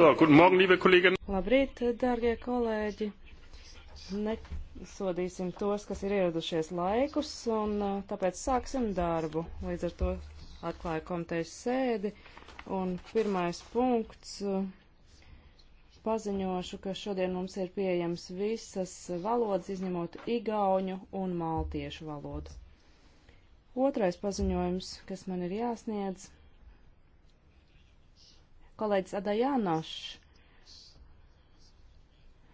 So, guten Morgen, liebe Kolleginnen. Labrīt, dārgie kolēģi. Nesodīsim tos, kas ir ieradušies laikus, un uh, tāpēc sāksim darbu. Līdz ar to atklāju komitejas sēdi, un pirmais punkts uh, paziņošu, ka šodien mums ir pieejams visas valodas, izņemot igauņu un maltiešu valodu. Otrais paziņojums, kas man ir jāsniedz – kolēģis Adajānošs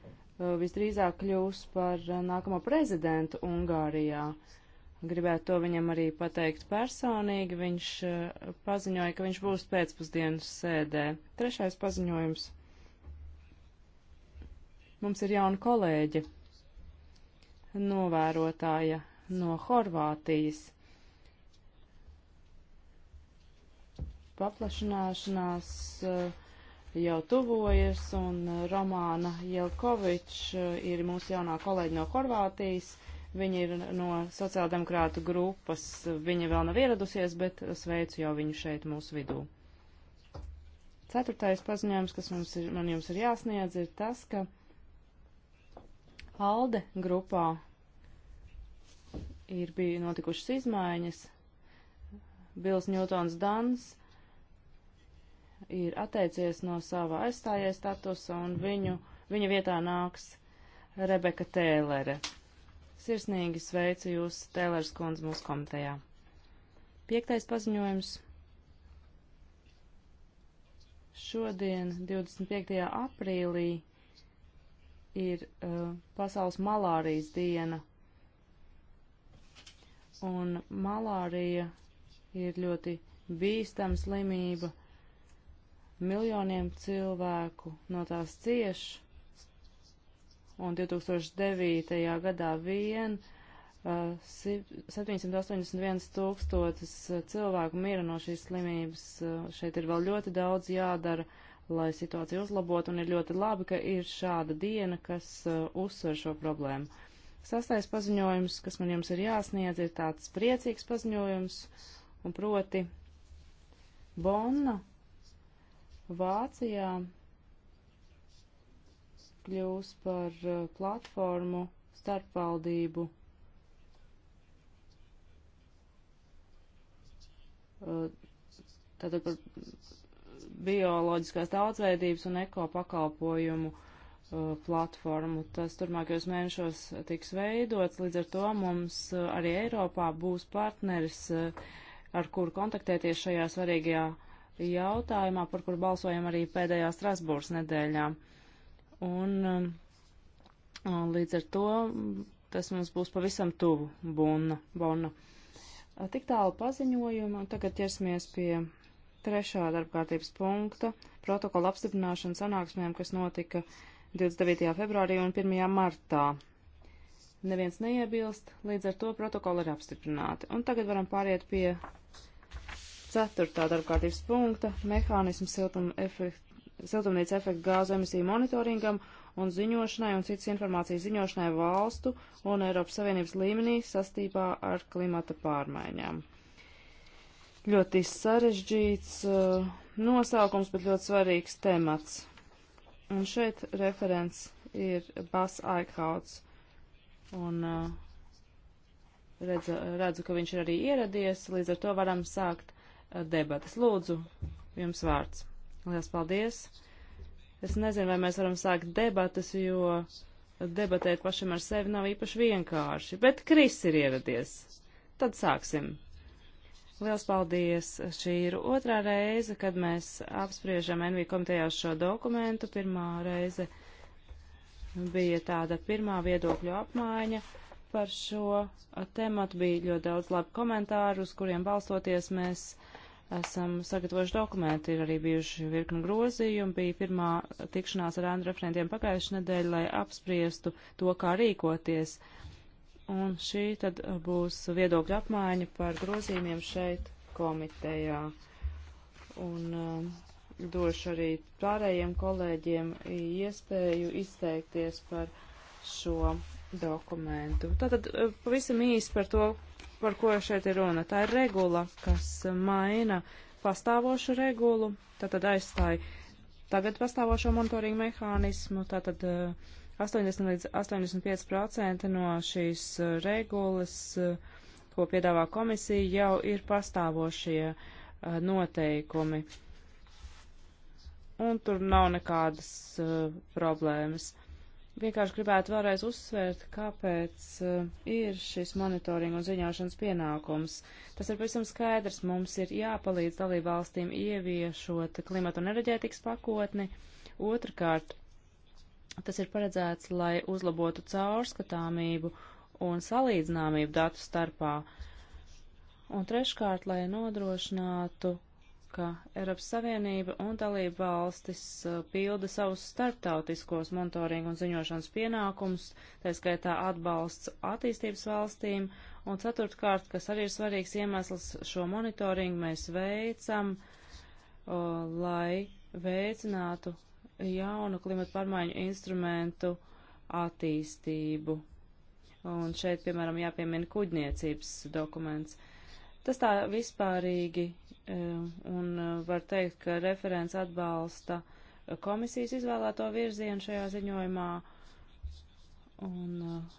uh, visdrīzāk kļūs par uh, nākamo prezidentu Ungārijā. Gribētu to viņam arī pateikt personīgi. Viņš uh, paziņoja, ka viņš būs pēcpusdienas sēdē. Trešais paziņojums. Mums ir jauna kolēģe, novērotāja no Horvātijas. paplašanāšanās eh, jau tuvojas, un eh, Romāna Jelkovič eh, ir mūsu jaunā kolēģi no Horvātijas. Viņa ir no sociāldemokrātu grupas. Viņa vēl nav ieradusies, bet sveicu jau viņu šeit mūsu vidū. Ceturtais paziņojums, kas mums ir, man jums ir jāsniedz, ir tas, ka ALDE grupā ir bija notikušas izmaiņas. Bils Ņūtons Dans ir atteicies no sava aizstājie statusa un viņu, viņa vietā nāks Rebeka Tēlere. Sirsnīgi sveicu jūs, Tēlers kundze, mūsu komitejā. Piektais paziņojums. Šodien, 25. aprīlī, ir uh, pasaules malārijas diena. Un malārija ir ļoti bīstama slimība Miljoniem cilvēku no tās cieš, un 2009. gadā vien uh, 781 tūkstotis uh, cilvēku mira no šīs slimības. Uh, šeit ir vēl ļoti daudz jādara, lai situāciju uzlabotu, un ir ļoti labi, ka ir šāda diena, kas uh, uzsver šo problēmu. Sastais paziņojums, kas man jums ir jāsniedz, ir tāds priecīgs paziņojums, un proti Bonna Vācijā kļūs par uh, platformu starpvaldību uh, tātad par bioloģiskās daudzveidības un ekopakalpojumu uh, platformu. Tas turmākajos mēnešos tiks veidots, līdz ar to mums arī Eiropā būs partneris, ar kuru kontaktēties šajā svarīgajā jautājumā, par kur balsojam arī pēdējā Strasbūras nedēļā. Un um, līdz ar to um, tas mums būs pavisam tuvu Bonna. Bonna. Uh, tik tālu paziņojumu, un tagad ķersimies pie trešā darbkārtības punkta - protokola apstiprināšana sanāksmēm, kas notika 29. februārī un 1. martā. Neviens neiebilst, līdz ar to protokola ir apstiprināta. Un tagad varam pāriet pie ceturtā darbkārtības punkta - mehānismu siltum efekt, siltumnīca efektu gāzu emisiju monitoringam un ziņošanai un citas informācijas ziņošanai valstu un Eiropas Savienības līmenī sastībā ar klimata pārmaiņām. Ļoti sarežģīts uh, nosaukums, bet ļoti svarīgs temats. Un šeit referents ir Bas Aikhauts. Un uh, redzu, redzu, ka viņš ir arī ieradies, līdz ar to varam sākt debatas. Lūdzu, jums vārds. Lielas paldies. Es nezinu, vai mēs varam sākt debatas, jo debatēt pašam ar sevi nav īpaši vienkārši, bet Kris ir ieradies. Tad sāksim. Liels paldies! Šī ir otrā reize, kad mēs apspriežam NV komitejā šo dokumentu. Pirmā reize bija tāda pirmā viedokļu apmaiņa par šo tematu. Bija ļoti daudz labu komentāru, uz kuriem balstoties mēs esam sagatavojuši dokumentu, ir arī bijuši virkni grozījumi, bija pirmā tikšanās ar Andru referentiem pagājušajā nedēļā, lai apspriestu to, kā rīkoties. Un šī tad būs viedokļa apmaiņa par grozījumiem šeit komitejā. Un um, došu arī pārējiem kolēģiem iespēju izteikties par šo dokumentu. Tātad uh, pavisam īsi par to, par ko šeit ir runa. Tā ir regula, kas maina pastāvošu regulu, tātad aizstāja tagad pastāvošo monitoringu mehānismu, tātad 80 eh, līdz 85% no šīs eh, regulas, eh, ko piedāvā komisija, jau ir pastāvošie noteikumi. Un tur nav nekādas problēmas vienkārši gribētu vēlreiz uzsvērt, kāpēc uh, ir šis monitoringa un ziņošanas pienākums. Tas ir pavisam skaidrs, mums ir jāpalīdz dalībvalstīm ieviešot klimata un enerģētikas pakotni. Otrakārt, tas ir paredzēts, lai uzlabotu caurskatāmību un salīdzināmību datu starpā. Un treškārt, lai nodrošinātu, ka Eiropas Savienība un dalība valstis uh, pilda savus starptautiskos monitoringu un ziņošanas pienākumus, tā skaitā atbalsts attīstības valstīm, un ceturtkārt, kas arī ir svarīgs iemesls šo monitoringu mēs veicam, o, uh, lai veicinātu jaunu klimatu pārmaiņu instrumentu attīstību. Un šeit, piemēram, jāpiemina kuģniecības dokuments. Tas tā vispārīgi Eh, un eh, var teikt, ka referents atbalsta komisijas izvēlēto virzienu šajā ziņojumā. Un eh,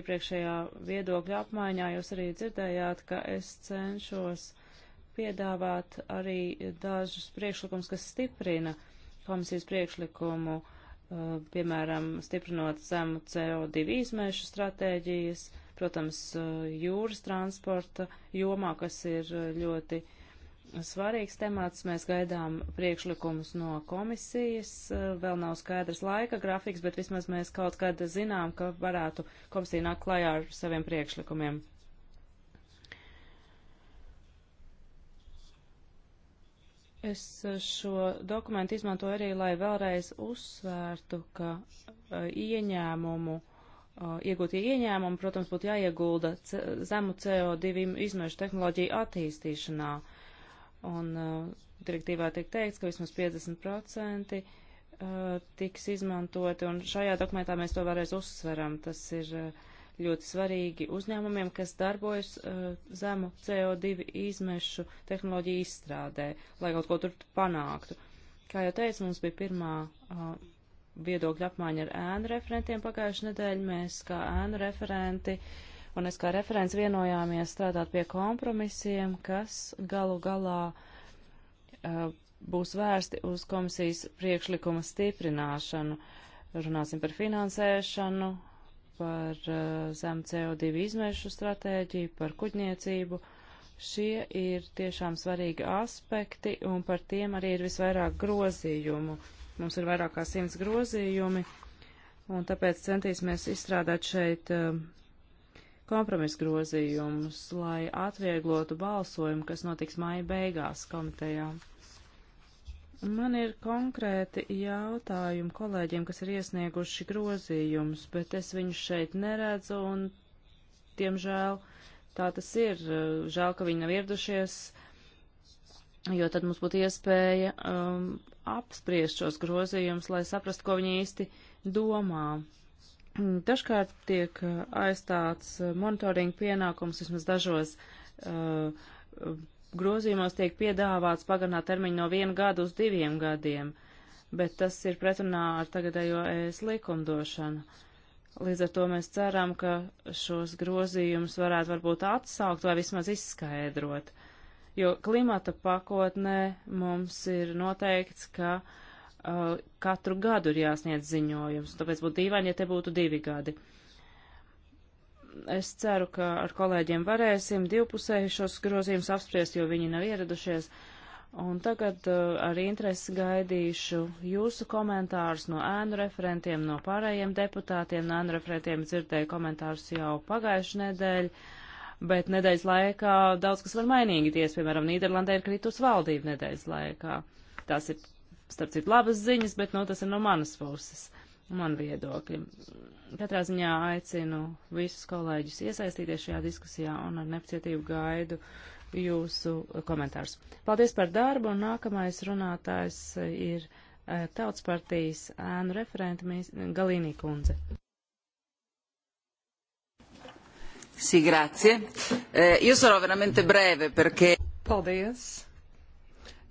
iepriekšējā viedokļa apmaiņā jūs arī dzirdējāt, ka es cenšos piedāvāt arī dažus priekšlikumus, kas stiprina komisijas priekšlikumu, piemēram, stiprinot zemu CO2 izmēšu stratēģijas, protams, jūras transporta jomā, kas ir ļoti uh, svarīgs temats. Mēs gaidām priekšlikumus no komisijas. Vēl nav skaidrs laika grafiks, bet vismaz mēs kaut kad zinām, ka varētu komisija nāk klajā ar saviem priekšlikumiem. Es šo dokumentu izmantoju arī, lai vēlreiz uzsvērtu, ka e, ieņēmumu e, iegūtie ieņēmumi, protams, būtu jāiegulda zemu CO2 izmešu tehnoloģiju attīstīšanā. Uh, Un uh, direktīvā tiek teikts, ka vismaz 50% uh, tiks izmantoti, un šajā dokumentā mēs to vēlreiz uzsveram. Tas ir uh, ļoti svarīgi uzņēmumiem, kas darbojas uh, zemu CO2 izmešu tehnoloģiju izstrādē, lai kaut ko tur panāktu. Kā jau teicu, mums bija pirmā uh, viedokļa apmaiņa ar ēnu referentiem pagājušajā nedēļā. Mēs kā ēnu referenti uh, un es kā referents vienojāmies strādāt pie kompromisiem, kas galu galā uh, būs vērsti uz komisijas priekšlikuma stiprināšanu. Runāsim par finansēšanu, par uh, zem CO2 izmešu stratēģiju, par kuģniecību. Šie ir tiešām svarīgi aspekti, un par tiem arī ir visvairāk grozījumu. Mums ir vairāk kā simts grozījumi, un tāpēc centīsimies izstrādāt šeit uh, kompromisu grozījumus, lai atvieglotu balsojumu, kas notiks māja beigās komitejā. Man ir konkrēti jautājumi kolēģiem, kas ir iesnieguši grozījumus, bet es viņus šeit neredzu un, diemžēl, tā tas ir. Žēl, ka viņi nav ieradušies, jo tad mums būtu iespēja um, apspriest šos grozījumus, lai saprastu, ko viņi īsti domā. Mm, dažkārt tiek uh, aizstāts uh, monitoringa pienākums vismaz dažos uh, grozījumos tiek piedāvāts pagarināt termiņu no viena gada uz diviem gadiem, bet tas ir pretrunā ar tagadējo ES likumdošanu. Līdz ar to mēs ceram, ka šos grozījumus varētu varbūt atsaukt vai vismaz izskaidrot, jo klimata pakotnē mums ir noteikts, ka uh, Uh, katru gadu ir jāsniedz ziņojums, tāpēc būtu dīvaini, ja te būtu divi gadi. Es ceru, ka ar kolēģiem varēsim divpusēji šos grozījumus apspriest, jo viņi nav ieradušies. Un tagad uh, ar interesi gaidīšu jūsu komentārus no ēnu referentiem, no pārējiem deputātiem. No ēnu referentiem dzirdēju komentārus jau pagājušu nedēļu, bet nedēļas laikā daudz kas var mainīties. Piemēram, Nīderlandē ir kritus valdība nedēļas laikā. Tas ir starp citu, labas ziņas, bet, nu, tas ir no manas puses, man viedokļi. Katrā ziņā aicinu visus kolēģus iesaistīties šajā diskusijā un ar nepacietību gaidu jūsu komentārus. Paldies par darbu, un nākamais runātājs ir e, Tautas partijas ēnu referenta Galīnī Kundze. Sì, grazie. Eh, io sarò veramente breve perché. Paldies.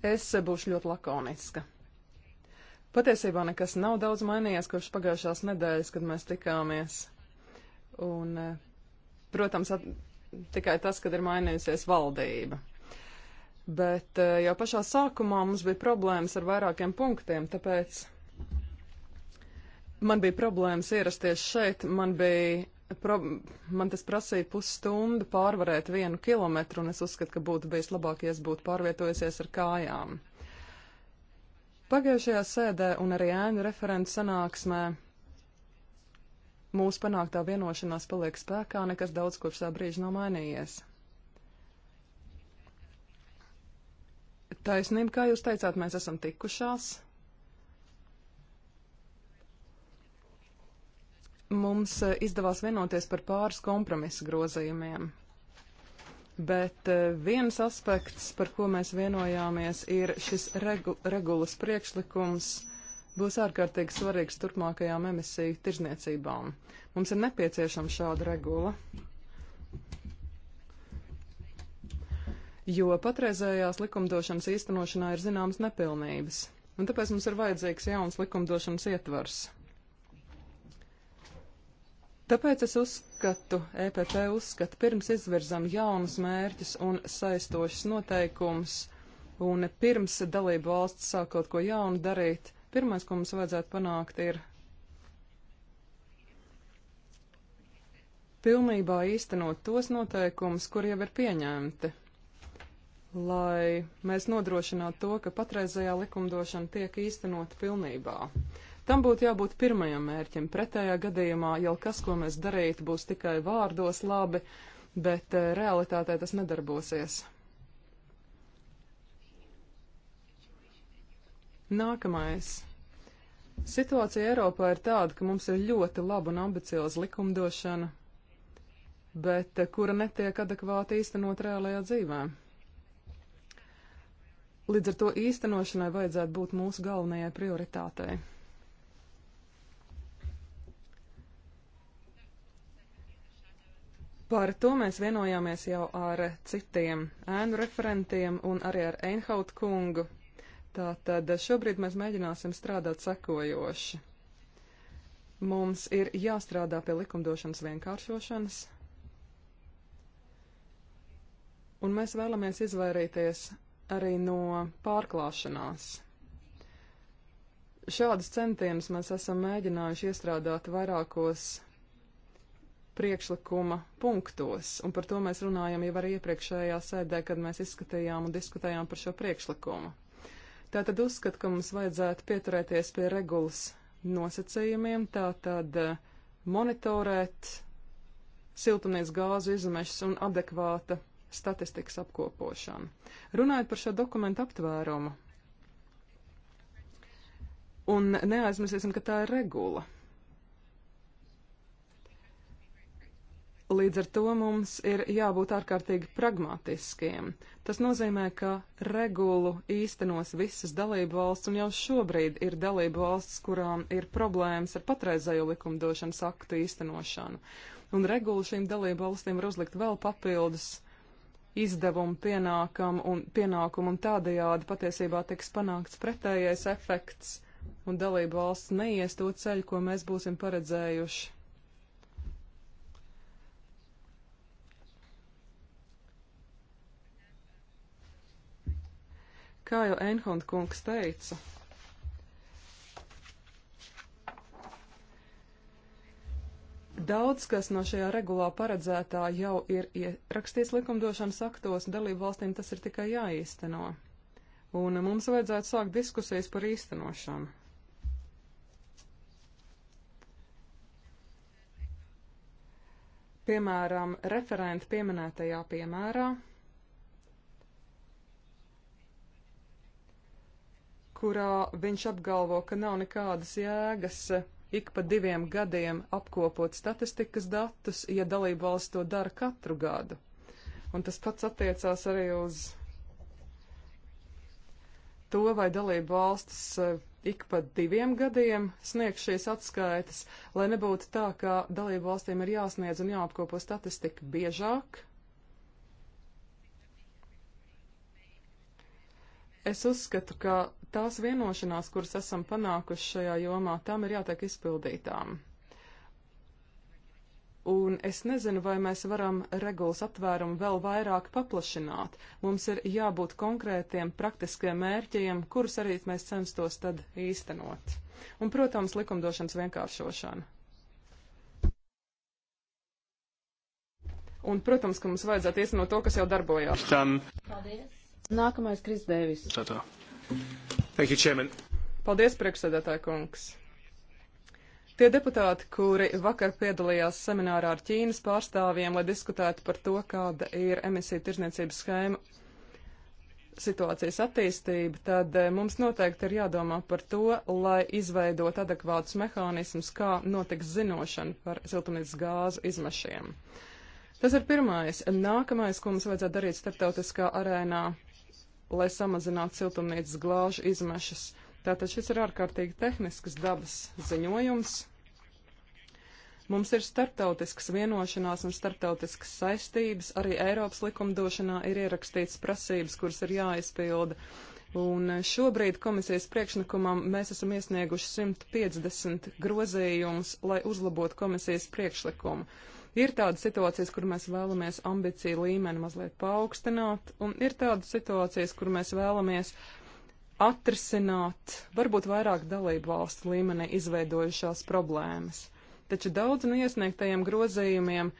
Es būšu ļoti lakoniska. Patiesībā nekas nav daudz mainījies kopš pagājušās nedēļas, kad mēs tikāmies. Un, eh, protams, at, tikai tas, kad ir mainījusies valdība. Bet eh, jau pašā sākumā mums bija problēmas ar vairākiem punktiem, tāpēc man bija problēmas ierasties šeit. Man, bija, pro, man tas prasīja pusstundu pārvarēt vienu kilometru, un es uzskatu, ka būtu bijis labāk, ja es būtu pārvietojusies ar kājām. Pagājušajā sēdē un arī ēnu referentu sanāksmē mūsu panāktā vienošanās paliek spēkā, nekas daudz kopš tā brīža nav mainījies. Taisnība, kā jūs teicāt, mēs esam tikušās. Mums eh, izdevās vienoties par pāris kompromisu grozījumiem. Bet eh, viens aspekts, par ko mēs vienojāmies, ir šis regu, regulas priekšlikums būs ārkārtīgi svarīgs turpmākajām emisiju tirzniecībām. Mums ir nepieciešama šāda regula. Jo patreizējās likumdošanas īstenošanā ir zināmas nepilnības, un tāpēc mums ir vajadzīgs jauns likumdošanas ietvars. Tāpēc es uzskatu, EPP uzskata, pirms izvirzam jaunus mērķus un saistošus noteikumus, un pirms dalību valsts sāk kaut ko jaunu darīt, pirmais, ko mums vajadzētu panākt, ir pilnībā īstenot tos noteikumus, kur jau ir pieņemti, lai mēs nodrošinātu to, ka patreizējā likumdošana tiek īstenota pilnībā. Tam būtu jābūt pirmajam mērķim. Pretējā gadījumā jau kas, ko mēs darītu, būs tikai vārdos labi, bet eh, realitātē tas nedarbosies. Nākamais. Situācija Eiropā ir tāda, ka mums ir ļoti laba un ambicioza likumdošana, bet eh, kura netiek adekvāti īstenot reālajā dzīvē. Līdz ar to īstenošanai vajadzētu būt mūsu galvenajai prioritātei. Par to mēs vienojāmies jau ar citiem ēnu referentiem un arī ar Einhaut kungu. Tātad šobrīd mēs mēģināsim strādāt sekojoši. Mums ir jāstrādā pie likumdošanas vienkāršošanas, un mēs vēlamies izvairīties arī no pārklāšanās. Šādas centienas mēs esam mēģinājuši iestrādāt vairākos priekšlikuma punktos, un par to mēs runājam jau arī iepriekšējā sēdē, kad mēs izskatījām un diskutējām par šo priekšlikumu. Tātad uzskatu, ka mums vajadzētu pieturēties pie regulas nosacījumiem, tātad eh, monitorēt siltumnīcas gāzu izmešas un adekvāta statistikas apkopošana. Runājot par šo dokumentu aptvērumu, un neaizmirsīsim, ka tā ir regula. Līdz ar to mums ir jābūt ārkārtīgi pragmatiskiem. Tas nozīmē, ka regulu īstenos visas dalību valsts, un jau šobrīd ir dalību valsts, kurām ir problēmas ar patreizējo likumdošanas aktu īstenošanu. Un regulu šīm dalību valstīm var uzlikt vēl papildus izdevumu pienākumu un, pienākumu, un tādējādi patiesībā tiks panākts pretējais efekts, un dalību valsts neies to ceļu, ko mēs būsim paredzējuši Kā jau Enhund kungs teica, Daudz kas no šajā regulā paredzētā jau ir ierakstīts likumdošanas aktos, dalību valstīm tas ir tikai jāīsteno. Un mums vajadzētu sākt diskusijas par īstenošanu. Piemēram, referenta pieminētajā piemērā kurā viņš apgalvo, ka nav nekādas jēgas ik pa diviem gadiem apkopot statistikas datus, ja dalību valsts to dara katru gadu. Un tas pats attiecās arī uz to, vai dalību valstis eh, ik pa diviem gadiem sniegš šīs atskaites, lai nebūtu tā, ka dalību valstīm ir jāsniedz un jāapkopo statistika biežāk, Es uzskatu, ka tās vienošanās, kuras esam panākuši šajā jomā, tām ir jātiek izpildītām. Un es nezinu, vai mēs varam regulas aptvērumu vēl vairāk paplašināt. Mums ir jābūt konkrētiem praktiskiem mērķiem, kurus arī mēs censtos tad īstenot. Un, protams, likumdošanas vienkāršošana. Un, protams, ka mums vajadzētu īstenot to, kas jau darbojās. Paldies! Nākamais Kris Dēvis. Thank you, Chairman. Paldies, priekšsēdētāji kungs. Tie deputāti, kuri vakar piedalījās seminārā ar Ķīnas pārstāvjiem, lai diskutētu par to, kāda ir emisiju tirzniecības schēma situācijas attīstība, tad eh, mums noteikti ir jādomā par to, lai izveidot adekvātus mehānismus, kā notiks zinošana par siltumnīcas gāzu izmešiem. Tas ir pirmais. Nākamais, ko mums vajadzētu darīt starptautiskā arēnā, lai samazinātu siltumnīcas glāžu izmešas. Tātad šis ir ārkārtīgi tehnisks dabas ziņojums. Mums ir starptautisks vienošanās un starptautiskas saistības, arī Eiropas likumdošanā ir ierakstīts prasības, kuras ir jāizpilda. Un šobrīd komisijas priekšlikumam mēs esam iesnieguši 150 grozījumus, lai uzlabotu komisijas priekšlikumu. Ir tādas situācijas, kur mēs vēlamies ambiciju līmeni mazliet paaugstināt, un ir tādas situācijas, kur mēs vēlamies atrisināt varbūt vairāk dalību valstu līmenī izveidojušās problēmas. Taču daudz no iesniegtajiem grozījumiem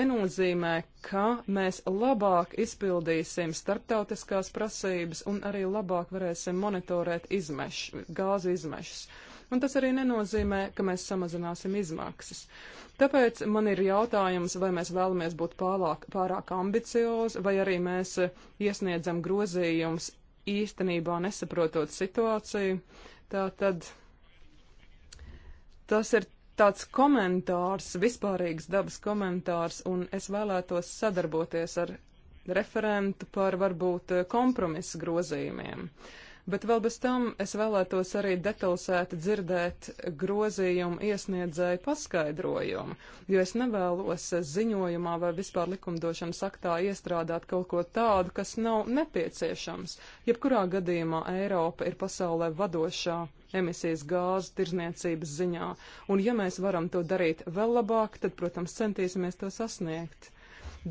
nenozīmē, ka mēs labāk izpildīsim starptautiskās prasības un arī labāk varēsim monitorēt izmeš, gāzu izmešus un tas arī nenozīmē, ka mēs samazināsim izmaksas. Tāpēc man ir jautājums, vai mēs vēlamies būt pārāk, pārāk ambiciozi, vai arī mēs iesniedzam grozījumus īstenībā nesaprotot situāciju. Tā tad tas ir tāds komentārs, vispārīgs dabas komentārs, un es vēlētos sadarboties ar referentu par varbūt kompromisu grozījumiem. Uh, Bet vēl bez tam es vēlētos arī detalizēti dzirdēt grozījumu iesniedzēju paskaidrojumu, jo es nevēlos ziņojumā vai vispār likumdošanas aktā iestrādāt kaut ko tādu, kas nav nepieciešams. Jebkurā gadījumā Eiropa ir pasaulē vadošā emisijas gāzu tirzniecības ziņā, un ja mēs varam to darīt vēl labāk, tad, protams, centīsimies to sasniegt.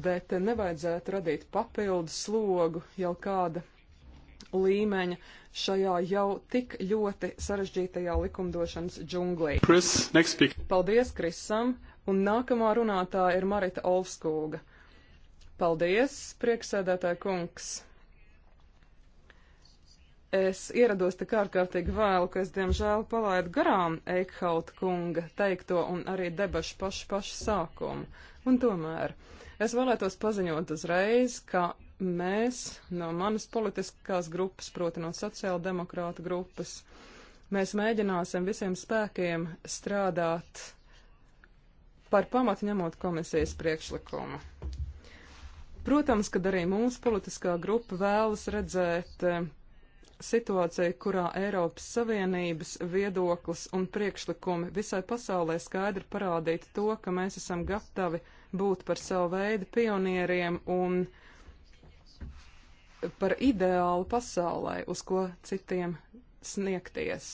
Bet nevajadzētu radīt papildus slogu jau kāda līmeņa šajā jau tik ļoti sarežģītajā likumdošanas džunglī. Chris, Paldies Krisam, un nākamā runātāja ir Marita Olskūga. Paldies, prieksēdētāja kungs! Es ierados tik ārkārtīgi vēlu, ka es diemžēl palaidu garām Eikhauta kunga teikto un arī debašu pašu pašu sākumu. Un tomēr es vēlētos paziņot uzreiz, ka mēs no manas politiskās grupas, proti no sociāldemokrāta grupas, mēs mēģināsim visiem spēkiem strādāt par pamatu ņemot komisijas priekšlikumu. Protams, kad arī mūsu politiskā grupa vēlas redzēt eh, situāciju, kurā Eiropas Savienības viedoklis un priekšlikumi visai pasaulē skaidri parādītu to, ka mēs esam gatavi būt par savu veidu pionieriem un uh, par ideālu pasaulē, uz ko citiem sniegties.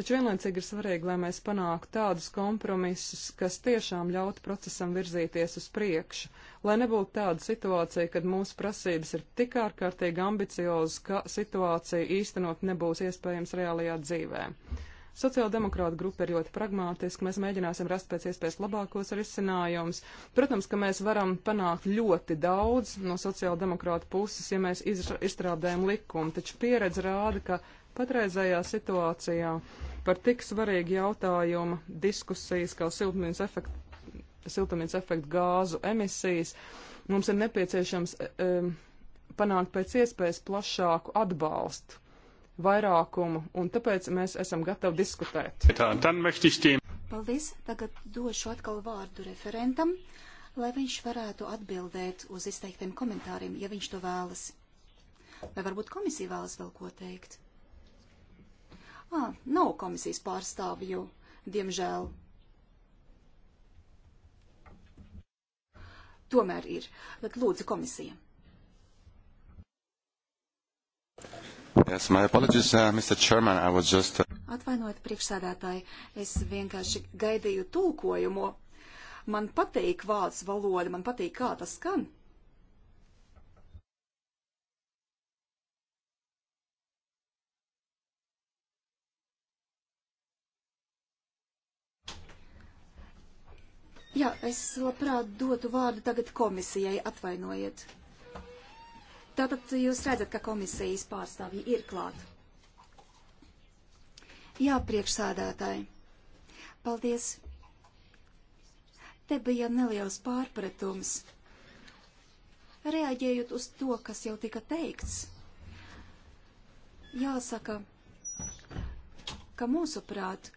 Taču vienlaicīgi ir svarīgi, lai mēs panāktu tādus kompromisus, kas tiešām ļautu procesam virzīties uz priekšu, lai nebūtu tāda situācija, kad mūsu prasības ir tik ārkārtīgi ambiciozas, ka situācija īstenot nebūs iespējams reālajā dzīvē. Sociāldemokrāta grupa ir ļoti pragmātiska, mēs mēģināsim rast pēc iespējas labākos risinājumus. Protams, ka mēs varam panākt ļoti daudz no sociāldemokrāta puses, ja mēs izstrādājam likumu, taču pieredze rāda, ka patreizējā situācijā par tik svarīgu jautājumu diskusijas kā siltumnīcas efektu siltumnīca efektu gāzu emisijas, mums ir nepieciešams um, panākt pēc iespējas plašāku atbalstu vairākumu, un tāpēc mēs esam gatavi diskutēt. Paldies! Tagad došu atkal vārdu referentam, lai viņš varētu atbildēt uz izteiktiem komentāriem, ja viņš to vēlas. Vai varbūt komisija vēlas vēl ko teikt? Ā, nav komisijas pārstāvju, diemžēl. Tomēr ir. Tad lūdzu komisija. Yes, my apologies, uh, Mr. Chairman, I was just... Uh... Atvainojiet, priekšsēdētāji, es vienkārši gaidīju tulkojumu. Man patīk vācu valoda, man patīk, kā tas skan. Jā, es labprāt dotu vārdu tagad komisijai, atvainojiet. Tātad jūs redzat, ka komisijas pārstāvji ir klāt. Jā, priekšsādātāji. Paldies. Te bija neliels pārpratums. Reaģējot uz to, kas jau tika teikts, jāsaka, ka mūsuprāt,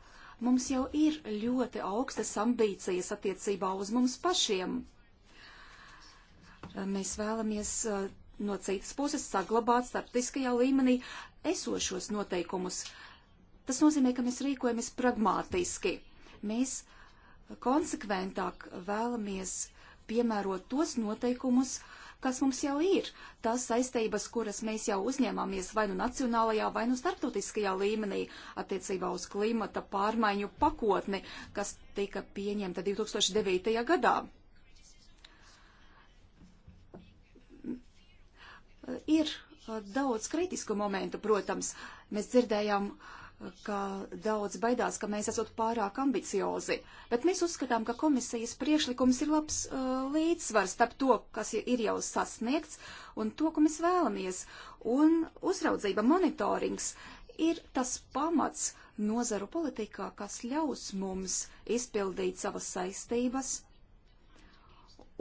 mums jau ir ļoti augstas ambīcijas attiecībā uz mums pašiem. Mēs vēlamies no citas puses saglabāt starptiskajā līmenī esošos noteikumus. Tas nozīmē, ka mēs rīkojamies pragmātiski. Mēs konsekventāk vēlamies piemērot tos noteikumus, kas mums jau ir, tās saistības, kuras mēs jau uzņēmāmies vai nu nacionālajā, vai nu starptautiskajā līmenī attiecībā uz klimata pārmaiņu pakotni, kas tika pieņemta 2009. gadā. Ir uh, daudz kritisku momentu, protams. Mēs dzirdējām, uh, ka daudz baidās, ka mēs esam pārāk ambiciozi, bet mēs uzskatām, ka komisijas priekšlikums ir labs uh, līdzsvars starp to, kas ir jau sasniegts, un to, ko mēs vēlamies. Un uzraudzība, monitorings ir tas pamats nozaru politikā, kas ļaus mums izpildīt savas saistības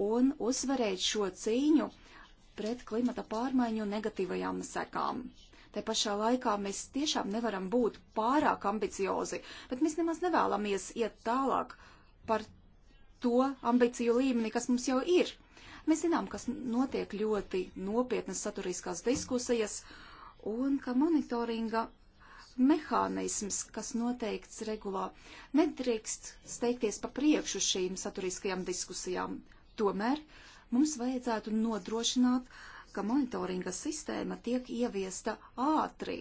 un uzvarēt šo cīņu pret klimata pārmaiņu negatīvajām sekām. Te pašā laikā mēs tiešām nevaram būt pārāk ambiciozi, bet mēs nemaz nevēlamies iet tālāk par to ambīciju līmeni, kas mums jau ir. Mēs zinām, kas notiek ļoti nopietnas saturiskās diskusijas un ka monitoringa mehānisms, kas noteikts regulā, nedrīkst steigties pa priekšu šīm saturiskajām diskusijām. Tomēr uh, Mums vajadzētu nodrošināt, ka monitoringa sistēma tiek ieviesta ātri.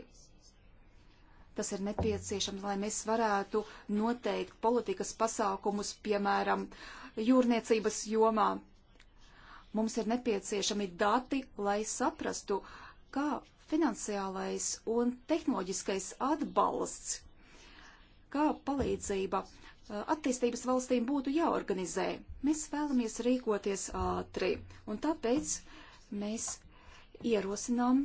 Tas ir nepieciešams, lai mēs varētu noteikt politikas pasākumus, piemēram, jūrniecības jomā. Mums ir nepieciešami dati, lai saprastu, kā finansiālais un tehnoloģiskais atbalsts, kā palīdzība Eh, attīstības valstīm būtu jāorganizē. Mēs vēlamies rīkoties ātri, un tāpēc mēs ierosinām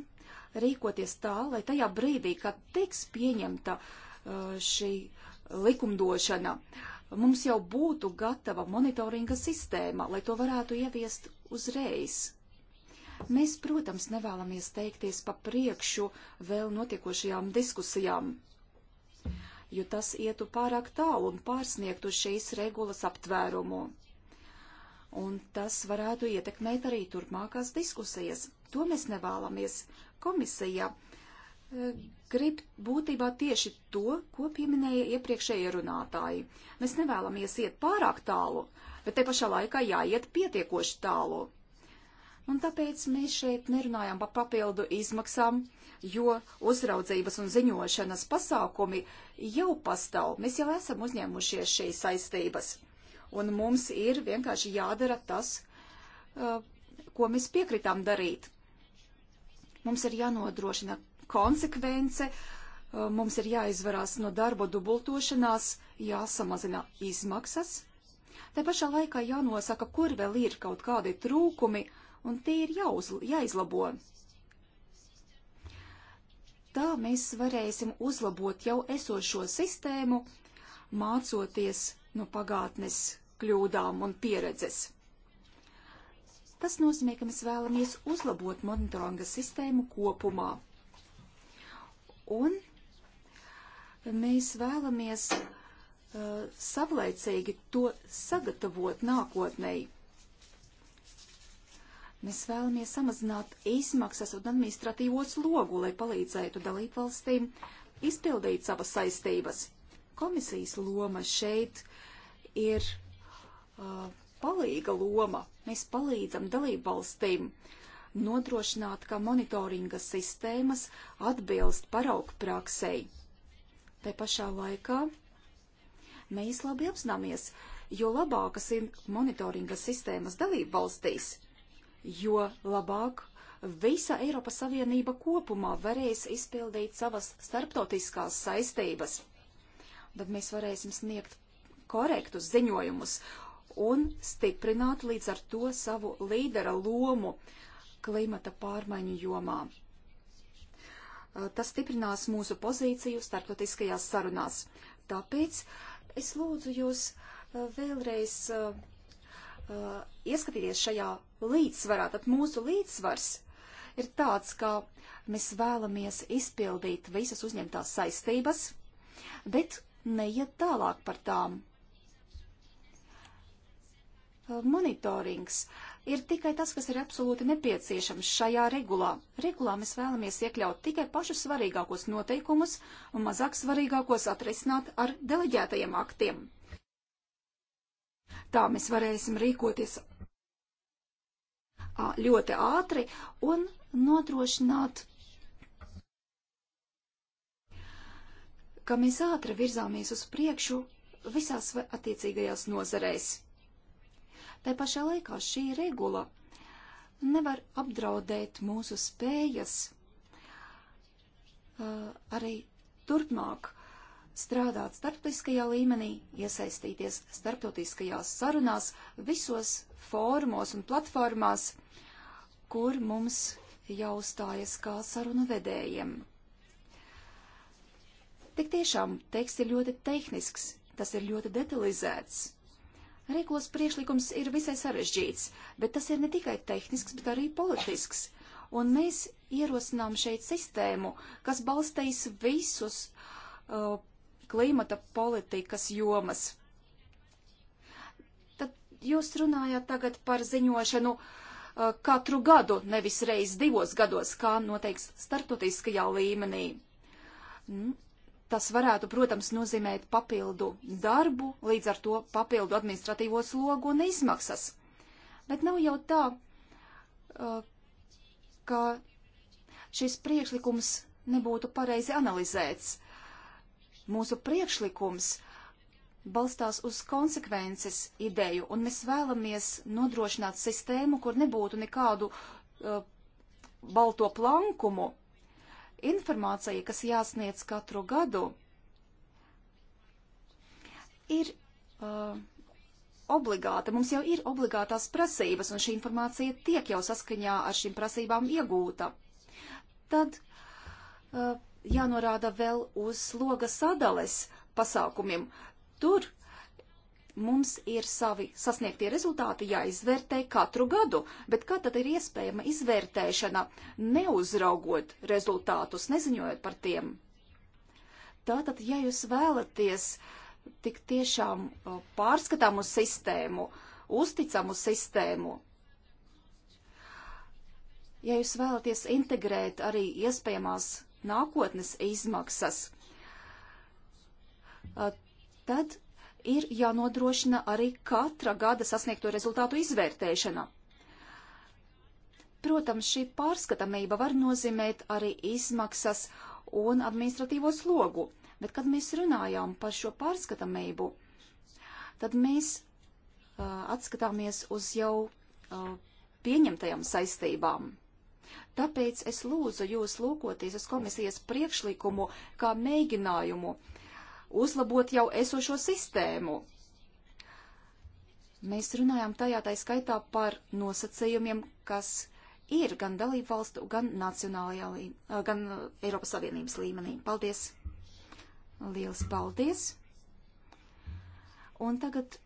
rīkoties tā, lai tajā brīdī, kad tiks pieņemta eh, šī likumdošana, mums jau būtu gatava monitoringa sistēma, lai to varētu ieviest uzreiz. Mēs, protams, nevēlamies teikties pa priekšu vēl notiekošajām diskusijām jo tas ietu pārāk tālu un pārsniegtu šīs regulas aptvērumu. Un tas varētu ietekmēt arī turpmākās diskusijas. To mēs nevēlamies. Komisija e, grib būtībā tieši to, ko pieminēja iepriekšējie runātāji. Mēs nevēlamies iet pārāk tālu, bet te pašā laikā jāiet pietiekoši tālu. Un tāpēc mēs šeit nerunājam par papildu izmaksām, uh, jo uzraudzības un ziņošanas pasākumi jau pastāv. Mēs jau esam uzņēmušies šīs saistības. Un mums ir vienkārši jādara tas, uh, ko mēs piekritām darīt. Mums ir jānodrošina konsekvence, uh, mums ir jāizvarās no darba dubultošanās, jāsamazina izmaksas. Te pašā laikā jānosaka, kur vēl ir kaut kādi trūkumi, un tie ir jāuz, jāizlabo. Tā mēs varēsim uzlabot jau esošo sistēmu, mācoties no pagātnes kļūdām un pieredzes. Tas nozīmē, ka mēs vēlamies uzlabot monitoringa sistēmu kopumā. Un mēs vēlamies uh, savlaicīgi to sagatavot nākotnēji Mēs vēlamies samazināt izmaksas un administratīvo slogu, lai palīdzētu dalībvalstīm izpildīt savas saistības. Komisijas loma šeit ir uh, palīga loma. Mēs palīdzam dalībvalstīm nodrošināt, ka monitoringa sistēmas atbilst paraugu praksei. Te pašā laikā mēs labi apzināmies, jo labākas ir monitoringa sistēmas dalību valstīs, jo labāk visa Eiropas Savienība kopumā varēs izpildīt savas starptautiskās saistības. Tad mēs varēsim sniegt korektus ziņojumus un stiprināt līdz ar to savu līdera lomu klimata pārmaiņu jomā. Tas stiprinās mūsu pozīciju starptautiskajās sarunās. Tāpēc es lūdzu jūs vēlreiz ieskatīties šajā līdzsvarā. Tad mūsu līdzsvars ir tāds, ka mēs vēlamies izpildīt visas uzņemtās saistības, bet neiet tālāk par tām. Monitorings ir tikai tas, kas ir absolūti nepieciešams šajā regulā. Regulā mēs vēlamies iekļaut tikai pašus svarīgākos noteikumus un mazāk svarīgākos atrisināt ar deleģētajiem aktiem. Tā mēs varēsim rīkoties ļoti ātri un nodrošināt, ka mēs ātri virzāmies uz priekšu visās attiecīgajās nozareis. Tā pašā laikā šī regula nevar apdraudēt mūsu spējas uh, arī turpmāk uh, strādāt starptautiskajā līmenī, iesaistīties starptautiskajās sarunās visos fórumos un platformās, kur mums jāuzstājas kā sarunu vedējiem. Tik tiešām teksts ir ļoti tehnisks, tas ir ļoti detalizēts. Regulas priekšlikums ir visai sarežģīts, bet tas ir ne tikai tehnisks, bet arī politisks. Un mēs ierosinām šeit sistēmu, kas balstīs visus uh, klimata politikas jomas. Tad jūs runājāt tagad par ziņošanu uh, katru gadu, nevis reiz divos gados, kā noteikts startotiskajā līmenī. Mm, tas varētu, protams, nozīmēt papildu darbu, līdz ar to papildu administratīvo slogu un izmaksas. Bet nav jau tā, uh, ka šis priekšlikums nebūtu pareizi analizēts. Mūsu priekšlikums balstās uz konsekvences ideju, un mēs vēlamies nodrošināt sistēmu, kur nebūtu nekādu uh, balto plankumu. Informācija, kas jāsniedz katru gadu, ir uh, obligāta. Mums jau ir obligātās prasības, un šī informācija tiek jau saskaņā ar šīm prasībām iegūta. Tad uh, jānorāda vēl uz sloga sadales pasākumiem. Tur mums ir savi sasniegtie rezultāti jāizvērtē katru gadu, bet kā tad ir iespējama izvērtēšana, neuzraugot rezultātus, neziņojot par tiem? Tātad, ja jūs vēlaties tik tiešām pārskatāmu sistēmu, uzticamu sistēmu, ja jūs vēlaties integrēt arī iespējamās nākotnes izmaksas, tad ir jānodrošina arī katra gada sasniegto rezultātu izvērtēšana. Protams, šī pārskatāmība var nozīmēt arī izmaksas un administratīvo slogu, bet kad mēs runājām par šo pārskatāmību, tad mēs uh, atskatāmies uz jau uh, pieņemtajām saistībām. Tāpēc es lūdzu jūs lūkoties uz komisijas priekšlikumu kā mēģinājumu uzlabot jau esošo sistēmu. Mēs runājam tajā tā skaitā par nosacījumiem, kas ir gan dalību valstu, gan nacionālajā, gan Eiropas Savienības līmenī. Paldies! Liels paldies! Un tagad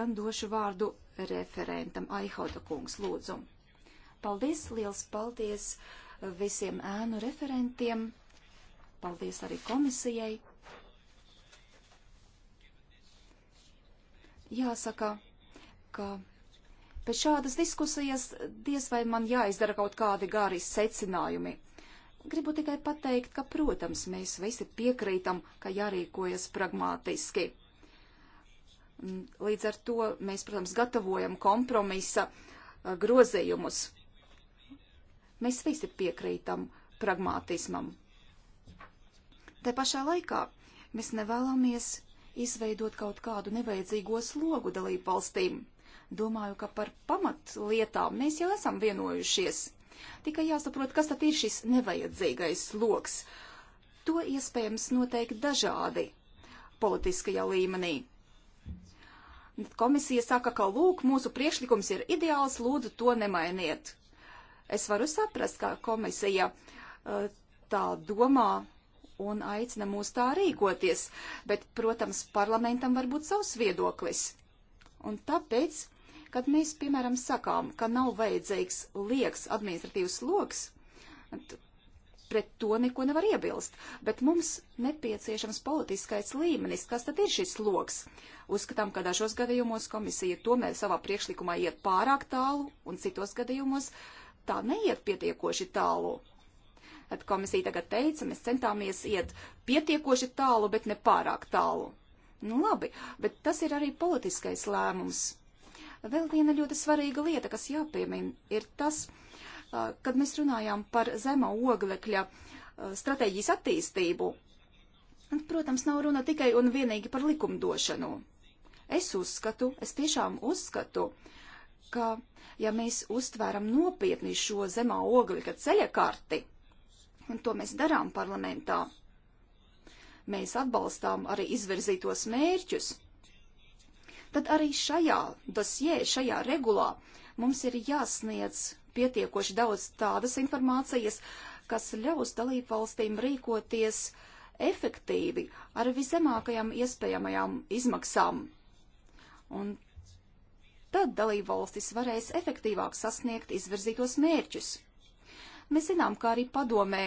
gan došu vārdu referentam Aihauta kungs lūdzu. Paldies, liels paldies visiem ēnu referentiem. Paldies arī komisijai. Jāsaka, ka pēc šādas diskusijas diez vai man jāizdara kaut kādi gāri secinājumi. Gribu tikai pateikt, ka, protams, mēs visi piekrītam, ka jārīkojas pragmātiski. Līdz ar to mēs, protams, gatavojam kompromisa eh, grozījumus. Mēs visi piekrītam pragmātismam. Te pašā laikā mēs nevēlamies izveidot kaut kādu nevajadzīgo slogu dalību valstīm. Domāju, ka par pamatlietām mēs jau esam vienojušies. Tikai jāsaprot, kas tad ir šis nevajadzīgais sloks. To iespējams noteikt dažādi politiskajā līmenī. Komisija saka, ka lūk, mūsu priekšlikums ir ideāls, lūdzu to nemainiet. Es varu saprast, kā komisija tā domā un aicina mūs tā rīkoties, bet, protams, parlamentam var būt savs viedoklis. Un tāpēc, kad mēs, piemēram, sakām, ka nav vajadzīgs liekas administratīvs sloks, pret to neko nevar iebilst, bet mums nepieciešams politiskais līmenis, kas tad ir šis sloks. Uzskatām, ka dažos gadījumos komisija tomēr savā priekšlikumā iet pārāk tālu, un citos gadījumos uh, tā neiet pietiekoši tālu. At komisija tagad teica, mēs centāmies iet pietiekoši tālu, bet ne pārāk tālu. Nu labi, bet tas ir arī politiskais lēmums. Vēl viena ļoti svarīga lieta, kas jāpiemina, ir tas, kad mēs runājām par zema oglekļa stratēģijas attīstību. Protams, nav runa tikai un vienīgi par likumdošanu. Es uzskatu, es tiešām uzskatu, uh, ka, ja mēs uztvēram nopietni šo zemā oglika ceļa karti, un to mēs darām parlamentā, mēs atbalstām arī izvirzītos mērķus, tad arī šajā dosjē, šajā regulā mums ir jāsniedz pietiekoši daudz tādas informācijas, kas ļaus dalību valstīm rīkoties efektīvi ar viszemākajām iespējamajām izmaksām. Un Tad dalību valstis varēs efektīvāk sasniegt izvirzītos mērķus. Mēs zinām, ka arī padomē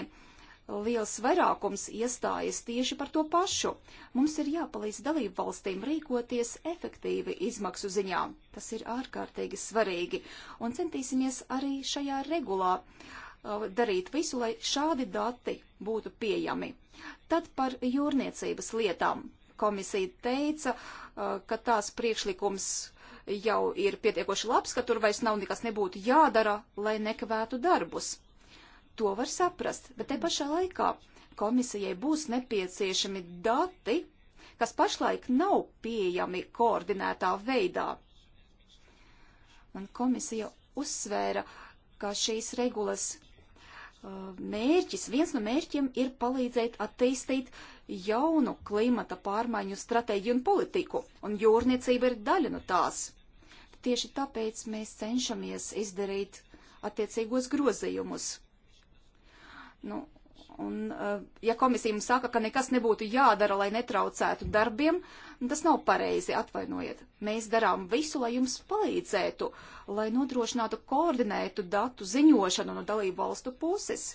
liels vairākums iestājas tieši par to pašu. Mums ir jāpalīdz dalību valstīm rīkoties efektīvi izmaksu ziņā. Tas ir ārkārtīgi svarīgi, un centīsimies arī šajā regulā uh, darīt visu, lai šādi dati būtu pieejami. Tad par jūrniecības lietām. Komisija teica, uh, ka tās priekšlikums jau ir pietiekoši labs, ka tur vairs nav nekas nebūtu jādara, lai nekavētu darbus. To var saprast, bet te pašā laikā komisijai būs nepieciešami dati, kas pašlaik nav pieejami koordinētā veidā. Un komisija uzsvēra, ka šīs regulas uh, mērķis, viens no mērķiem ir palīdzēt attīstīt uh, jaunu klimata pārmaiņu stratēģiju un politiku, un jūrniecība ir daļa no tās. Tieši tāpēc mēs cenšamies izdarīt attiecīgos grozījumus. Nu, un, eh, ja komisija mums saka, ka nekas nebūtu jādara, lai netraucētu darbiem, tas nav pareizi, atvainojiet. Mēs darām visu, lai jums palīdzētu, lai nodrošinātu koordinētu datu ziņošanu no dalību valstu puses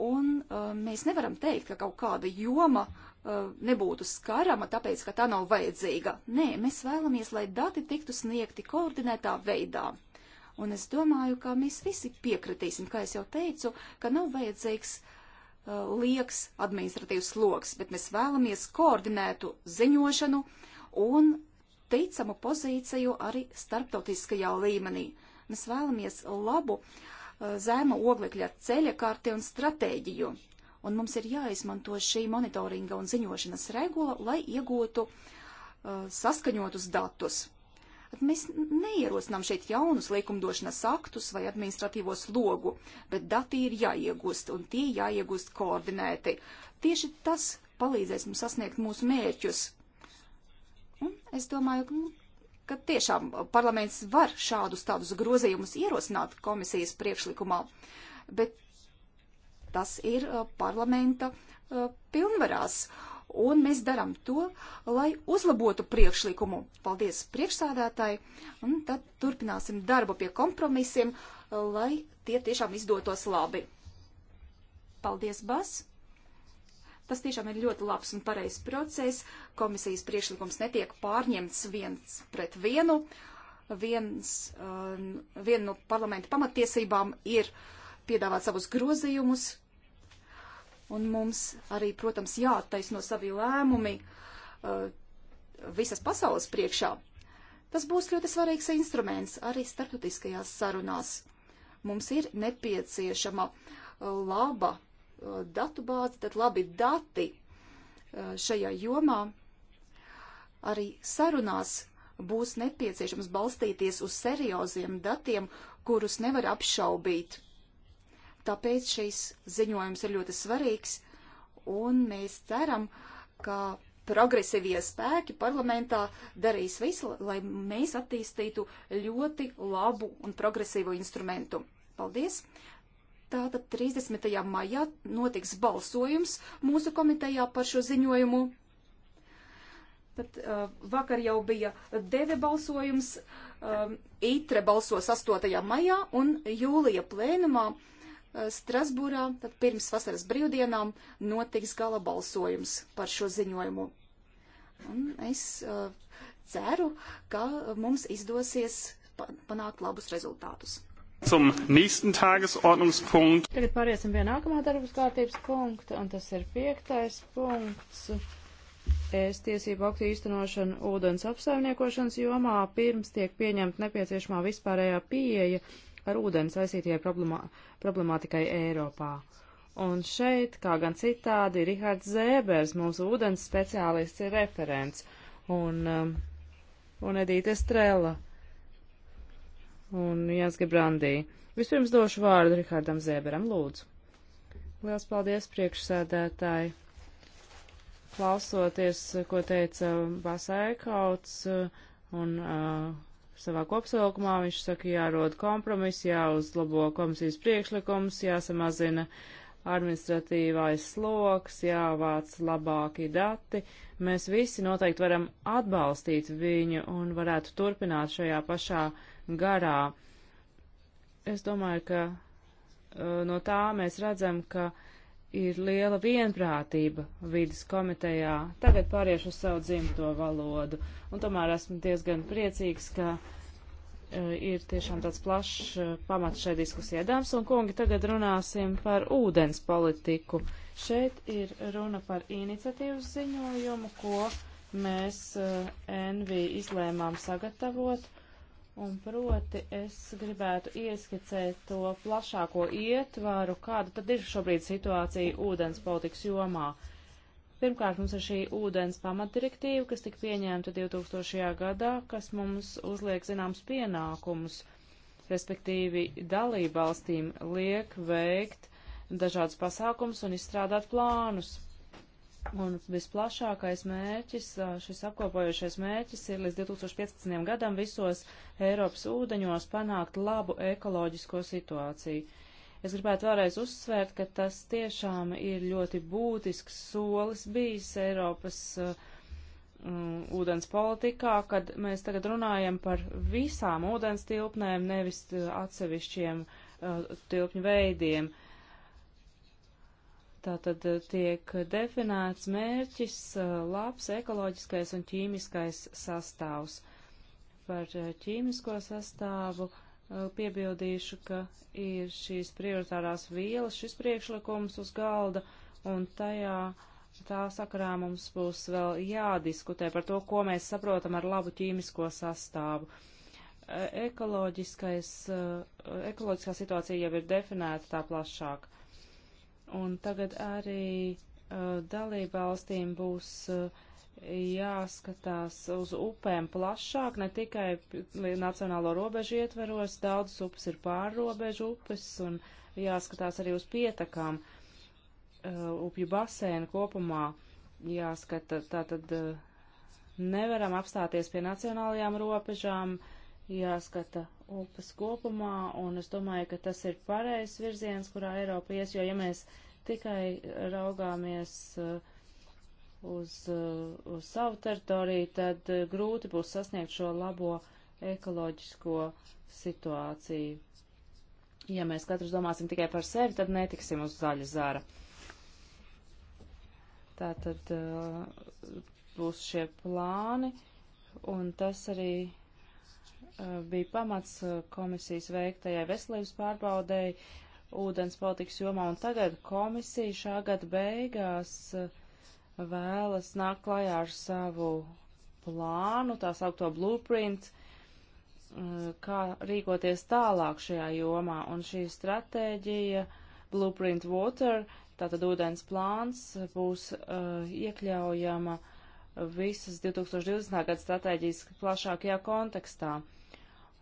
Un uh, mēs nevaram teikt, ka kaut kāda joma uh, nebūtu skarama, tāpēc, ka tā nav vajadzīga. Nē, mēs vēlamies, lai dati tiktu sniegti koordinētā veidā. Un es domāju, ka mēs visi piekritīsim, kā es jau teicu, ka nav vajadzīgs uh, lieks administratīvs sloks, bet mēs vēlamies koordinētu ziņošanu un ticamu pozīciju arī starptautiskajā līmenī. Mēs vēlamies labu uh, Uh, zēma oglekļa ceļa kārti un stratēģiju. Un mums ir jāizmanto šī monitoringa un ziņošanas regula, lai iegūtu uh, saskaņotus datus. At mēs neierosinām šeit jaunus likumdošanas aktus vai administratīvo slogu, bet dati ir jāiegūst, un tie jāiegūst koordinēti. Tieši tas palīdzēs mums sasniegt mūsu mērķus. Un es domāju, ka nu, ka tiešām parlaments var šādus tādus grozījumus ierosināt komisijas priekšlikumā, bet tas ir uh, parlamenta uh, pilnvarās. Un mēs darām to, lai uzlabotu priekšlikumu. Paldies priekšsādātāji, un tad turpināsim darbu pie kompromisiem, uh, lai tie tiešām izdotos labi. Paldies, Bas! Tas tiešām ir ļoti labs un pareizs process. Komisijas priekšlikums netiek pārņemts viens pret vienu. Viens, um, viena no parlamenta pamatiesībām ir piedāvāt savus grozījumus, un mums arī, protams, jāattaisno savi lēmumi uh, visas pasaules priekšā. Tas būs ļoti svarīgs instruments arī starptautiskajās sarunās. Mums ir nepieciešama laba Uh, datu bāzi, tad labi dati uh, šajā jomā arī sarunās būs nepieciešams balstīties uz serioziem datiem, kurus nevar apšaubīt. Tāpēc šis ziņojums ir ļoti svarīgs, un mēs ceram, ka progresīvie spēki parlamentā darīs visu, lai mēs attīstītu ļoti labu un progresīvu instrumentu. Paldies! Tātad 30. maijā notiks balsojums mūsu komitejā par šo ziņojumu. Tad uh, vakar jau bija deve balsojums, um, ITRE balsos 8. maijā un jūlija plēnumā uh, Strasbūrā, tad pirms vasaras brīvdienām notiks gala balsojums par šo ziņojumu. Un es uh, ceru, ka mums izdosies panākt labus rezultātus. Zum nächsten Tagesordnungspunkt. Tagad pāriesim pie nākamā darbas kārtības punkta, un tas ir piektais punkts. Es tiesību aktu īstenošanu ūdens apsaimniekošanas jomā pirms tiek pieņemta nepieciešamā vispārējā pieeja ar ūdeni saistītajai problemā, problemātikai Eiropā. Un šeit, kā gan citādi, Rihards Zēbers, mūsu ūdens speciālists, ir referents, un, um, un Edīte Strela un Jānis Gebrandī. Vispirms došu vārdu Rihardam Zēberam, lūdzu. Liels paldies priekšsēdētāji. Klausoties, ko teica Basēkauts uh, un uh, savā kopsalkumā, viņš saka, jārod kompromis, jāuzlabo komisijas priekšlikums, jāsamazina administratīvais sloks, jāvāc labāki dati. Mēs visi noteikti varam atbalstīt viņu un varētu turpināt šajā pašā uh, garā. Es domāju, ka uh, no tā mēs redzam, ka ir liela vienprātība vidas komitejā. Tagad pāriešu uz savu dzimto valodu. Un tomēr esmu diezgan priecīgs, ka uh, ir tiešām tāds plašs uh, pamats šai diskusijai. Dāmas un kungi, tagad runāsim par ūdens politiku. Šeit ir runa par iniciatīvas ziņojumu, ko mēs uh, NV izlēmām sagatavot Un proti es gribētu ieskicēt to plašāko ietvaru, kāda tad ir šobrīd situācija ūdens politikas jomā. Pirmkārt, mums ir šī ūdens pamatdirektīva, kas tika pieņemta 2000. gadā, kas mums uzliek zināms pienākumus, respektīvi dalībvalstīm liek veikt dažādas pasākums un izstrādāt plānus. Un visplašākais mērķis, šis apkopojošais mērķis ir līdz 2015. gadam visos Eiropas ūdeņos panākt labu ekoloģisko situāciju. Es gribētu vēlreiz uzsvērt, ka tas tiešām ir ļoti būtisks solis bijis Eiropas uh, ūdens politikā, kad mēs tagad runājam par visām ūdens tilpnēm, nevis atsevišķiem uh, tilpņu veidiem. Uh, Tātad eh, tiek definēts mērķis eh, labs ekoloģiskais un ķīmiskais sastāvs. Par eh, ķīmisko sastāvu piebildīšu, ka ir šīs prioritārās vielas, šis priekšlikums uz galda, un tajā tā sakarā mums būs vēl jādiskutē par to, ko mēs saprotam ar labu ķīmisko sastāvu ekoloģiskais, ekoloģiskā situācija jau ir definēta tā plašāk. Un tagad arī uh, dalībvalstīm būs uh, jāskatās uz upēm plašāk, ne tikai nacionālo robežu ietveros, daudzas upes ir pārrobežu upes un jāskatās arī uz pietakām uh, upju basēnu kopumā. Jāskata, tātad uh, nevaram apstāties pie nacionālajām robežām, uh, jāskata upes kopumā, un es domāju, ka tas ir pareizs virziens, kurā Eiropa ies, jo ja mēs tikai raugāmies uh, uz, uh, uz savu teritoriju, tad uh, grūti būs sasniegt šo labo ekoloģisko situāciju. Ja mēs katrs domāsim tikai par sevi, tad netiksim uz zaļa zara. Tātad būs šie plāni, un tas arī Uh, bija pamats uh, komisijas veiktajai veselības pārbaudēji ūdens politikas jomā, un tagad komisija šā gada beigās uh, vēlas nākt klajā ar savu plānu, tā saukto blueprint, kā rīkoties tālāk šajā jomā, un šī stratēģija Blueprint Water, tātad ūdens plāns, būs iekļaujama visas 2020. gada stratēģijas plašākajā kontekstā.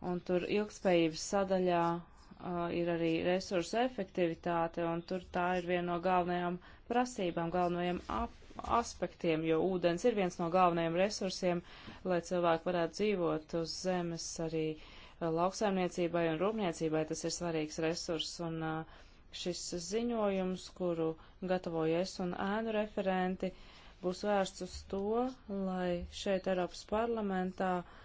Un tur ilgspējības sadaļā uh, ir arī resursu efektivitāte, un tur tā ir viena no galvenajām prasībām, galvenajiem ap aspektiem, jo ūdens ir viens no galvenajiem resursiem, lai cilvēki varētu dzīvot uz zemes arī lauksaimniecībai un rūpniecībai. Tas ir svarīgs resurs, un šis ziņojums, kuru gatavoju es un ēnu referenti, būs vērsts uz to, lai šeit Eiropas parlamentā uh,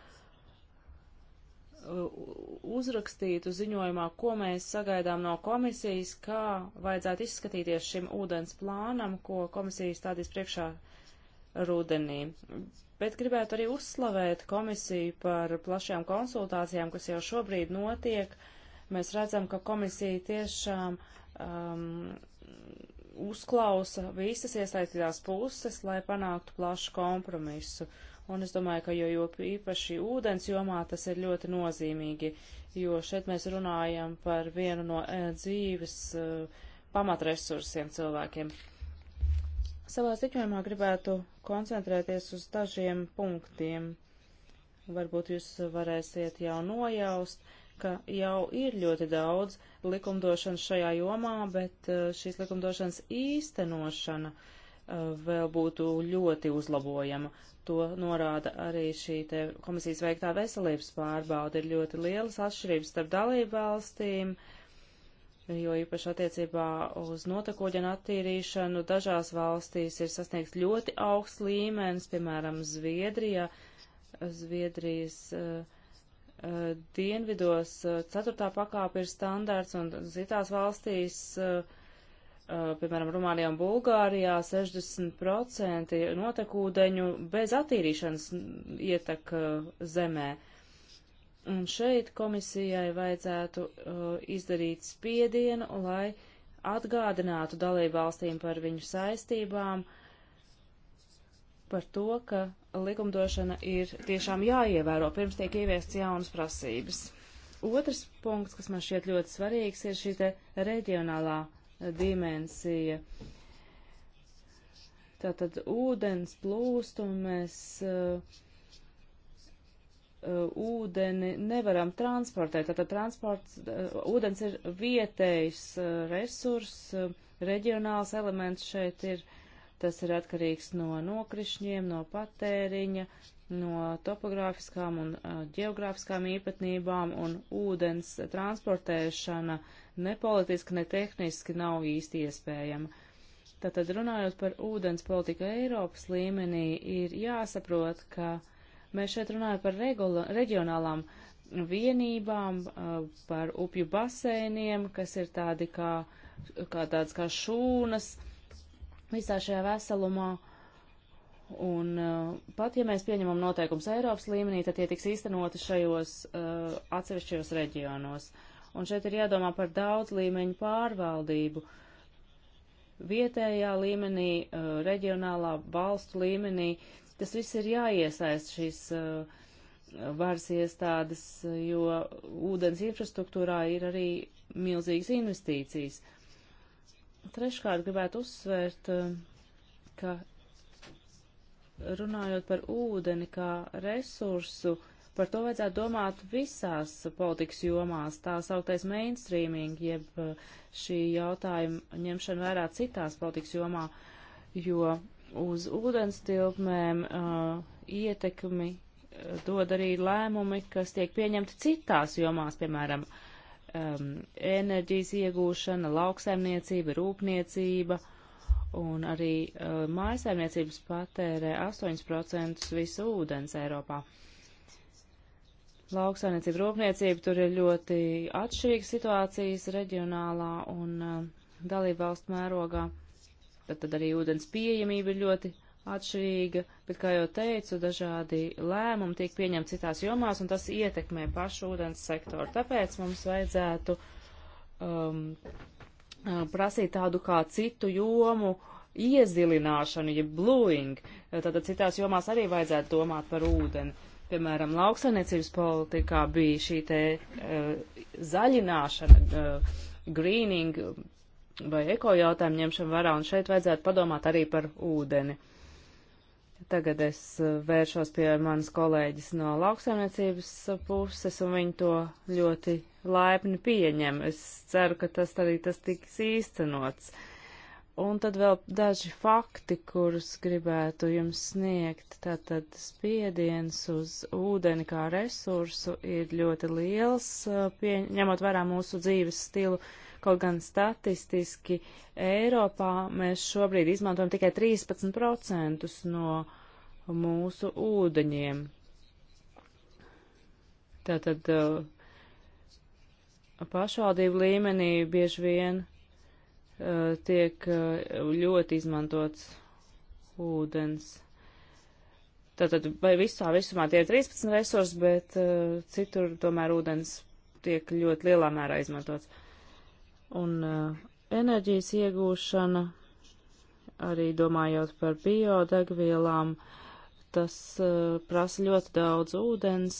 uzrakstītu ziņojumā, ko mēs sagaidām no komisijas, kā vajadzētu izskatīties šim ūdens plānam, ko komisija stādīs priekšā rudenī. Bet gribētu arī uzslavēt komisiju par plašajām konsultācijām, kas jau šobrīd notiek. Mēs redzam, ka komisija tiešām um, uzklausa visas iesaistītās puses, lai panāktu plašu kompromisu. Un es domāju, ka jo, jo īpaši ūdens jomā tas ir ļoti nozīmīgi, jo šeit mēs runājam par vienu no e, dzīves e, pamatresursiem cilvēkiem. Savā ziņojumā gribētu koncentrēties uz dažiem punktiem. Varbūt jūs varēsiet jau nojaust. E, ka jau ir ļoti daudz likumdošanas šajā jomā, bet uh, šīs likumdošanas īstenošana uh, vēl būtu ļoti uzlabojama. To norāda arī šī te komisijas veiktā veselības pārbauda. Ir ļoti lielas atšķirības starp dalību valstīm, jo īpaši attiecībā uz notekoģenu attīrīšanu dažās valstīs ir sasniegts ļoti augsts līmenis, piemēram, Zviedrijā. Zviedrijas uh, Eh, dienvidos eh, ceturtā pakāpe ir standārts un citās valstīs, eh, piemēram, Rumānijā un Bulgārijā, 60% notekūdeņu bez attīrīšanas ietek zemē. Un šeit komisijai vajadzētu izdarīt spiedienu, lai atgādinātu dalību valstīm par viņu saistībām, uh, par to, ka likumdošana ir tiešām jāievēro, pirms tiek ieviests jaunas prasības. Otrs punkts, kas man šķiet ļoti svarīgs, ir šī te reģionālā dimensija. Tātad ūdens plūst un mēs uh, uh, ūdeni nevaram transportēt. Tātad transports, uh, ūdens ir vietējs uh, resurs, uh, reģionāls elements šeit ir Tas ir atkarīgs no nokrišņiem, no patēriņa, no topogrāfiskām un ģeogrāfiskām īpatnībām, un ūdens transportēšana ne politiski, ne tehniski nav īsti iespējama. Tātad runājot par ūdens politiku Eiropas līmenī, ir jāsaprot, ka mēs šeit runājam par regula, reģionālām vienībām, par upju basēniem, kas ir tādi kā, kā tāds kā šūnas, uh, visā šajā veselumā. Un uh, pat, ja mēs pieņemam noteikums Eiropas līmenī, tad tie tiks īstenoti šajos uh, atsevišķajos reģionos. Un šeit ir jādomā par daudz līmeņu pārvaldību. Vietējā līmenī, uh, reģionālā valstu līmenī, tas viss ir jāiesaist šīs uh, varas iestādes, jo ūdens infrastruktūrā ir arī milzīgas investīcijas. Uh, Treškārt gribētu uzsvērt, ka runājot par ūdeni kā resursu, par to vajadzētu domāt visās politikas jomās, tā sauktais mainstreaming, jeb eh, šī jautājuma ņemšana vērā citās politikas jomā, jo uz ūdens tilpmēm uh, eh, ietekmi eh, dod arī lēmumi, kas tiek pieņemti citās jomās, piemēram, uh, um, enerģijas iegūšana, lauksaimniecība, rūpniecība un arī uh, mājasaimniecības patērē 8% visu ūdens Eiropā. Lauksaimniecība, rūpniecība, tur ir ļoti atšķirīgas situācijas reģionālā un uh, dalību valstu mērogā. Tad, tad arī ūdens pieejamība ir ļoti atšķirīga, bet, kā jau teicu, dažādi lēmumi tiek pieņemti citās jomās, un tas ietekmē pašu ūdens sektoru. Tāpēc mums vajadzētu um, uh, prasīt tādu kā citu jomu iezilināšanu, jeb ja bluing. Tātad citās jomās arī vajadzētu domāt par ūdeni. Piemēram, lauksainiecības politikā bija šī te uh, zaļināšana, uh, greening, vai eko jautājumu ņemšanu vērā, un šeit vajadzētu padomāt arī par ūdeni. Tagad es eh, vēršos pie manas kolēģis no lauksaimniecības eh, puses, un viņi to ļoti laipni pieņem. Es ceru, ka tas arī tas tiks īstenots. Un tad vēl daži fakti, kurus gribētu jums sniegt. Tātad spiediens uz ūdeni kā resursu ir ļoti liels, eh, pieņemot vērā mūsu dzīves stilu, Kaut gan statistiski Eiropā mēs šobrīd izmantojam tikai 13% no mūsu ūdeņiem. Tātad uh, pašvaldību līmenī bieži vien uh, tiek uh, ļoti izmantots ūdens. Tātad vai visā visumā tie ir 13 resursi, bet uh, citur tomēr ūdens tiek ļoti lielā mērā izmantots. Un eh, enerģijas iegūšana, arī domājot par biodegvielām, tas eh, prasa ļoti daudz ūdens.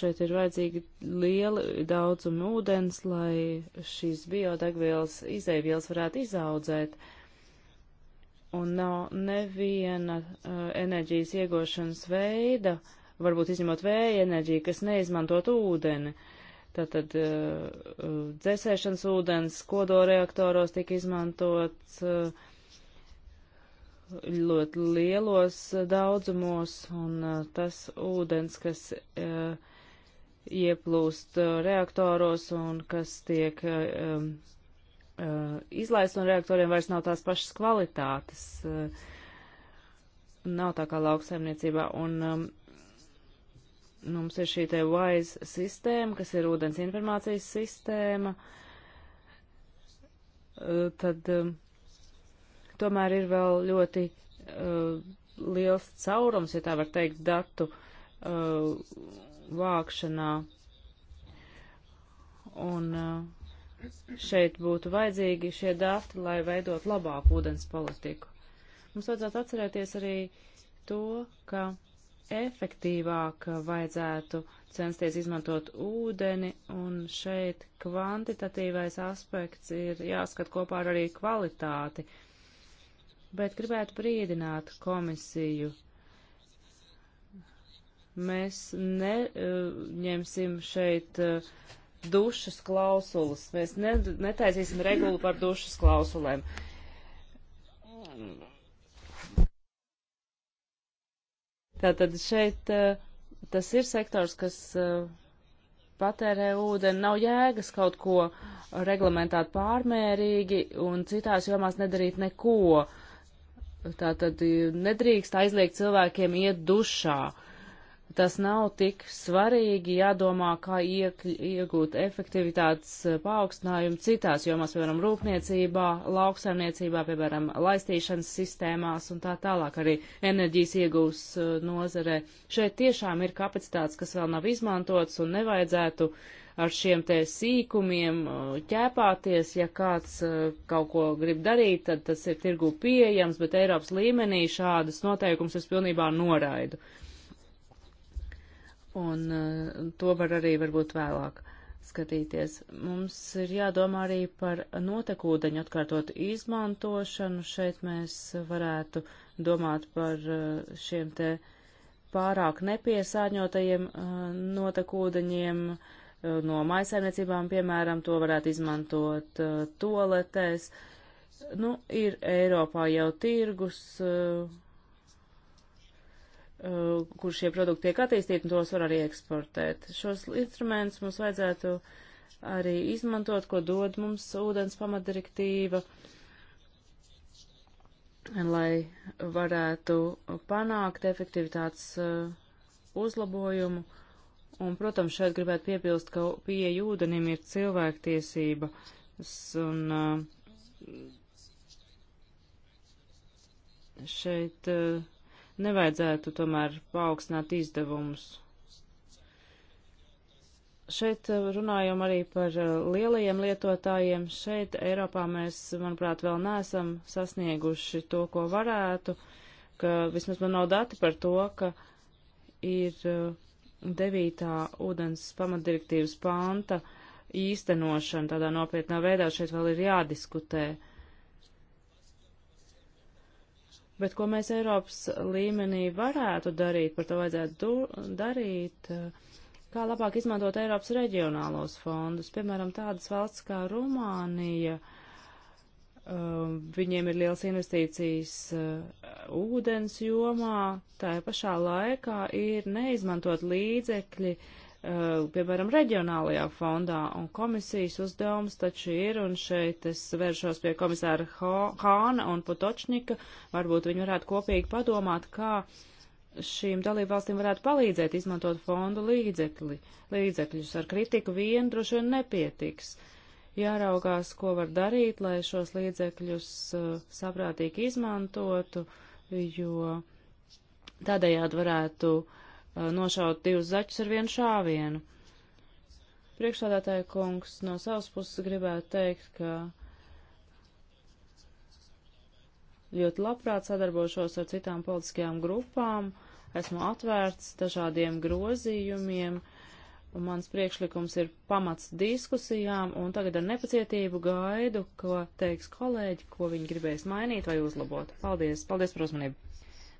Šeit ir vajadzīgi lieli daudzumi ūdens, lai šīs biodegvielas izēvielas varētu izaudzēt. Un nav neviena uh, enerģijas iegošanas veida, varbūt izņemot vēja enerģiju, kas neizmantot ūdeni. Uh, Tātad eh, dzēsēšanas ūdens kodoreaktoros tika izmantots eh, ļoti lielos daudzumos, un eh, tas ūdens, kas ieplūst reaktoros un kas tiek izlaists no reaktoriem, vairs nav tās pašas kvalitātes. Nav tā kā lauksaimniecībā. Un, Mums ir šī te WISE sistēma, kas ir ūdens informācijas sistēma. E, tad e, tomēr ir vēl ļoti e, liels caurums, ja tā var teikt, datu vākšanā. Un šeit būtu vajadzīgi šie dati, lai veidot labāku ūdens politiku. Mums vajadzētu atcerēties arī to, ka efektīvāk vajadzētu censties izmantot ūdeni, un šeit kvantitatīvais aspekts ir jāskat kopā ar arī kvalitāti. Bet gribētu brīdināt komisiju. Mēs neņemsim eh, šeit eh, dušas klausulas. Mēs ne, netaisīsim regulu par dušas klausulēm Tātad šeit eh, tas ir sektors, kas eh, patērē ūdeni, nav jēgas kaut ko reglamentēt pārmērīgi un citās jomās nedarīt neko. Tātad eh, nedrīkst aizliegt cilvēkiem iet dušā tas nav tik svarīgi jādomā, kā iek, iegūt efektivitātes eh, paaugstinājumu citās jomās, piemēram, rūpniecībā, lauksaimniecībā, piemēram, laistīšanas sistēmās un tā tālāk arī enerģijas iegūs eh, nozarē. Šeit tiešām ir kapacitātes, kas vēl nav izmantotas un nevajadzētu ar šiem te sīkumiem eh, ķēpāties, ja kāds kaut ko grib darīt, tad tas ir tirgu pieejams, bet Eiropas līmenī šādas noteikums es pilnībā noraidu un uh, to var arī varbūt vēlāk skatīties. Mums ir jādomā arī par notekūdeņu atkārtotu izmantošanu. Šeit mēs varētu domāt par uh, šiem te pārāk nepiesārņotajiem uh, notekūdeņiem no maisaimniecībām, piemēram, to varētu izmantot toaletēs. Nu, ir Eiropā jau tirgus, uh, Uh, kur šie produkti tiek attīstīti, un tos var arī eksportēt. Šos instrumentus mums vajadzētu arī izmantot, ko dod mums ūdens pamatdirektīva, lai varētu panākt efektivitātes uh, uzlabojumu. Un, protams, šeit gribētu piebilst, ka pieeja ūdenim ir cilvēktiesība. Un uh, šeit uh, nevajadzētu tomēr paaugstināt izdevumus. Šeit eh, runājam arī par eh, lielajiem lietotājiem. Šeit Eiropā mēs, manuprāt, vēl neesam sasnieguši to, ko varētu, ka vismaz man nav dati par to, ka ir eh, devītā ūdens pamatdirektīvas panta īstenošana tādā nopietnā veidā. Šeit vēl ir jādiskutē. Uh, Bet ko mēs Eiropas līmenī varētu darīt, par to vajadzētu darīt, eh, kā labāk izmantot Eiropas reģionālos fondus, piemēram, tādas valsts kā Rumānija. Uh, viņiem ir liels investīcijas uh, ūdens jomā, tā pašā laikā ir neizmantot līdzekļi Eh, piemēram, reģionālajā fondā, un komisijas uzdevums taču ir, un šeit es vēršos pie komisāra Hāna un Potočņika, varbūt viņi varētu kopīgi padomāt, kā šīm dalībvalstīm varētu palīdzēt izmantot fondu līdzekļi, līdzekļus. Ar kritiku vien droši vien nepietiks. Jāraugās, ko var darīt, lai šos līdzekļus eh, saprātīgi izmantotu, jo tādējādi varētu uh, Uh, nošaut divus zaķus ar vienu šāvienu. Priekšsādātāja kungs no savas puses gribētu teikt, ka ļoti labprāt sadarbošos ar citām politiskajām grupām, esmu atvērts dažādiem grozījumiem, un mans priekšlikums ir pamats diskusijām, un tagad ar nepacietību gaidu, ko teiks kolēģi, ko viņi gribēs mainīt vai uzlabot. Paldies, paldies par uzmanību!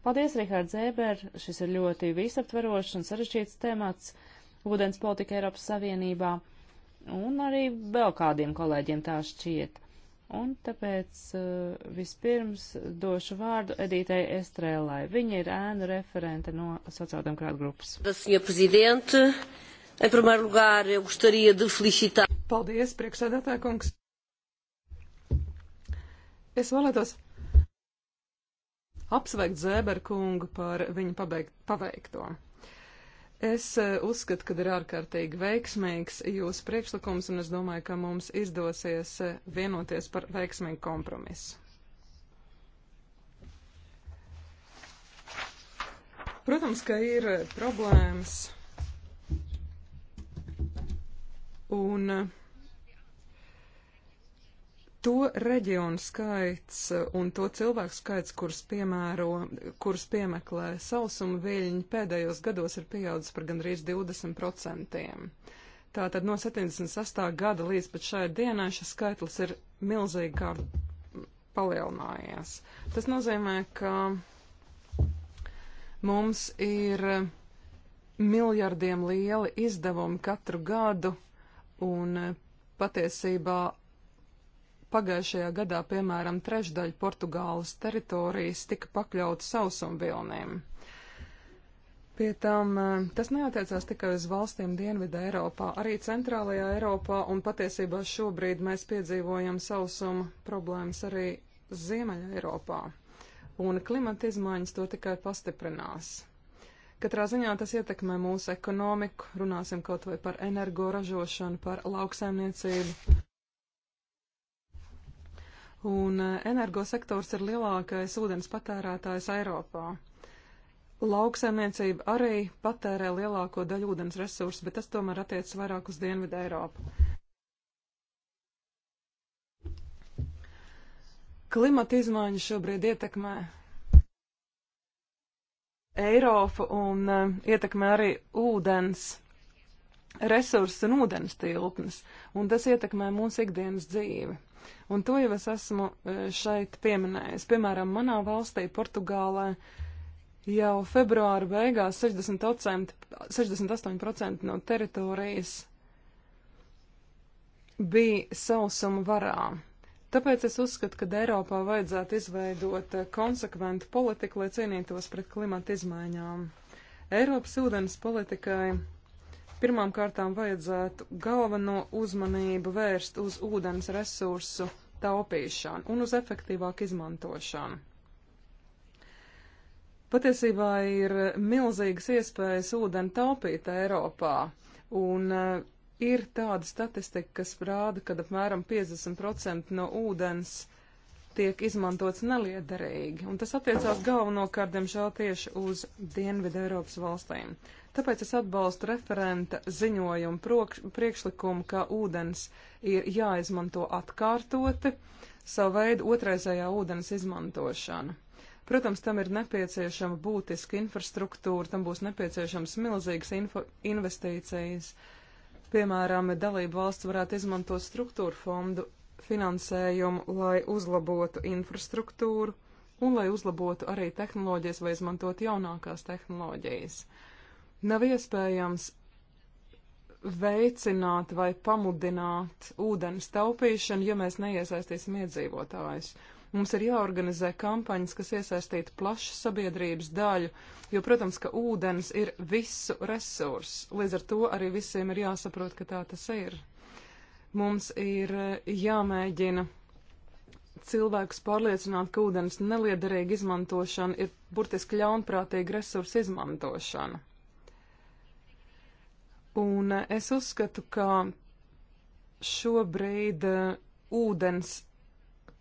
Paldies, Rihards Zēber, šis ir ļoti visaptverošs un sarežģīts temats ūdens politika Eiropas Savienībā, un arī vēl kādiem kolēģiem tā šķiet. Un tāpēc uh, vispirms došu vārdu Edītei Estrēlai. Viņa ir ēnu referente no sociāldemokrāta grupas. Paldies, priekšsēdētāja kungs. Es vēlētos apsveikt Zēberkungu par viņa pabeigt, paveikto. Es eh, uzskatu, ka ir ārkārtīgi veiksmīgs jūsu priekšlikums, un es domāju, ka mums izdosies eh, vienoties par veiksmīgu kompromisu. Protams, ka ir eh, problēmas, un uh, to reģionu skaits uh, un to cilvēku skaits, kurus, piemēro, kurus piemeklē sausuma viļņi, pēdējos gados ir pieaudzis par gandrīz 20%. Tātad no 78. gada līdz pat šai dienai šis skaitlis ir milzīgi kā palielinājies. Tas nozīmē, ka mums ir miljardiem lieli izdevumi katru gadu un patiesībā Pagājušajā gadā, piemēram, trešdaļa Portugāles teritorijas tika pakļauta sausumvilniem. Pie tam e, tas neatiecās tikai uz valstīm Dienvidē Eiropā, arī Centrālajā Eiropā, un patiesībā šobrīd mēs piedzīvojam sausuma problēmas arī Ziemeļa Eiropā. Un klimata izmaiņas to tikai pastiprinās. Katrā ziņā tas ietekmē mūsu ekonomiku, runāsim kaut vai par energoražošanu, par lauksaimniecību un eh, energosektors ir lielākais ūdens patērētājs Eiropā. Lauksaimniecība arī patērē lielāko daļu ūdens resursu, bet tas tomēr attiecas vairāk uz Dienvidu Eiropu. Klimata izmaiņas šobrīd ietekmē Eiropu un uh, ietekmē arī ūdens resursus un ūdens tilpnes, un tas ietekmē mūsu ikdienas dzīvi. Un to jau es esmu e, šeit pieminējis. Piemēram, manā valstī, Portugālē, jau februāra beigās 60%, 68% no teritorijas bija sausuma varā. Tāpēc es uzskatu, ka Eiropā vajadzētu izveidot e, konsekventu politiku, lai cīnītos pret klimata izmaiņām. Eiropas ūdens politikai Pirmām kārtām vajadzētu galveno uzmanību vērst uz ūdens resursu taupīšanu un uz efektīvāku izmantošanu. Patiesībā ir milzīgas iespējas ūdeni taupīt Eiropā, un eh, ir tāda statistika, kas rāda, ka apmēram 50% no ūdens tiek izmantots neliederīgi, un tas attiecās galvenokārt, diemžēl, tieši uz Dienvidu Eiropas valstīm. Tāpēc es atbalstu referenta ziņojumu prokš, priekšlikumu, ka ūdens ir jāizmanto atkārtoti, savu veidu otraizējā ūdens izmantošana. Protams, tam ir nepieciešama būtiska infrastruktūra, tam būs nepieciešams milzīgas info, investīcijas. Piemēram, dalību valsts varētu izmantot struktūru fondu finansējumu, lai uzlabotu infrastruktūru un lai uzlabotu arī tehnoloģijas vai izmantot jaunākās tehnoloģijas. Uh, Nav iespējams veicināt vai pamudināt ūdens taupīšanu, ja mēs neiesaistīsim iedzīvotājus. Mums ir jāorganizē kampaņas, kas iesaistītu plašu sabiedrības daļu, jo, protams, ka ūdens ir visu resursu. Līdz ar to arī visiem ir jāsaprot, ka tā tas ir. Mums ir eh, jāmēģina cilvēkus pārliecināt, ka ūdens neliederīga izmantošana ir burtiski ļaunprātīga resursa izmantošana. Un es uzskatu, ka šobrīd eh, ūdens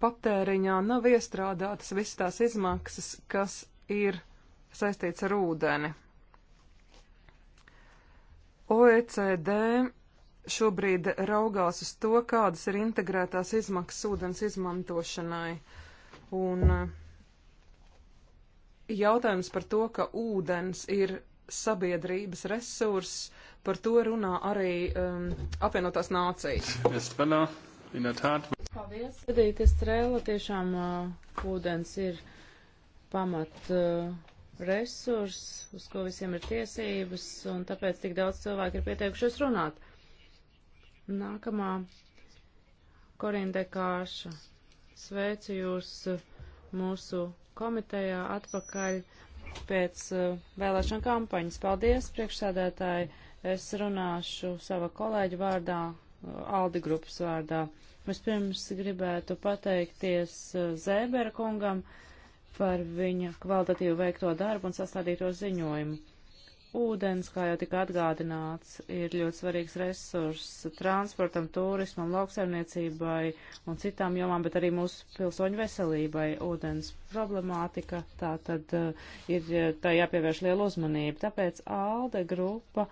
patēriņā nav iestrādātas visas tās izmaksas, kas ir saistīts ar ūdeni. OECD šobrīd raugās uz to, kādas ir integrētās izmaksas ūdens izmantošanai. Un eh, jautājums par to, ka ūdens ir sabiedrības resurss, Par to runā arī um, apvienotās nācijas. Paldies, Edīte Strēla, tiešām uh, ūdens ir pamat uh, resurs, uz ko visiem ir tiesības, un tāpēc tik daudz cilvēku ir pieteikušies runāt. Nākamā Korinda Kāša. Sveicu jūs uh, mūsu komitejā atpakaļ pēc uh, vēlēšana kampaņas. Paldies, priekšsēdētāji! Es runāšu sava kolēģa vārdā, Aldi grupas vārdā. Vispirms gribētu pateikties uh, Zēbera kungam par viņa kvalitatīvu veikto darbu un sastādīto ziņojumu. Ūdens, kā jau tika atgādināts, ir ļoti svarīgs resurss transportam, turismam, lauksaimniecībai un citām jomām, bet arī mūsu pilsoņu veselībai. Ūdens problemātika, tā tad uh, ir tā jāpievērš liela uzmanība. Tāpēc ALDE grupa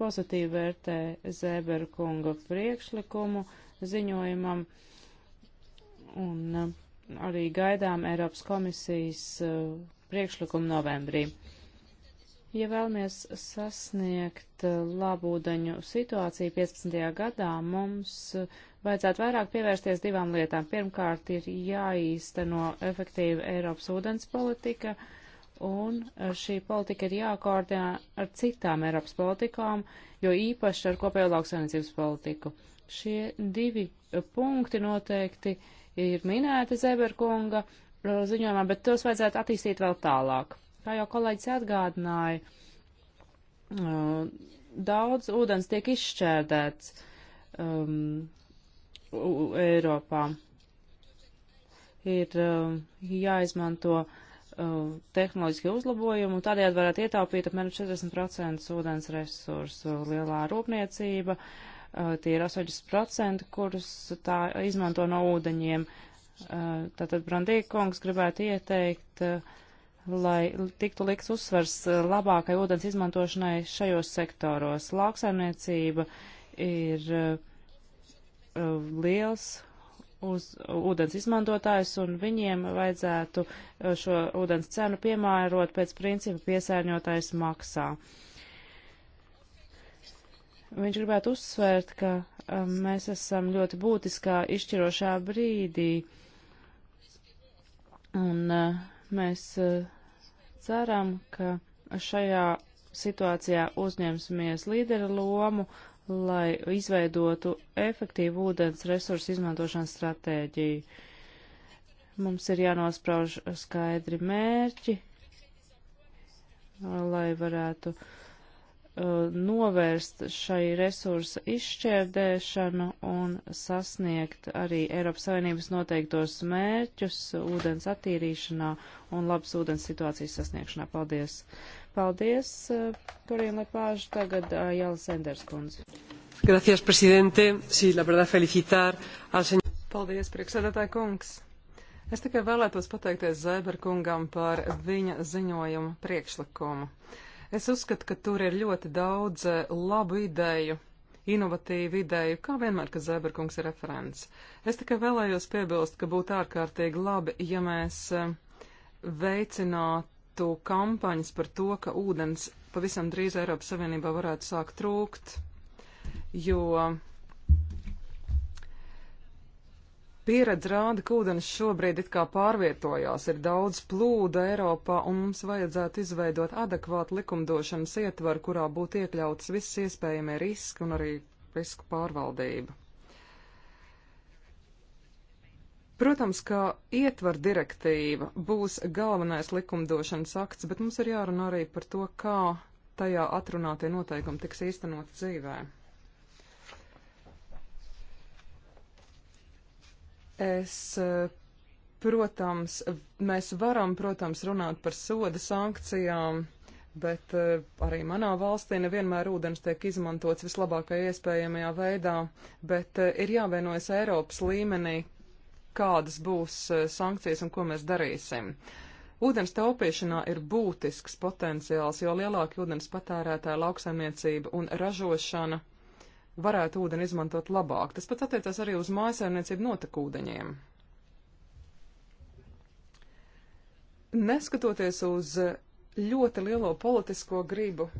pozitīvi vērtē Zēbera kunga priekšlikumu ziņojumam un uh, arī gaidām Eiropas komisijas uh, priekšlikumu novembrī. Ja vēlamies sasniegt uh, labūdaņu situāciju 15. gadā, mums vajadzētu vairāk pievērsties divām lietām. Pirmkārt, ir jāīsteno efektīva Eiropas ūdens politika, uh, un e, šī politika ir jākoordinē ar citām Eiropas politikām, jo īpaši ar kopējo lauksaimniecības politiku. Šie divi e, punkti noteikti ir minēti Zeberkunga e, ziņojumā, bet tos vajadzētu attīstīt vēl tālāk. Kā jau kolēģis atgādināja, daudz ūdens tiek izšķērdēts um, Eiropā. Ir um, jāizmanto uh, Uh, tehnoloģiski uzlabojumi, un tādējādi varētu ietaupīt apmēram 40% ūdens resursu. Lielā rūpniecība, uh, tie ir 80%, kurus tā izmanto no ūdeņiem. Uh, tātad Brandīka kungs gribētu ieteikt, lai tiktu liks uzsvers labākai ūdens izmantošanai šajos sektoros. Lauksaimniecība ir liels uz ūdens izmantotājus, un viņiem vajadzētu uh, šo ūdens cenu piemērot pēc principa piesārņotājs maksā. Viņš gribētu uzsvērt, ka um, mēs esam ļoti būtiskā izšķirošā brīdī, un uh, mēs uh, ceram, ka šajā situācijā uzņemsimies līdera lomu lai izveidotu efektīvu ūdens resursu izmantošanas stratēģiju. Mums ir jānosprauž skaidri mērķi, lai varētu uh, novērst šai resursa izšķērdēšanu un sasniegt arī Eiropas Savienības noteiktos mērķus ūdens attīrīšanā un labas ūdens situācijas sasniegšanā. Paldies! Paldies, Korien eh, Lepāžu. Tagad eh, Jāla Senders kundze. Gracias, presidente. Sí, la verdad, felicitar al señor. Paldies, priekšsēdētāji kungs. Es tikai vēlētos pateikties Zēberkungam par viņa ziņojumu priekšlikumu. Es uzskatu, ka tur ir ļoti daudz eh, labu ideju, inovatīvu ideju, kā vienmēr, ka Zēberkungs ir referents. Es tikai vēlējos piebilst, ka būtu ārkārtīgi labi, ja mēs veicinātu notiktu kampaņas par to, ka ūdens pavisam drīz Eiropas Savienībā varētu sākt trūkt, jo pieredze rāda, ka ūdens šobrīd it kā pārvietojās, ir daudz plūda Eiropā, un mums vajadzētu izveidot adekvātu likumdošanas ietvaru, kurā būtu iekļauts viss iespējamie riski un arī risku pārvaldība. Protams, ka ietver direktīva būs galvenais likumdošanas akts, bet mums ir jārunā arī par to, kā tajā atrunātie noteikumi tiks īstenot dzīvē. Es, protams, mēs varam, protams, runāt par soda sankcijām, bet arī manā valstī nevienmēr ūdens tiek izmantots vislabākajā iespējamajā veidā, bet ir jāvienojas Eiropas līmenī, kādas būs e, sankcijas un ko mēs darīsim. Ūdens taupīšanā ir būtisks potenciāls, jo lielāka ūdens patērētāja lauksaimniecība un ražošana varētu ūdeni izmantot labāk. Tas pats attiecas arī uz mājasaimniecību notekūdeņiem. Neskatoties uz ļoti lielo politisko gribu,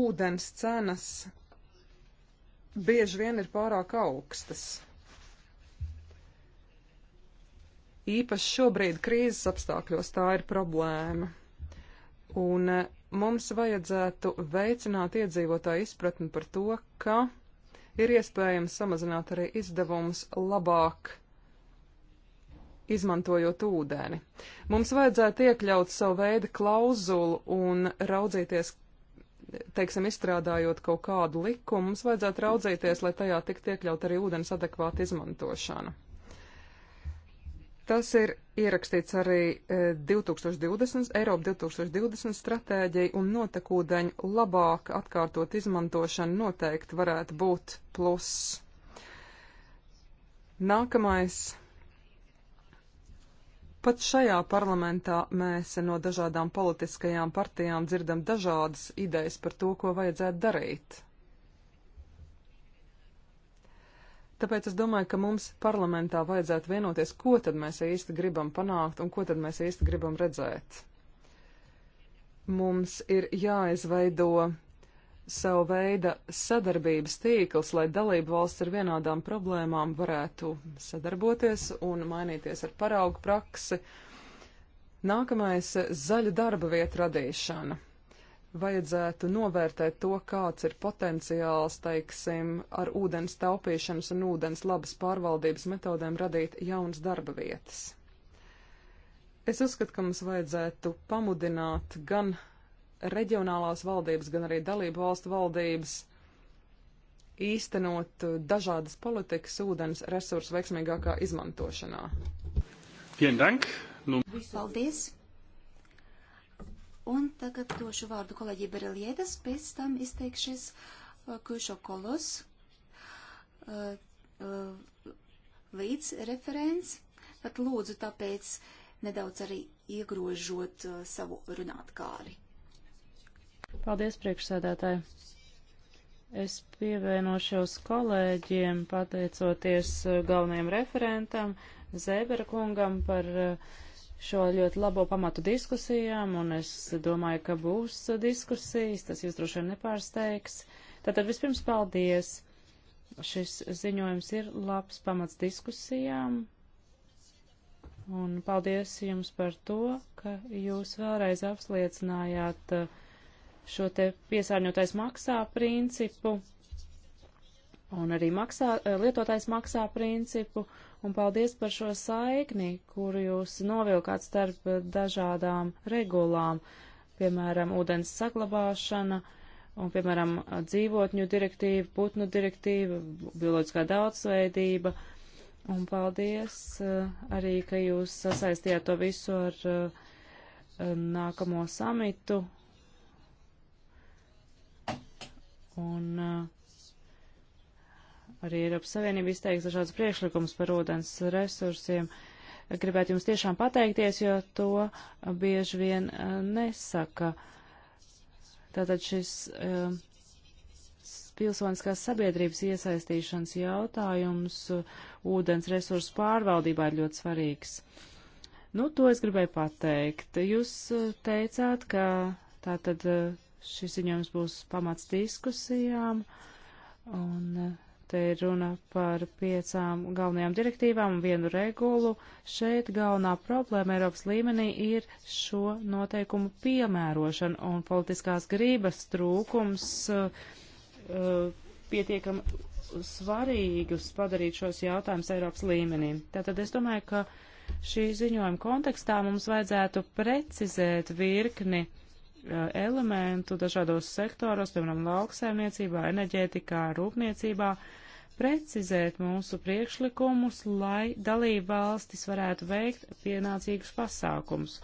ūdens cenas bieži vien ir pārāk augstas. Īpaši šobrīd krīzes apstākļos tā ir problēma. Un eh, mums vajadzētu veicināt iedzīvotāju izpratni par to, ka ir iespējams samazināt arī izdevumus labāk izmantojot ūdeni. Mums vajadzētu iekļaut savu veidu klauzulu un raudzīties, teiksim, izstrādājot kaut kādu likumu, mums vajadzētu raudzīties, lai tajā tiktu iekļaut arī ūdens adekvāta izmantošana. Tas ir ierakstīts arī 2020, e, Eiropa 2020 stratēģija un notekūdeņu labāka atkārtot izmantošana noteikti varētu būt pluss. Nākamais Pat šajā parlamentā mēs no dažādām politiskajām partijām dzirdam dažādas idejas par to, ko vajadzētu darīt. Tāpēc es domāju, ka mums parlamentā vajadzētu vienoties, ko tad mēs īsti gribam panākt un ko tad mēs īsti gribam redzēt. Mums ir jāizveido savu veidu sadarbības tīkls, lai dalību valsts ar vienādām problēmām varētu sadarboties un mainīties ar paraugu praksi. Nākamais - zaļa darba vieta radīšana. Vajadzētu novērtēt to, kāds ir potenciāls, teiksim, ar ūdens taupīšanas un ūdens labas pārvaldības metodēm radīt jaunas darba vietas. Es uzskatu, ka mums vajadzētu pamudināt gan reģionālās valdības, gan arī dalību valstu valdības īstenot uh, dažādas politikas ūdens resursu veiksmīgākā izmantošanā. Nu... Paldies! Un tagad došu vārdu kolēģi Berelietas, pēc tam izteikšies uh, Kušo Kolos uh, līdz referents. Tad lūdzu tāpēc nedaudz arī iegrožot savu runātkāri. Paldies, priekšsēdētāji. Es pievienošos kolēģiem, pateicoties eh, galvenajam referentam, Zēbera kungam par eh, šo ļoti labo pamatu diskusijām, un es domāju, ka būs eh, diskusijas, tas jūs droši vien nepārsteigs. Tātad vispirms paldies. Šis ziņojums ir labs pamats diskusijām, un paldies jums par to, ka jūs vēlreiz apsliecinājāt uh, šo te piesārņotais maksā principu un arī maksā, eh, lietotājs maksā principu. Un paldies par šo saikni, kuru jūs novilkāt starp dažādām regulām, piemēram, ūdens saglabāšana un, piemēram, dzīvotņu direktīva, putnu direktīva, bioloģiskā daudzveidība. Un paldies eh, arī, ka jūs sasaistījāt to visu ar eh, nākamo samitu un uh, arī Eiropas Savienība izteiks dažādas priekšlikumus par ūdens resursiem. Gribētu jums tiešām pateikties, jo to bieži vien uh, nesaka. Tātad šis uh, pilsoniskās sabiedrības iesaistīšanas jautājums uh, ūdens resursu pārvaldībā ir ļoti svarīgs. Nu, to es gribēju pateikt. Jūs uh, teicāt, ka tātad uh, Šis ziņojums būs pamats diskusijām, un e, te ir runa par piecām galvenajām direktīvām un vienu regulu. Šeit galvenā problēma Eiropas līmenī ir šo noteikumu piemērošana un politiskās grības trūkums uh, e, e, pietiekami svarīgus padarīt šos jautājumus Eiropas līmenī. Tātad es domāju, ka šī ziņojuma kontekstā mums vajadzētu precizēt virkni uh, Eh, elementu dažādos sektoros, piemēram, lauksaimniecībā, enerģētikā, rūpniecībā, precizēt mūsu priekšlikumus, lai dalība valstis varētu veikt pienācīgus pasākums.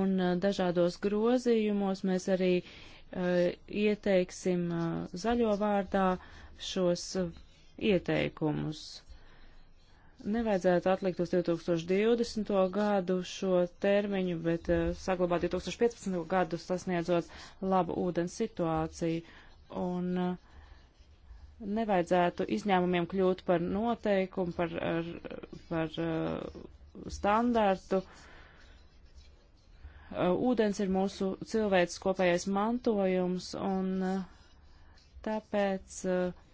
Un eh, dažādos grozījumos mēs arī uh, ieteiksim uh, zaļo vārdā šos uh, ieteikumus nevajadzētu atlikt uz 2020. gadu šo termiņu, bet uh, saglabāt 2015. gadu sasniedzot labu ūdens situāciju. Un uh, nevajadzētu izņēmumiem kļūt par noteikumu, par, ar, par uh, eh, standārtu. Ūdens ir mūsu cilvēks kopējais mantojums, un tāpēc uh,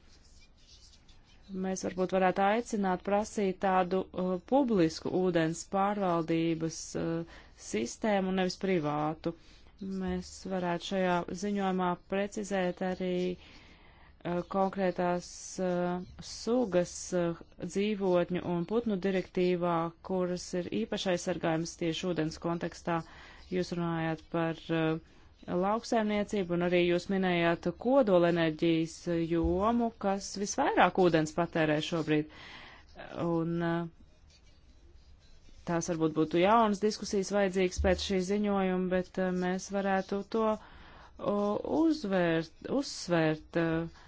mēs varbūt varētu aicināt prasīt tādu uh, publisku ūdens pārvaldības uh, sistēmu, nevis privātu. Mēs varētu šajā ziņojumā precizēt arī uh, konkrētās uh, sugas uh, dzīvotņu un putnu direktīvā, kuras ir īpašais sargājums tieši ūdens kontekstā. Jūs runājāt par uh, lauksaimniecību, un arī jūs minējāt kodolenerģijas jomu, kas visvairāk ūdens patērē šobrīd. Un eh, tās varbūt būtu jaunas diskusijas vajadzīgas pēc šī ziņojuma, bet eh, mēs varētu to uzvērt, uzsvērt. Uh,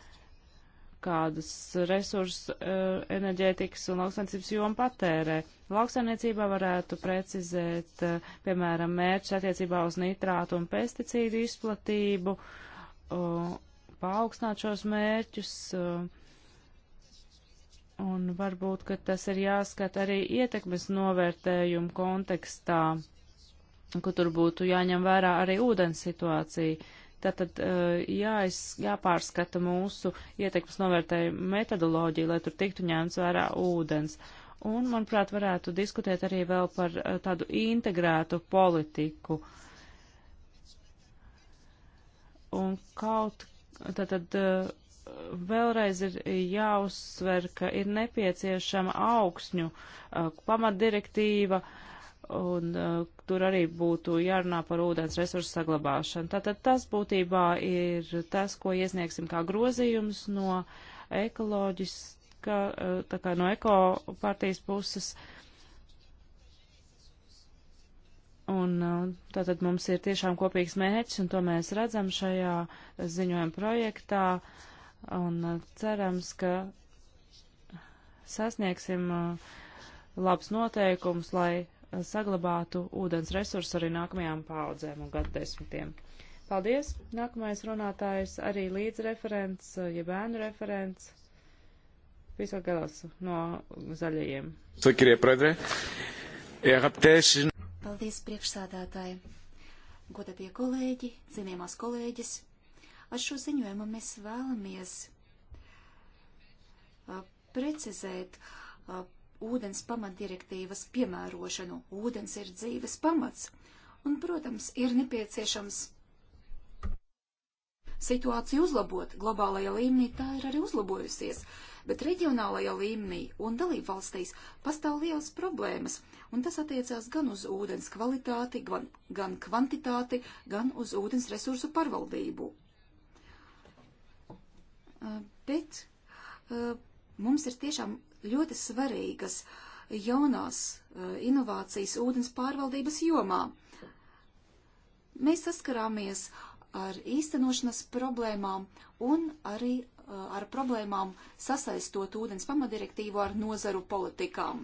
kādus resursus e, enerģētikas un lauksaimniecības joma patērē. Lauksaimniecībā varētu precizēt, e, piemēram, mērķi attiecībā uz nitrātu un pesticīdu izplatību, paaugstināt šos mērķus. Un varbūt, ka tas ir jāskat arī ietekmes novērtējumu kontekstā, ka tur būtu jāņem vērā arī ūdens situācija. Tātad eh, jāiz, jāpārskata mūsu ietekmes novērtējumu metodoloģiju, lai tur tiktu ņemts vērā ūdens. Un, manuprāt, varētu diskutēt arī vēl par eh, tādu integrētu politiku. Un kaut, tātad eh, vēlreiz ir jāuzsver, ka ir nepieciešama augsņu pamatdirektīva, uh, un uh, tur arī būtu jārunā par ūdens resursu saglabāšanu. Tātad tas būtībā ir tas, ko iesniegsim kā grozījums no ekoloģiska, uh, tā kā no eko partijas puses. Un uh, tātad mums ir tiešām kopīgs mērķis, un to mēs redzam šajā ziņojuma projektā, un uh, cerams, ka sasniegsim uh, labs noteikums, lai saglabātu ūdens resursu arī nākamajām paudzēm un gadsimtiem. Paldies! Nākamais runātājs arī līdzreferents, eh, jeb bērnu referents, Piso Galas no zaļajiem. Paldies, priekšsādātāji! Godatie kolēģi, cienījumās kolēģis! Ar šo ziņojumu mēs vēlamies eh, precizēt eh, ūdens pamatdirektīvas piemērošanu. Ūdens ir dzīves pamats, un, protams, ir nepieciešams situāciju uzlabot. Globālajā līmenī tā ir arī uzlabojusies, bet reģionālajā līmenī un dalībvalstīs pastāv liels problēmas, un tas attiecās gan uz ūdens kvalitāti, gan, gan kvantitāti, gan uz ūdens resursu pārvaldību. Bet mums ir tiešām ļoti svarīgas jaunās eh, inovācijas ūdens pārvaldības jomā. Mēs saskarāmies ar īstenošanas problēmām un arī eh, ar problēmām sasaistot ūdens pamadirektīvu ar nozaru politikām.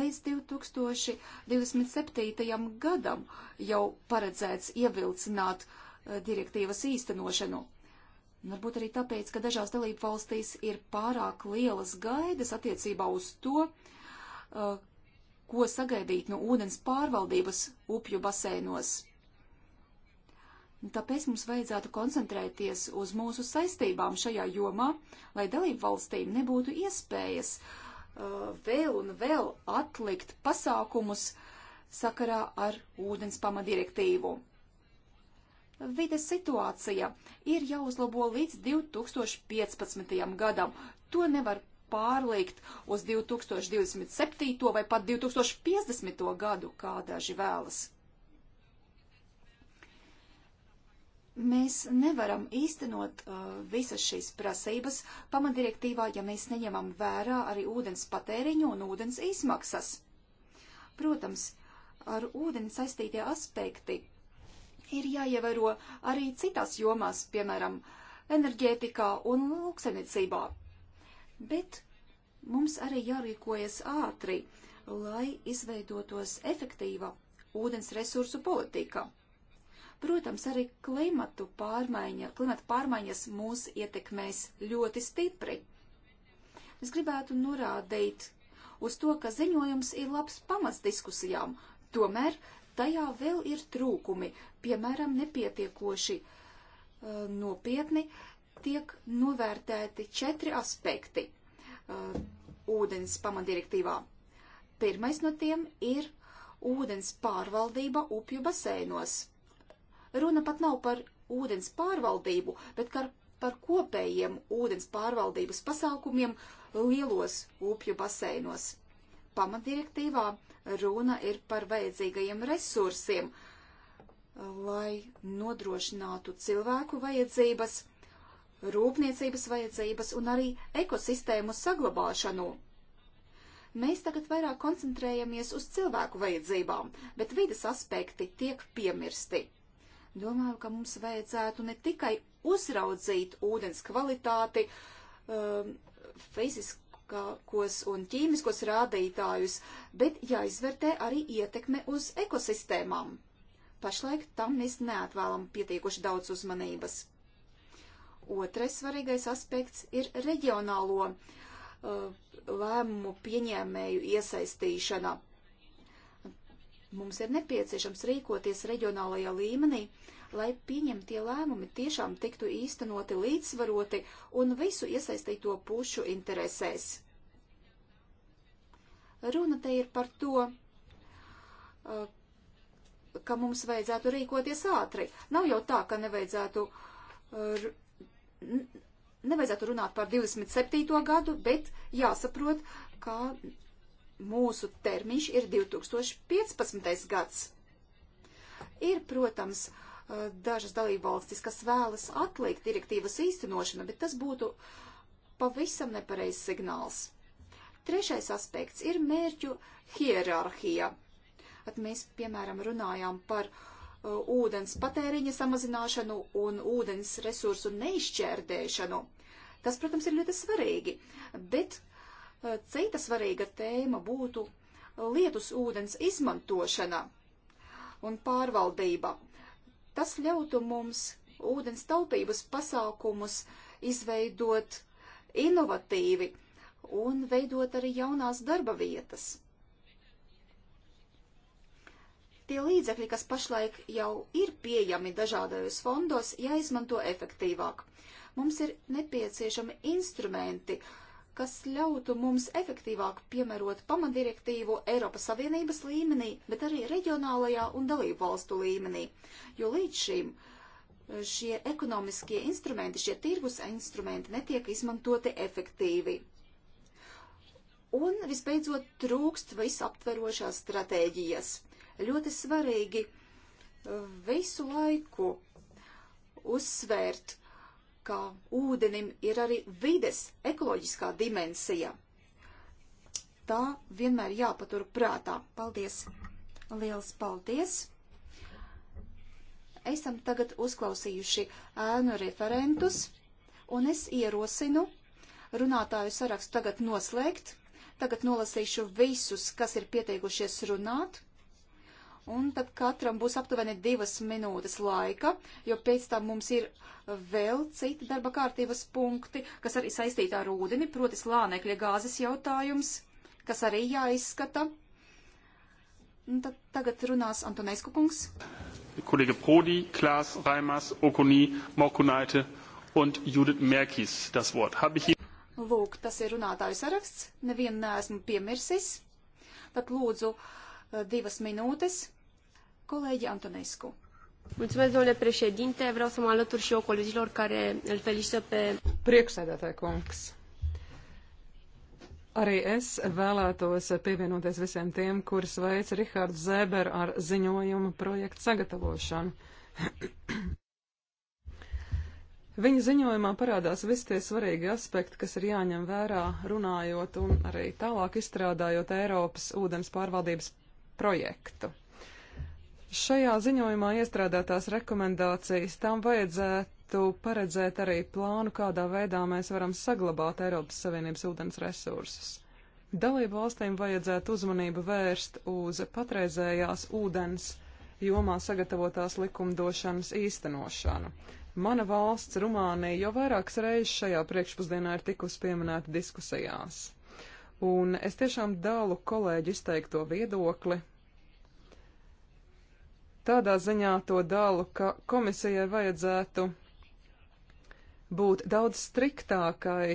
Līdz 2027. gadam jau paredzēts ievilcināt eh, direktīvas īstenošanu. Varbūt arī tāpēc, ka dažās dalību valstīs ir pārāk lielas gaidas attiecībā uz to, uh, ko sagaidīt no ūdens pārvaldības upju basēnos. Tāpēc mums vajadzētu koncentrēties uz mūsu saistībām šajā jomā, lai dalību valstīm nebūtu iespējas uh, vēl un vēl atlikt pasākumus sakarā ar ūdens pamadirektīvu. direktīvu Vides situācija ir jāuzlabo līdz 2015. gadam. To nevar pārlikt uz 2027. vai pat 2050. gadu, kā daži vēlas. Mēs nevaram īstenot uh, visas šīs prasības pamatdirektīvā, ja mēs neņemam vērā arī ūdens patēriņu un ūdens izmaksas. Protams, ar ūdeni saistītie aspekti ir jāievēro arī citās jomās, piemēram, enerģētikā un lauksaimniecībā. Bet mums arī jārīkojas ātri, lai izveidotos efektīva ūdens resursu politika. Protams, arī klimatu pārmaiņa, klimata pārmaiņas mūs ietekmēs ļoti stipri. Es gribētu norādīt uz to, ka ziņojums ir labs pamats diskusijām, tomēr tajā vēl ir trūkumi, piemēram, nepietiekoši uh, nopietni tiek novērtēti četri aspekti uh, ūdens pamatdirektīvā. Pirmais no tiem ir ūdens pārvaldība upju basēnos. Runa pat nav par ūdens pārvaldību, bet par kopējiem ūdens pārvaldības pasākumiem lielos upju basēnos pamatdirektīvā runa ir par vajadzīgajiem resursiem, lai nodrošinātu cilvēku vajadzības, rūpniecības vajadzības un arī ekosistēmu saglabāšanu. Mēs tagad vairāk koncentrējamies uz cilvēku vajadzībām, bet vides aspekti tiek piemirsti. Domāju, ka mums vajadzētu ne tikai uzraudzīt ūdens kvalitāti, um, fiziski ekonomiskos un ķīmiskos rādītājus, bet jāizvērtē arī ietekme uz ekosistēmām. Pašlaik tam mēs neatvēlam pietiekuši daudz uzmanības. Otrais svarīgais aspekts ir reģionālo uh, lēmumu pieņēmēju iesaistīšana. Mums ir nepieciešams rīkoties reģionālajā līmenī, lai pieņemtie lēmumi tiešām tiktu īstenoti līdzsvaroti un visu iesaistīto pušu interesēs. Runa te ir par to, uh, ka mums vajadzētu rīkoties ātri. Nav jau tā, ka nevajadzētu, uh, nevajadzētu runāt par 27. gadu, bet jāsaprot, ka mūsu termiņš ir 2015. gads. Ir, protams, uh, dažas dalībvalstis, kas vēlas atlikt direktīvas īstenošanu, bet tas būtu pavisam nepareizs signāls. Trešais aspekts ir mērķu hierarhija. At mēs, piemēram, runājām par uh, ūdens patēriņa samazināšanu un ūdens resursu neizšķērdēšanu. Tas, protams, ir ļoti svarīgi, bet uh, cita svarīga tēma būtu lietus ūdens izmantošana un pārvaldība. Tas ļautu mums ūdens taupības pasākumus izveidot inovatīvi, un veidot arī jaunās darba vietas. Tie līdzekļi, kas pašlaik jau ir pieejami dažādajos fondos, jāizmanto efektīvāk. Mums ir nepieciešami instrumenti, kas ļautu mums efektīvāk piemērot pamatdirektīvu Eiropas Savienības līmenī, bet arī reģionālajā un dalību valstu līmenī, jo līdz šim eh, šie ekonomiskie instrumenti, šie tirgus instrumenti netiek izmantoti efektīvi. Un, visbeidzot, trūkst visaptverošās stratēģijas. Ļoti svarīgi uh, visu laiku uzsvērt, ka ūdenim ir arī vides ekoloģiskā dimensija. Tā vienmēr jāpatur prātā. Paldies! Liels paldies! esam tagad uzklausījuši ēnu referentus, un es ierosinu runātāju sarakstu tagad noslēgt, Tagad nolasīšu visus, kas ir pieteikušies runāt. Un tad katram būs aptuveni divas minūtes laika, jo pēc tam mums ir vēl citi darba kārtības punkti, kas arī saistīti ar ūdeni, proti slānekļa gāzes jautājums, kas arī jāizskata. Un tad tagad runās Antonesku kungs. Kolēģi Prodi, Klaas, Raimas, Okonī, Mokunaite un Judith Merkis das Wort. Habe ich hier... Lūk, tas ir runātāju saraksts. Nevienu neesmu piemirsis. Tad lūdzu eh, divas minūtes. Kolēģi Antonescu. Mulțumesc, domnule președinte. Vreau să mă alătur și eu colegilor care îl felicită pe... Priekšsēdētāj kungs. Arī es vēlētos pievienoties visiem tiem, kur sveic Rihards Zēber ar ziņojumu projektu sagatavošanu. Viņa ziņojumā parādās visi tie svarīgi aspekti, kas ir jāņem vērā, runājot un arī tālāk izstrādājot Eiropas ūdens pārvaldības projektu. Šajā ziņojumā iestrādātās rekomendācijas tam vajadzētu paredzēt arī plānu, kādā veidā mēs varam saglabāt Eiropas Savienības ūdens resursus. Dalību valstīm vajadzētu uzmanību vērst uz patreizējās ūdens jomā sagatavotās likumdošanas īstenošanu. Mana valsts, Rumānija, jau vairākas reizes šajā priekšpusdienā ir tikusi pieminēta diskusijās. Un es tiešām dalu kolēģi izteikto viedokli. Tādā ziņā to dalu, ka komisijai vajadzētu būt daudz striktākai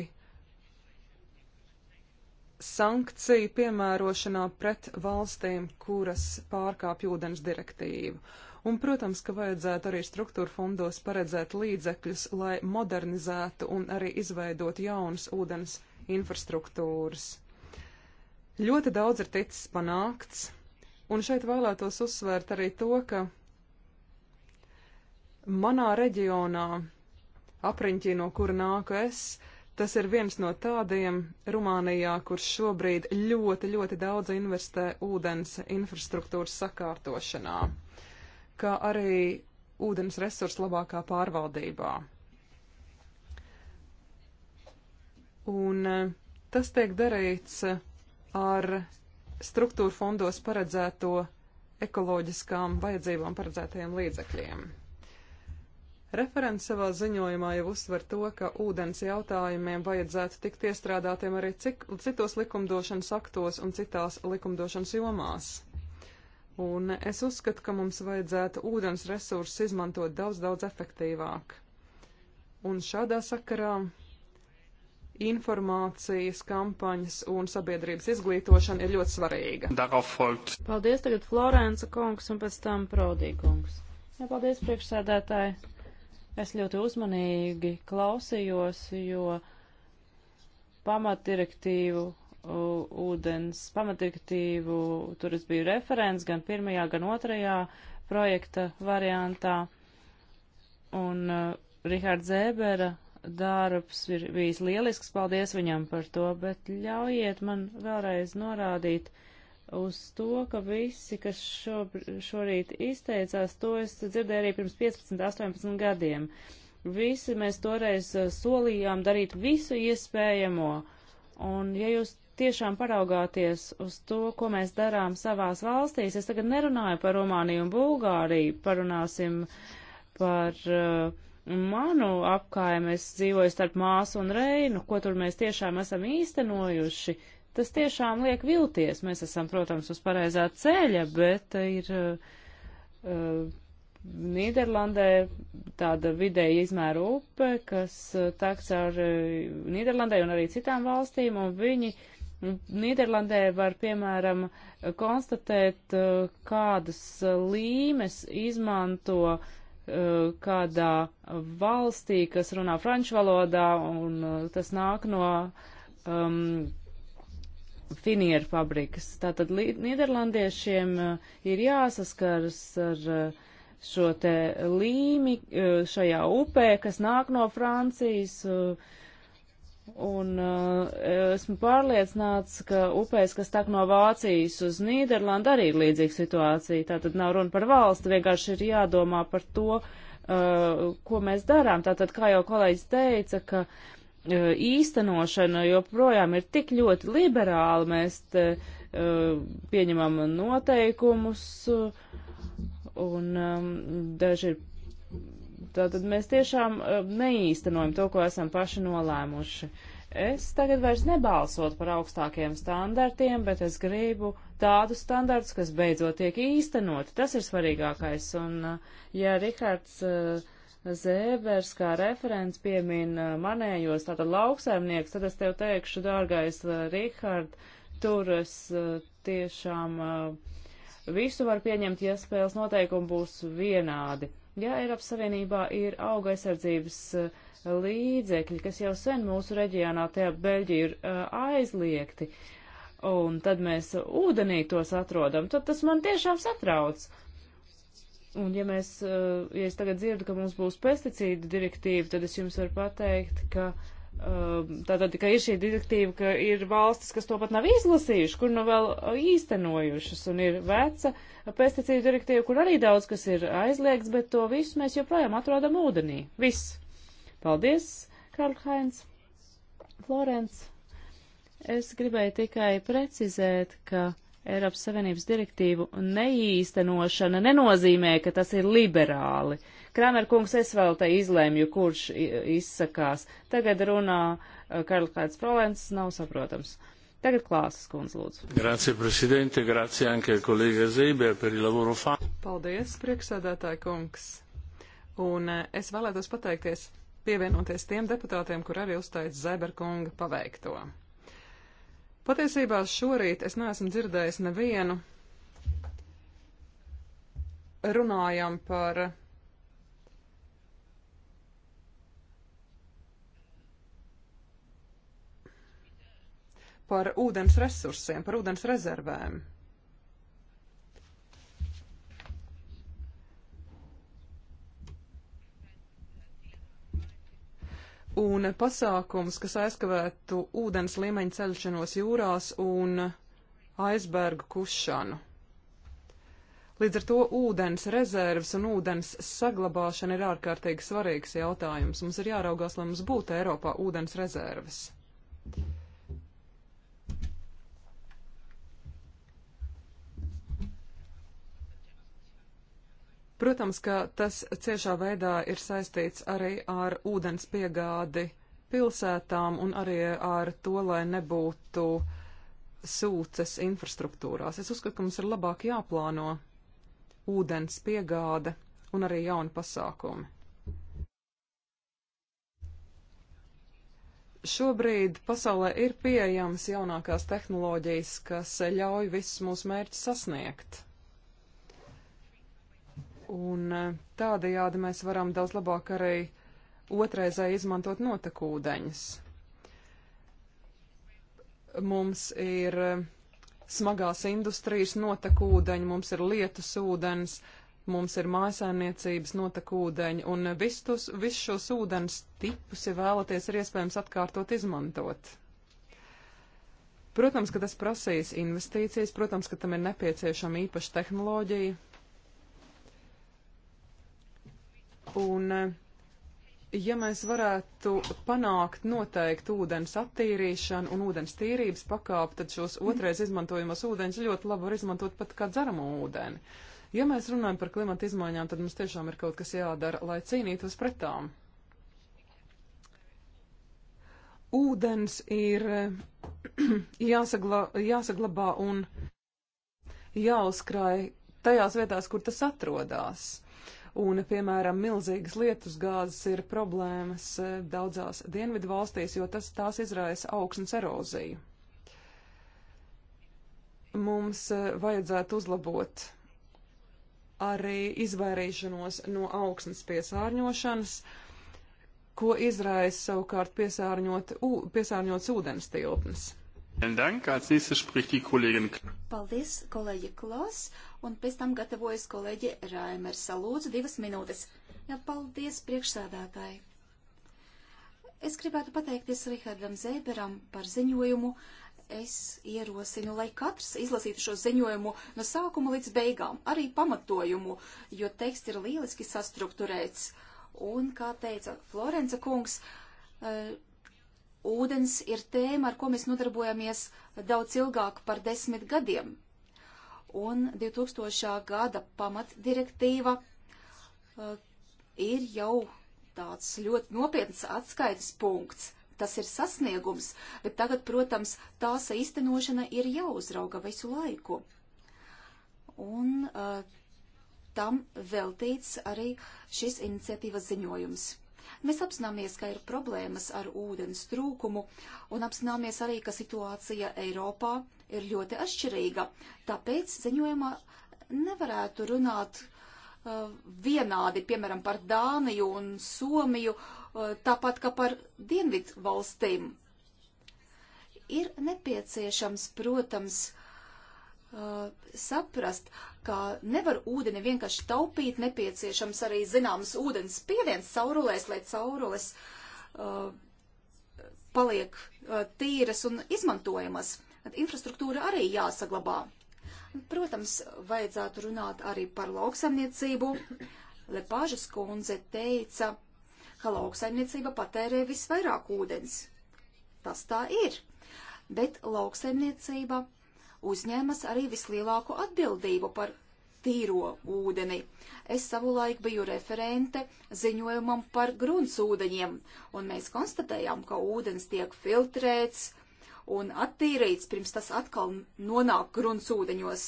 sankciju piemērošanā pret valstīm, kuras pārkāpj ūdens direktīvu. Un, protams, ka vajadzētu arī struktūra fondos paredzēt līdzekļus, lai modernizētu un arī izveidot jaunas ūdens infrastruktūras. Ļoti daudz ir ticis panākts, un šeit vēlētos uzsvērt arī to, ka manā reģionā, apriņķī no kura nāku es, tas ir viens no tādiem Rumānijā, kurš šobrīd ļoti, ļoti daudz investē ūdens infrastruktūras sakārtošanā kā arī ūdens resursu labākā pārvaldībā. Un e, tas tiek darīts e, ar struktūra fondos paredzēto ekoloģiskām vajadzībām paredzētajiem līdzekļiem. Referents savā ziņojumā jau uzsver to, ka ūdens jautājumiem vajadzētu tikt iestrādātiem arī cik, citos likumdošanas aktos un citās likumdošanas jomās. Un es uzskatu, ka mums vajadzētu ūdens resursus izmantot daudz, daudz efektīvāk. Un šādā sakarā informācijas kampaņas un sabiedrības izglītošana ir ļoti svarīga. Paldies tagad Florence kungs un pēc tam Prodī kungs. Jā, paldies priekšsēdētāji. Es ļoti uzmanīgi klausījos, jo pamatdirektīvu ūdens pamatdirektīvu, tur es biju referents gan pirmajā, gan otrajā projekta variantā. Un uh, Rihards Zēbera darbs ir bijis lielisks, paldies viņam par to, bet ļaujiet man vēlreiz norādīt uz to, ka visi, kas šo, šorīt izteicās, to es dzirdēju arī pirms 15, 18 gadiem. Visi mēs toreiz uh, solījām darīt visu iespējamo. Un ja jūs tiešām paraugāties uz to, ko mēs darām savās valstīs, es tagad nerunāju par Rumāniju un Bulgāriju, parunāsim par uh, manu apkaimi, es dzīvoju starp māsu un reinu, ko tur mēs tiešām esam īstenojuši. Tas tiešām liek vilties. Mēs esam, protams, uz pareizā ceļa, bet ir uh, uh, Nīderlandē tāda vidēja izmēra upe, kas uh, tek cauri uh, Nīderlandē un arī citām valstīm, un viņi uh, Nu, Nīderlandē var, piemēram, konstatēt, uh, kādas uh, līmes izmanto uh, kādā valstī, kas runā franču valodā, un tas nāk no um, finieru fabrikas. Tātad Nīderlandiešiem ir jāsaskaras ar šo te līmi šajā upē, kas nāk no Francijas. Uh, Un uh, esmu pārliecināts, ka upēs, kas tak no Vācijas uz Nīderlandu, arī ir līdzīga situācija. Tātad nav runa par valsti, vienkārši ir jādomā par to, uh, ko mēs darām. Tātad, kā jau kolēģis teica, ka uh, īstenošana joprojām ir tik ļoti liberāla, mēs te uh, pieņemam noteikumus. Uh, un um, daži ir Tātad mēs tiešām eh, neīstenojam to, ko esam paši nolēmuši. Es tagad vairs nebalsot par augstākiem standartiem, bet es gribu tādus standartus, kas beidzot tiek īstenoti. Tas ir svarīgākais. Un eh, ja Rihards eh, Zēbers kā referents piemin manējos, tātad lauksaimnieks, tad es tev teikšu, dārgais Rihard, tur es tiešām visu var pieņemt, ja spēles noteikumi būs vienādi. Ja Eiropas Savienībā ir auga aizsardzības eh, līdzekļi, kas jau sen mūsu reģionā, tajā Beļģija, ir eh, aizliegti, un tad mēs ūdenī tos atrodam, tad tas man tiešām satrauc. Un ja mēs, eh, ja es tagad dzirdu, ka mums būs pesticīdu direktīva, tad es jums varu pateikt, ka uh, Um, tātad, ka ir šī direktīva, ka ir valstis, kas to pat nav izlasījuši, kur nav nu vēl uh, īstenojušas, un ir veca pesticīdu direktīva, kur arī daudz kas ir aizliegts, bet to visu mēs joprojām atrodam ūdenī. Viss. Paldies, Karl Heinz. Florence. Es gribēju tikai precizēt, ka Eiropas Savienības direktīvu neīstenošana nenozīmē, ka tas ir liberāli. Uh, Kramerkungs, es vēl te izlēmju, kurš izsakās. Tagad runā Karls kāds problēmas, nav saprotams. Tagad klāsas kundz lūdzu. Grazie, prezidente, grazie anche kolēģa Zībē par lavoro fa. Paldies, priekšsēdētāji kungs. Un eh, es vēlētos pateikties, pievienoties tiem deputātiem, kur arī uzteic Zēberkunga paveikto. Patiesībā šorīt es neesmu dzirdējis nevienu runājam par par ūdens resursiem, par ūdens rezervēm. Un pasākums, kas aizkavētu ūdens līmeņa ceļšanos jūrās un aizbergu kušanu. Līdz ar to ūdens rezerves un ūdens saglabāšana ir ārkārtīgi svarīgs jautājums. Mums ir jāraugās, lai mums būtu Eiropā ūdens rezerves. Protams, ka tas ciešā veidā ir saistīts arī ar ūdens piegādi pilsētām un arī ar to, lai nebūtu sūces infrastruktūrās. Es uzskatu, ka mums ir labāk jāplāno ūdens piegāde un arī jauni pasākumi. Šobrīd pasaulē ir pieejamas jaunākās tehnoloģijas, kas ļauj visus mūsu mērķus sasniegt. Un eh, tādējādi mēs varam daudz labāk arī otrreizē izmantot notekūdeņus. Mums ir eh, smagās industrijas notekūdeņi, mums ir lietus ūdens, mums ir mājasēmniecības notekūdeņi, un eh, visus vis šos ūdens tipus, ja vēlaties, ir iespējams atkārtot izmantot. Protams, ka tas prasīs investīcijas, protams, ka tam ir nepieciešama īpaša tehnoloģija, Un, eh, ja mēs varētu panākt noteiktu ūdens attīrīšanu un ūdens tīrības pakāpi, tad šos otrais izmantojamos ūdens ļoti labi var izmantot pat kā dzeramo ūdeni. Ja mēs runājam par klimata izmaiņām, tad mums tiešām ir kaut kas jādara, lai cīnītos pret tām. Ūdens ir eh, jāsagla, jāsaglabā un jāuzkrāj tajās vietās, kur tas atrodas Un, piemēram, milzīgas lietusgāzes ir problēmas eh, daudzās dienvidu valstīs, jo tas tās izraisa augsnes eroziju. Mums eh, vajadzētu uzlabot arī izvairīšanos no augsnes piesārņošanas, ko izraisa savukārt piesārņot, piesārņots ūdens tilpnes. Paldies, kolēģi Klos, un pēc tam gatavojas kolēģi Raimers. Lūdzu, divas minūtes. Jā, paldies, priekšsādātāji. Es gribētu pateikties Rihardam Zēberam par ziņojumu. Es ierosinu, lai katrs izlasītu šo ziņojumu no sākuma līdz beigām, arī pamatojumu, jo teksts ir lieliski sastruktūrēts. Un, kā teica Florence kungs, eh, ūdens ir tēma, ar ko mēs nodarbojamies daudz ilgāk par desmit gadiem. Un 2000. gada pamatdirektīva uh, ir jau tāds ļoti nopietns atskaites punkts. Tas ir sasniegums, bet tagad, protams, tās īstenošana ir jāuzrauga visu laiku. Un uh, tam veltīts arī šis iniciatīvas ziņojums. Mēs apzināmies, ka ir problēmas ar ūdens trūkumu un apzināmies arī, ka situācija Eiropā ir ļoti atšķirīga. Tāpēc ziņojumā nevarētu runāt uh, vienādi, piemēram, par Dāniju un Somiju, uh, tāpat kā par Dienvidu valstīm. Ir nepieciešams, protams, uh, saprast, ka nevar ūdeni vienkārši taupīt, nepieciešams arī zināms ūdens spiediens caurulēs, lai caurules uh, paliek uh, tīras un izmantojamas. Infrastruktūra arī jāsaglabā. Protams, vajadzētu runāt arī par lauksaimniecību. Lepāžas kundze teica, ka lauksaimniecība patērē visvairāk ūdens. Tas tā ir. Bet lauksaimniecība uzņēmas arī vislielāko atbildību par tīro ūdeni. Es savulaik biju referente ziņojumam par gruntsūdeņiem, un mēs konstatējām, ka ūdens tiek filtrēts un attīrīts, pirms tas atkal nonāk gruntsūdeņos.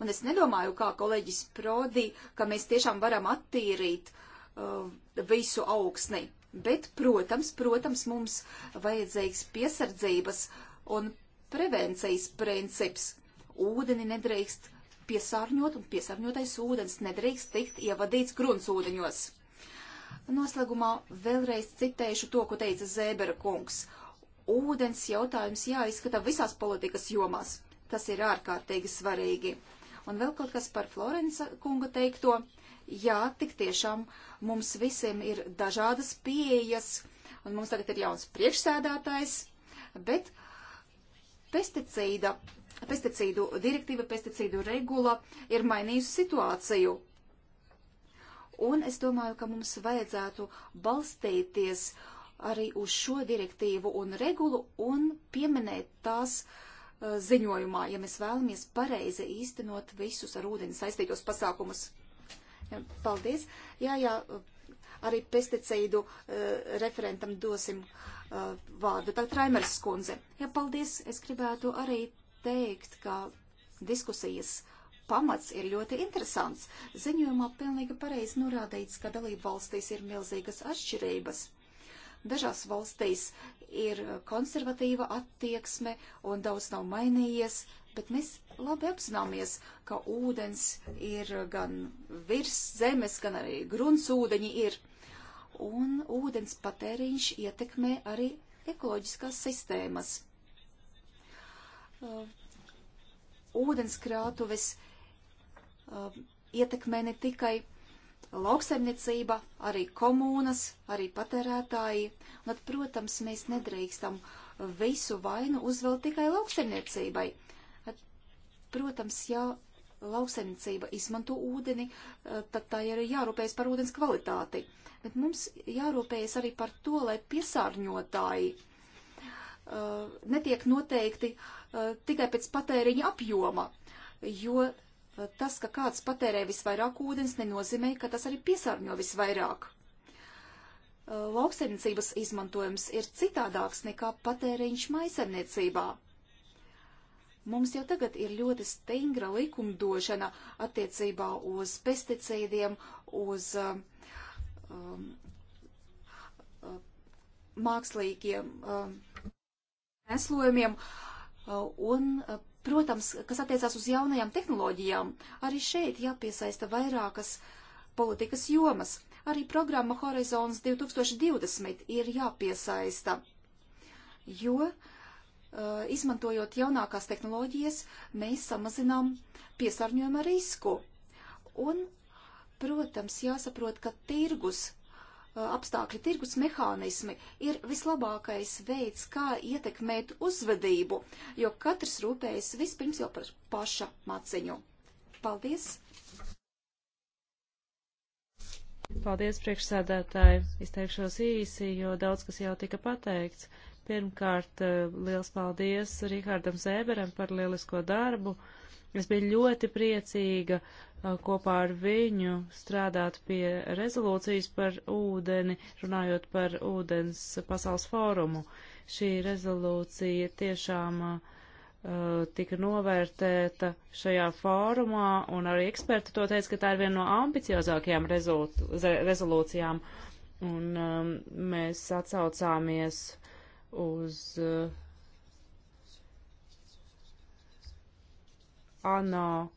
Un es nedomāju, kā kolēģis Prodi, ka mēs tiešām varam attīrīt uh, visu augsni. Bet, protams, protams, mums vajadzīgs piesardzības un prevencijas princips. Ūdeni nedrīkst piesārņot, un piesārņotais ūdens nedrīkst tikt ievadīts gruntsūdeņos. Noslēgumā vēlreiz citēšu to, ko teica Zēbera kungs. Ūdens jautājums jāizskata visās politikas jomās. Tas ir ārkārtīgi svarīgi. Un vēl kaut kas par Florenca kunga teikto. Jā, tik tiešām mums visiem ir dažādas pieejas, un mums tagad ir jauns priekšsēdātājs, bet Pesticīda, pesticīdu direktīva, pesticīdu regula ir mainījusi situāciju. Un es domāju, ka mums vajadzētu balstīties arī uz šo direktīvu un regulu un pieminēt tās uh, ziņojumā, ja mēs vēlamies pareizi īstenot visus ar ūdeni saistītos pasākumus. Ja, paldies. Jā, jā, arī pesticīdu uh, referentam dosim uh, uh, vārdu. Tagad Raimers skundze. Jā, ja, paldies. Es gribētu arī teikt, ka diskusijas pamats ir ļoti interesants. Ziņojumā pilnīgi pareizi norādīts, ka dalību valstīs ir milzīgas atšķirības. Dažās valstīs ir konservatīva attieksme un daudz nav mainījies, bet mēs labi apzināmies, ka ūdens ir gan virs zemes, gan arī gruntsūdeņi ir un ūdens patēriņš ietekmē arī ekoloģiskās sistēmas. Uh, ūdenskrātuves uh, ietekmē ne tikai lauksaimniecība, arī komūnas, arī patērētāji. Un, at, protams, mēs nedrīkstam visu vainu uzvelt tikai lauksaimniecībai. At, protams, jā, lauksaimniecība izmanto ūdeni, eh, tad tā ir jārūpējas par ūdens kvalitāti. Bet mums jārūpējas arī par to, lai piesārņotāji eh, netiek noteikti eh, tikai pēc patēriņa apjoma, jo tas, ka kāds patērē visvairāk ūdens, nenozīmē, ka tas arī piesārņo visvairāk. Lauksaimniecības izmantojums ir citādāks nekā patēriņš maisaimniecībā. Mums jau tagad ir ļoti stingra likumdošana attiecībā uz pesticīdiem, uz um, um mākslīgiem um, neslojumiem uh, un, uh, protams, kas attiecās uz jaunajām tehnoloģijām. Arī šeit jāpiesaista vairākas politikas jomas. Arī programma Horizons 2020 ir jāpiesaista, jo uh, Eh, izmantojot jaunākās tehnoloģijas, mēs samazinām piesārņojuma risku. Un, protams, jāsaprot, ka tirgus, eh, apstākļi tirgus mehānismi ir vislabākais veids, kā ietekmēt uzvedību, jo katrs rūpējas vispirms jau par paša maciņu. Paldies! Paldies, priekšsēdētāji! Izteikšos īsi, jo daudz kas jau tika pateikts. Pirmkārt, eh, liels paldies Rihardam Zēberam par lielisko darbu. Es biju ļoti priecīga eh, kopā ar viņu strādāt pie rezolūcijas par ūdeni, runājot par ūdens pasaules fórumu. Šī rezolūcija tiešām uh, tika novērtēta šajā fórumā, un arī eksperti to teica, ka tā ir viena no ambiciozākajām rezolūcijām, un um, mēs atsaucāmies uz uh, ANO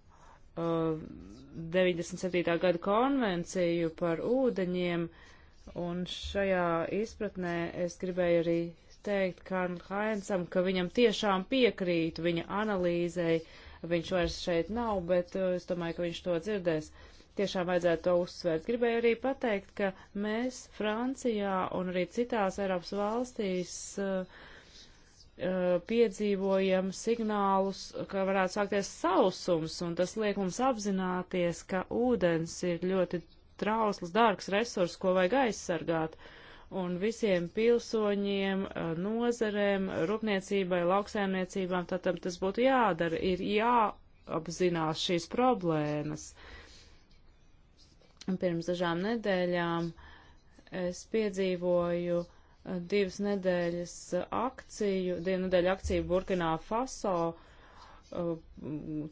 97. Uh, gada konvenciju par ūdeņiem, un šajā izpratnē es gribēju arī teikt Karlu Hainsam, ka viņam tiešām piekrītu viņa analīzei. Viņš vairs šeit nav, bet uh, es domāju, ka viņš to dzirdēs. Uh, tiešām vajadzētu to uzsvērt. Gribēju arī pateikt, ka mēs Francijā un arī citās Eiropas valstīs uh, uh, piedzīvojam signālus, ka varētu sākties sausums, un tas liek mums apzināties, ka ūdens ir ļoti trausls, dārgs resurs, ko vajag aizsargāt. Un visiem pilsoņiem, uh, nozarēm, rūpniecībai, lauksēmniecībām, tātad tas būtu jādara, ir jāapzinās šīs problēmas. Uh, Pirms dažām nedēļām es piedzīvoju eh, divas nedēļas akciju, divu nedēļu akciju Burkinā Faso. Eh,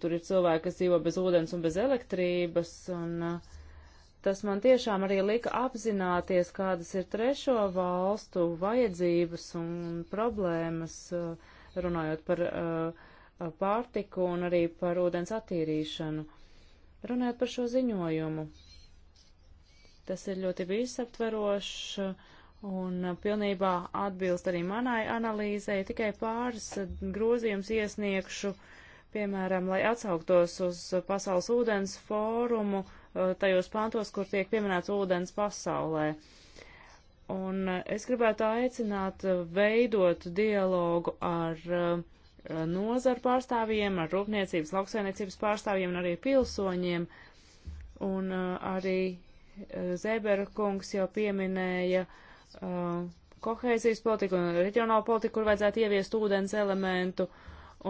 tur ir cilvēki, kas dzīvo bez ūdens un bez elektrības. Un, uh, tas man tiešām arī lika apzināties, kādas ir trešo valstu vajadzības un problēmas, runājot par pārtiku un arī par ūdens attīrīšanu. Runājot par šo ziņojumu, Tas ir ļoti visaptverošs un pilnībā atbilst arī manai analīzei. Tikai pāris grozījums iesniegšu, piemēram, lai atsauktos uz Pasaules ūdens fórumu eh, tajos pantos, kur tiek pieminēts ūdens pasaulē. Un es gribētu aicināt veidot dialogu ar eh, nozaru pārstāvjiem, ar rūpniecības, lauksainiecības pārstāvjiem un arī pilsoņiem, un eh, arī Zēbera kungs jau pieminēja uh, kohēzijas politiku un reģionālu politiku, kur vajadzētu ieviest ūdens elementu.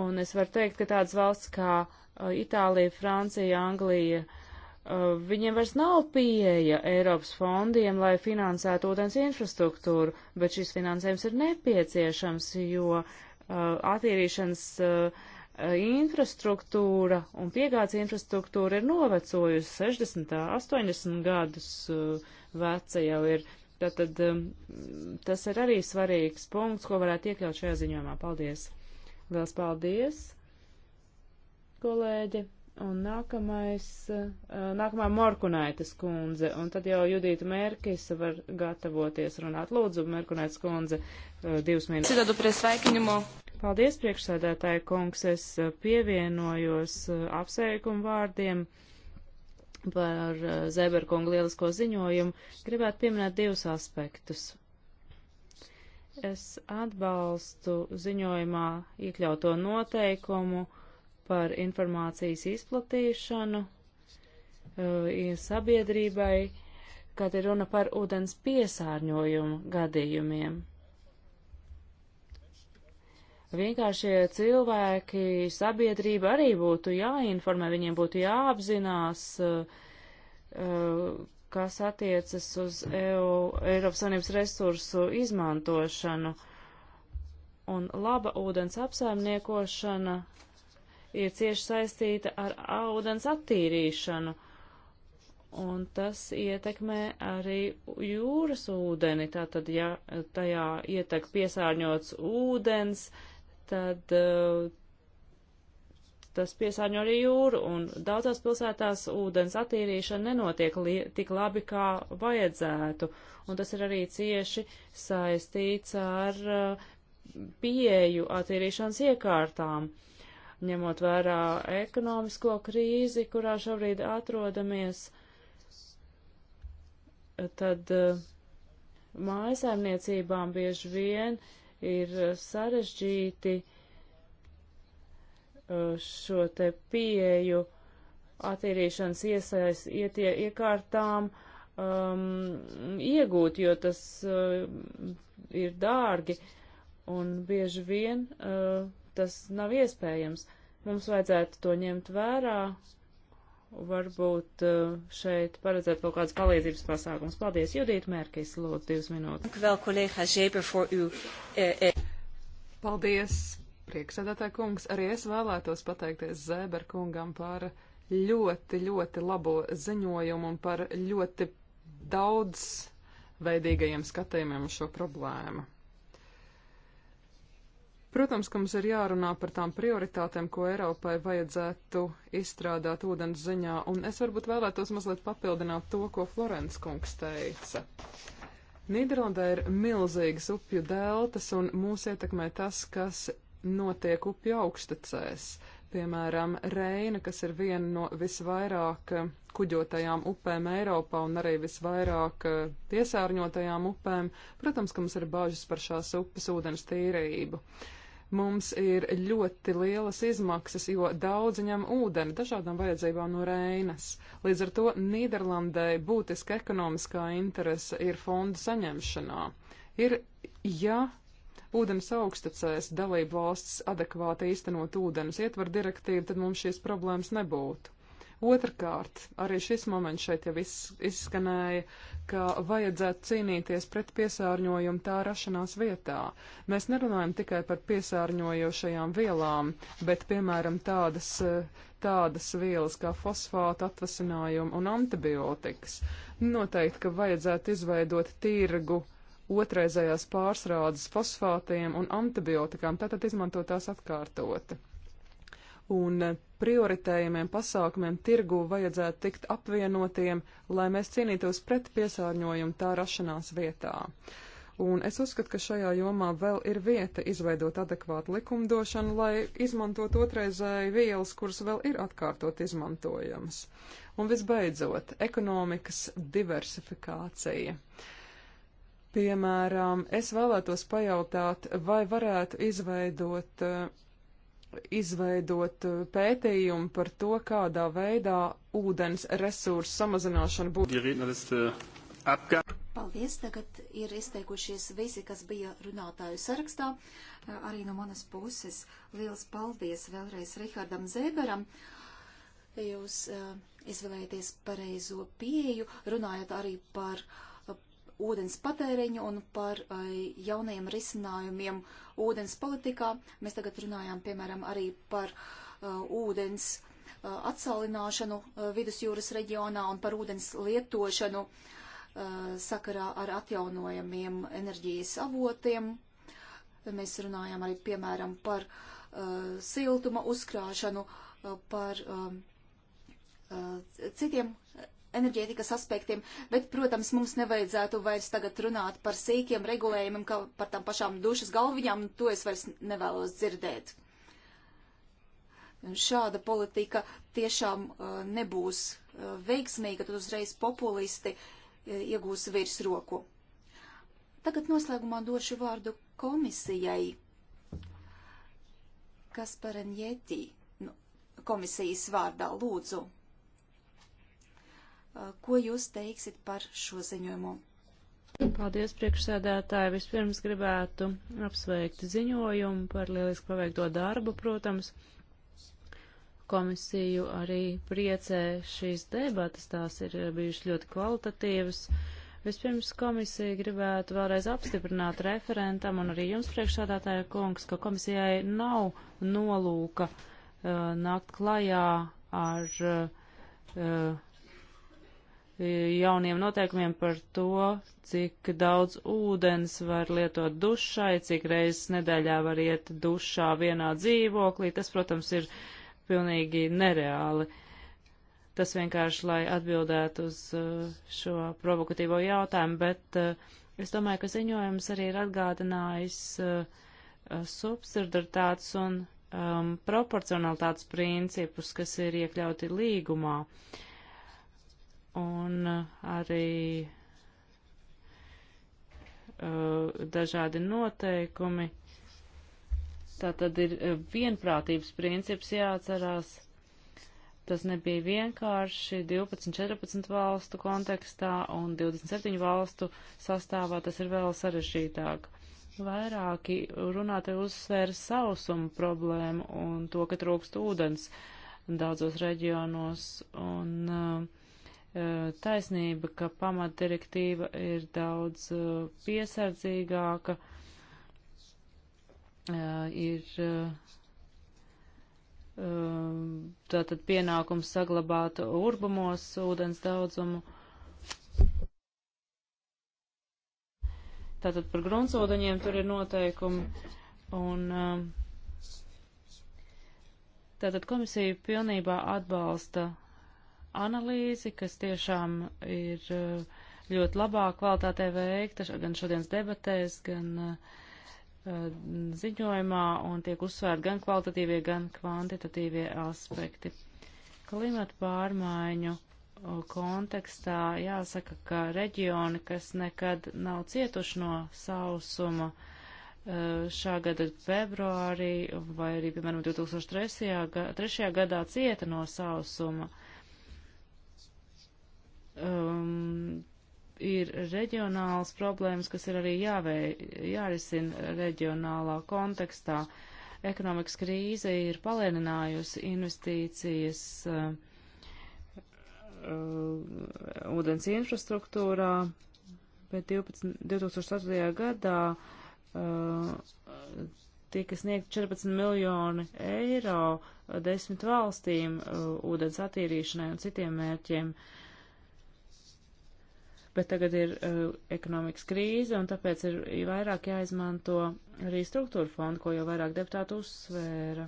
Un es varu teikt, ka tādas valsts kā uh, Itālija, Francija, Anglija, uh, viņiem vairs nav pieeja Eiropas fondiem, lai finansētu ūdens infrastruktūru, bet šis finansējums ir nepieciešams, jo uh, attīrīšanas uh, infrastruktūra un piegādes infrastruktūra ir novecojusi 60, 80 gadus veca jau ir. Tātad tas ir arī svarīgs punkts, ko varētu iekļaut šajā ziņojumā. Paldies! Liels paldies, kolēģi! Un nākamais, nākamā Morkunaitis kundze, un tad jau Judīta Mērkisa var gatavoties runāt. Lūdzu, Merkunaitis kundze, divas minūtes. Paldies, priekšsēdētāji kungs, es eh, pievienojos eh, apsveikumu vārdiem par eh, Zeberkungu lielisko ziņojumu. Gribētu pieminēt divus aspektus. Es atbalstu ziņojumā iekļauto noteikumu par informācijas izplatīšanu sabiedrībai, kad ir runa par ūdens piesārņojumu gadījumiem vienkāršie cilvēki, sabiedrība arī būtu jāinformē, viņiem būtu jāapzinās, eh, eh, kas attiecas uz EU, Eiropas Savienības resursu izmantošanu. Un laba ūdens apsaimniekošana ir cieši saistīta ar ūdens attīrīšanu. Un tas ietekmē arī jūras ūdeni. Tātad, ja tajā ietek piesārņots ūdens, uh, tad uh, tas piesārņo arī jūru, un daudzās pilsētās ūdens attīrīšana nenotiek li tik labi, kā vajadzētu, un tas ir arī cieši saistīts ar uh, pieeju attīrīšanas iekārtām, ņemot vērā ekonomisko krīzi, kurā šobrīd atrodamies, eh, tad uh, mājasēmniecībām bieži vien uh, ir eh, sarežģīti eh, šo te pieeju attīrīšanas iesaist, ietie, iekārtām um, iegūt, jo tas uh, ir dārgi un bieži vien uh, tas nav iespējams. Mums vajadzētu to ņemt vērā varbūt eh, šeit paredzēt kaut kādas palīdzības pasākums. Paldies, Judīt Mērkis, lūdzu, divas minūtes. Eh, eh. Paldies, priekšsēdētāj kungs. Arī es vēlētos pateikties Zēber kungam par ļoti, ļoti labo ziņojumu un par ļoti daudz veidīgajiem skatījumiem uz šo problēmu. Protams, ka mums ir jārunā par tām prioritātēm, ko Eiropai vajadzētu izstrādāt ūdens ziņā, un es varbūt vēlētos mazliet papildināt to, ko Florence kungs teica. Nīderlandē ir milzīgas upju deltas, un mūs ietekmē tas, kas notiek upju augstacēs. Piemēram, Reina, kas ir viena no visvairāk kuģotajām upēm Eiropā un arī visvairāk piesārņotajām upēm. Protams, ka mums ir bāžas par šās upes ūdens tīrību. Uh, Mums ir ļoti lielas izmaksas, jo daudzi ņem ūdeni dažādām vajadzībām no Reinas. Līdz ar to Nīderlandē būtiska ekonomiskā interese ir fondu saņemšanā. Ir, ja ūdens augstacēs dalību valsts adekvāti īstenot ūdens ietver direktīvu, tad mums šīs problēmas nebūtu. Otrakārt, arī šis moments šeit jau izskanēja, ka vajadzētu cīnīties pret piesārņojumu tā rašanās vietā. Mēs nerunājam tikai par piesārņojošajām vielām, bet, piemēram, tādas, tādas vielas kā fosfāta atvasinājumu un antibiotikas. Noteikti, ka vajadzētu izveidot tirgu otraizējās pārsrādes fosfātiem un antibiotikām, tātad izmantot tās atkārtoti un prioritējumiem pasākumiem tirgu vajadzētu tikt apvienotiem, lai mēs cīnītos pret piesārņojumu tā rašanās vietā. Un es uzskatu, ka šajā jomā vēl ir vieta izveidot adekvātu likumdošanu, lai izmantot otraizēju vielas, kuras vēl ir atkārtot izmantojamas. Un visbeidzot, ekonomikas diversifikācija. Piemēram, es vēlētos pajautāt, vai varētu izveidot uh, izveidot eh, pētījumu par to, kādā veidā ūdens resursu samazināšana būtu. Paldies, tagad ir izteikušies visi, kas bija runātāju sarakstā. Eh, arī no manas puses liels paldies vēlreiz Rihardam Zēberam. Jūs uh, izvēlēties pareizo pieju, runājot arī par uh, ūdens patēriņu un par eh, jaunajiem risinājumiem ūdens politikā. Mēs tagad runājām, piemēram, arī par eh, ūdens eh, atsalināšanu vidusjūras reģionā un par ūdens lietošanu sakarā ar atjaunojamiem enerģijas avotiem. Mēs runājām arī, piemēram, par siltuma uzkrāšanu, par citiem enerģētikas aspektiem, bet, protams, mums nevajadzētu vairs tagad runāt par sīkiem regulējumiem, kā par tām pašām dušas galviņām, to es vairs nevēlos dzirdēt. Šāda politika tiešām uh, nebūs uh, veiksmīga, tad uzreiz populisti uh, iegūs virsroku. Tagad noslēgumā došu vārdu komisijai. Kasparenjētī nu, komisijas vārdā lūdzu. Uh, ko jūs teiksit par šo ziņojumu? Paldies, priekšsēdētāji. Vispirms gribētu apsveikt ziņojumu par lieliski paveikto darbu, protams. Komisiju arī priecē šīs debatas, tās ir bijušas ļoti kvalitatīvas. Vispirms komisija gribētu vēlreiz apstiprināt referentam un arī jums priekšsādātāja kungs, ka komisijai nav nolūka uh, nākt klajā ar uh, jauniem noteikumiem par to, cik daudz ūdens var lietot dušai, cik reizes nedēļā var iet dušā vienā dzīvoklī. Tas, protams, ir pilnīgi nereāli. Tas vienkārši, lai atbildētu uz uh, šo provokatīvo jautājumu, bet uh, es domāju, ka ziņojums arī ir atgādinājis uh, subsidaritātes un um, proporcionalitātes principus, kas ir iekļauti līgumā. Uh, un uh, arī uh, dažādi noteikumi. Tā tad ir uh, vienprātības princips jāatcerās. Tas nebija vienkārši 12-14 valstu kontekstā un 27 valstu sastāvā tas ir vēl sarežģītāk. Vairāki runāti uzsvēra sausumu problēmu un to, ka trūkst ūdens daudzos reģionos. Un, uh, taisnība, ka pamatdirektīva ir daudz uh, piesardzīgāka, uh, ir uh, um, tātad pienākums saglabāt urbumos ūdens daudzumu. Tātad par gruntsūdeņiem tur ir noteikumi. Un, um, tātad komisija pilnībā atbalsta analīzi, kas tiešām ir eh, ļoti labā kvalitātē veikta gan šodienas debatēs, gan uh, ziņojumā, un tiek uzsvērt gan kvalitatīvie, gan kvantitatīvie aspekti. Klimata pārmaiņu kontekstā jāsaka, ka reģioni, kas nekad nav cietuši no sausuma, eh, šā gada februārī vai arī, piemēram, 2003. gadā cieta no sausuma um, ir reģionāls problēmas, kas ir arī jāvei, jārisina reģionālā kontekstā. Ekonomikas krīze ir palēninājusi investīcijas uh, uh, ūdens infrastruktūrā, bet 12, 2004. gadā uh, tika sniegt 14 miljoni eiro desmit valstīm uh, ūdens attīrīšanai un citiem mērķiem. Uh, bet tagad ir uh, ekonomikas krīze, un tāpēc ir vairāk jāizmanto arī struktūra fondu, ko jau vairāk deputātu uzsvēra.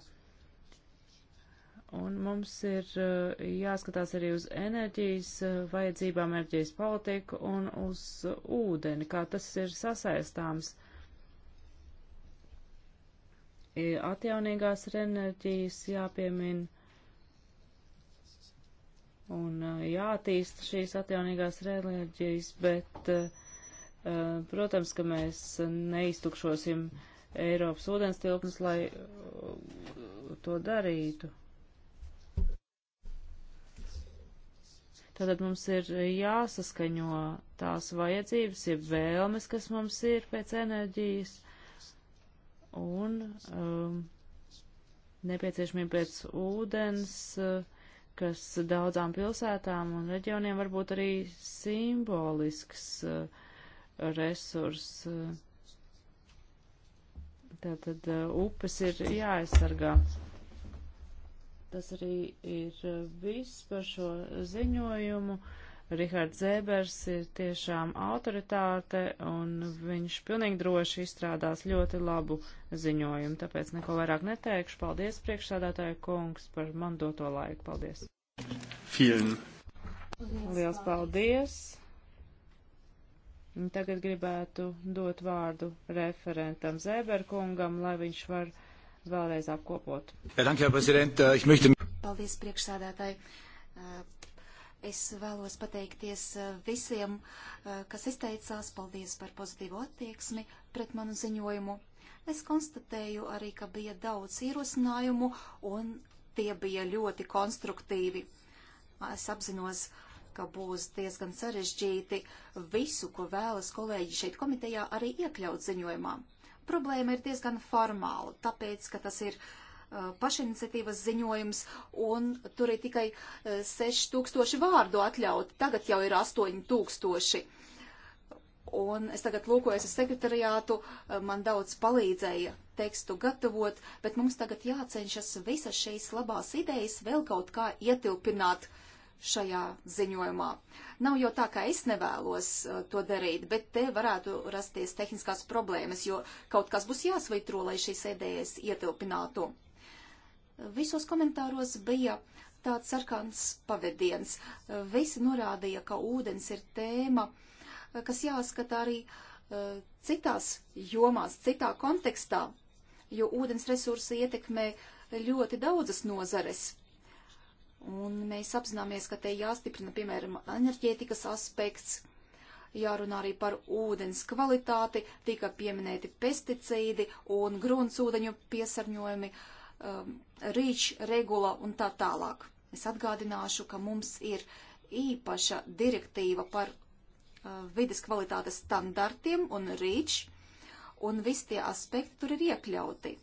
Un mums ir uh, jāskatās arī uz enerģijas uh, vajadzībām, enerģijas politiku un uz uh, ūdeni, kā tas ir sasaistāms. Atjaunīgās enerģijas jāpiemina un uh, jātīsta šīs atjaunīgās enerģijas, bet, uh, uh, protams, ka mēs neiztukšosim Eiropas ūdens tilpnes, lai to darītu. Tātad mums ir jāsaskaņo tās vajadzības, ja vēlmes, kas mums ir pēc enerģijas, un um, nepieciešamība pēc ūdens. Uh, kas daudzām pilsētām un reģioniem varbūt arī simbolisks uh, resurs. Uh, tātad uh, upes ir jāaizsargā. Tas arī ir uh, viss par šo ziņojumu. Uh, Rihards Zēbers ir tiešām autoritāte, un viņš pilnīgi droši izstrādās ļoti labu ziņojumu, tāpēc neko vairāk neteikšu. Paldies, priekšsādātāja kungs, par man doto laiku. Paldies! Vielen. Liels paldies! Tagad gribētu dot vārdu referentam Zēberkungam, lai viņš var vēlreiz apkopot. Paldies, priekšsādātāji! Es vēlos pateikties eh, visiem, eh, kas izteicās, paldies par pozitīvu attieksmi pret manu ziņojumu. Es konstatēju arī, ka bija daudz ierosinājumu un tie bija ļoti konstruktīvi. Es apzinos, ka būs diezgan sarežģīti visu, ko vēlas kolēģi šeit komitejā arī iekļaut ziņojumā. Problēma ir diezgan formāla, tāpēc, ka tas ir uh, Uh, pašiniciatīvas ziņojums, un tur ir tikai 6000 uh, vārdu atļauti, tagad jau ir 8000. Un es tagad lūkojos ar sekretariātu, uh, man daudz palīdzēja tekstu gatavot, bet mums tagad jācenšas visas šīs labās idejas vēl kaut kā ietilpināt šajā ziņojumā. Nav jau tā, ka es nevēlos uh, to darīt, bet te varētu rasties tehniskās problēmas, jo kaut kas būs jāsvitro, lai šīs idejas ietilpinātu. Visos komentāros bija tāds sarkans pavadiens. Visi norādīja, ka ūdens ir tēma, kas jāskata arī uh, citās jomās, citā kontekstā, jo ūdens resursi ietekmē ļoti daudzas nozares. Un mēs apzināmies, ka te jāstiprina, piemēram, enerģētikas aspekts, jārunā arī par ūdens kvalitāti, tika pieminēti pesticīdi un gruntsūdeņu piesarņojumi. Uh, um, rīč regula un tā tālāk. Es atgādināšu, ka mums ir īpaša direktīva par uh, vides kvalitātes standartiem un rīč, un visi tie aspekti tur ir iekļauti.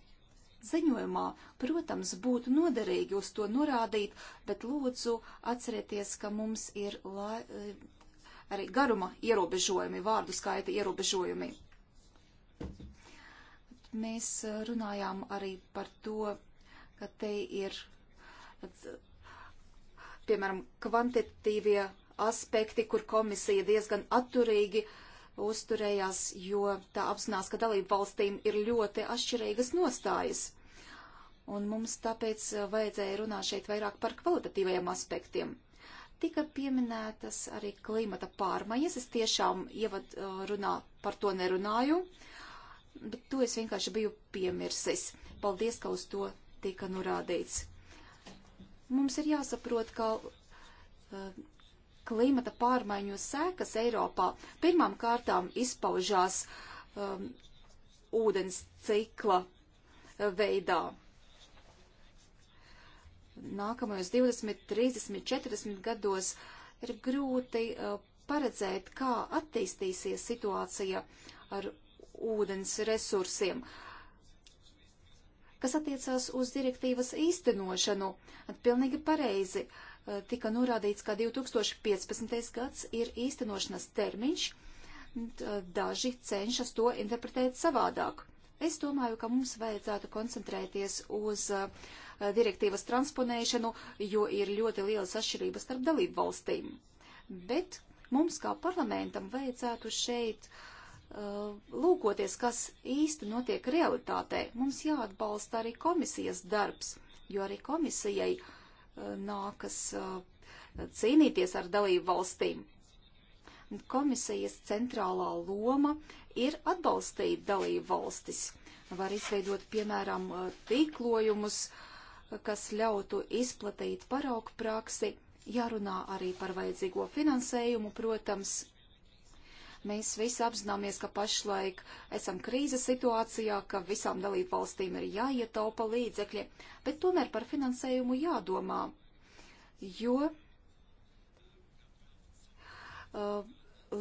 Ziņojumā, protams, būtu noderīgi uz to norādīt, bet lūdzu atcerieties, ka mums ir lai, uh, arī garuma ierobežojumi, vārdu skaita ierobežojumi. Mēs runājām arī par to, ka te ir, piemēram, kvantitīvie aspekti, kur komisija diezgan atturīgi uzturējās, jo tā apzinās, ka dalību valstīm ir ļoti atšķirīgas nostājas. Un mums tāpēc vajadzēja runāt šeit vairāk par kvalitatīvajiem aspektiem tika pieminētas arī klimata pārmaiņas. Es tiešām ievad runā par to nerunāju bet to es vienkārši biju piemirsis. Paldies, ka uz to tika norādīts. Mums ir jāsaprot, ka uh, klimata pārmaiņu sēkas Eiropā pirmām kārtām izpaužās um, ūdens cikla eh, veidā. Nākamajos 20, 30, 40 gados ir grūti uh, paredzēt, kā attīstīsies situācija ar ūdens resursiem. Kas attiecās uz direktīvas īstenošanu, pilnīgi pareizi e, tika norādīts, ka 2015. gads ir īstenošanas termiņš, e, daži cenšas to interpretēt savādāk. Es domāju, ka mums vajadzētu koncentrēties uz e, direktīvas transponēšanu, jo ir ļoti liels atšķirības starp dalību valstīm. Bet mums kā parlamentam vajadzētu šeit uh, Uh, lūkoties, kas īsti notiek realitātē. Mums jāatbalsta arī komisijas darbs, jo arī komisijai uh, nākas uh, cīnīties ar dalību valstīm. Komisijas centrālā loma ir atbalstīt dalību valstis. Var izveidot, piemēram, tīklojumus, kas ļautu izplatīt paraugu praksi, jārunā arī par vajadzīgo finansējumu, protams, Mēs visi apzināmies, ka pašlaik esam krīzes situācijā, ka visām dalību valstīm ir jāietaupa līdzekļi, bet tomēr par finansējumu jādomā, jo uh,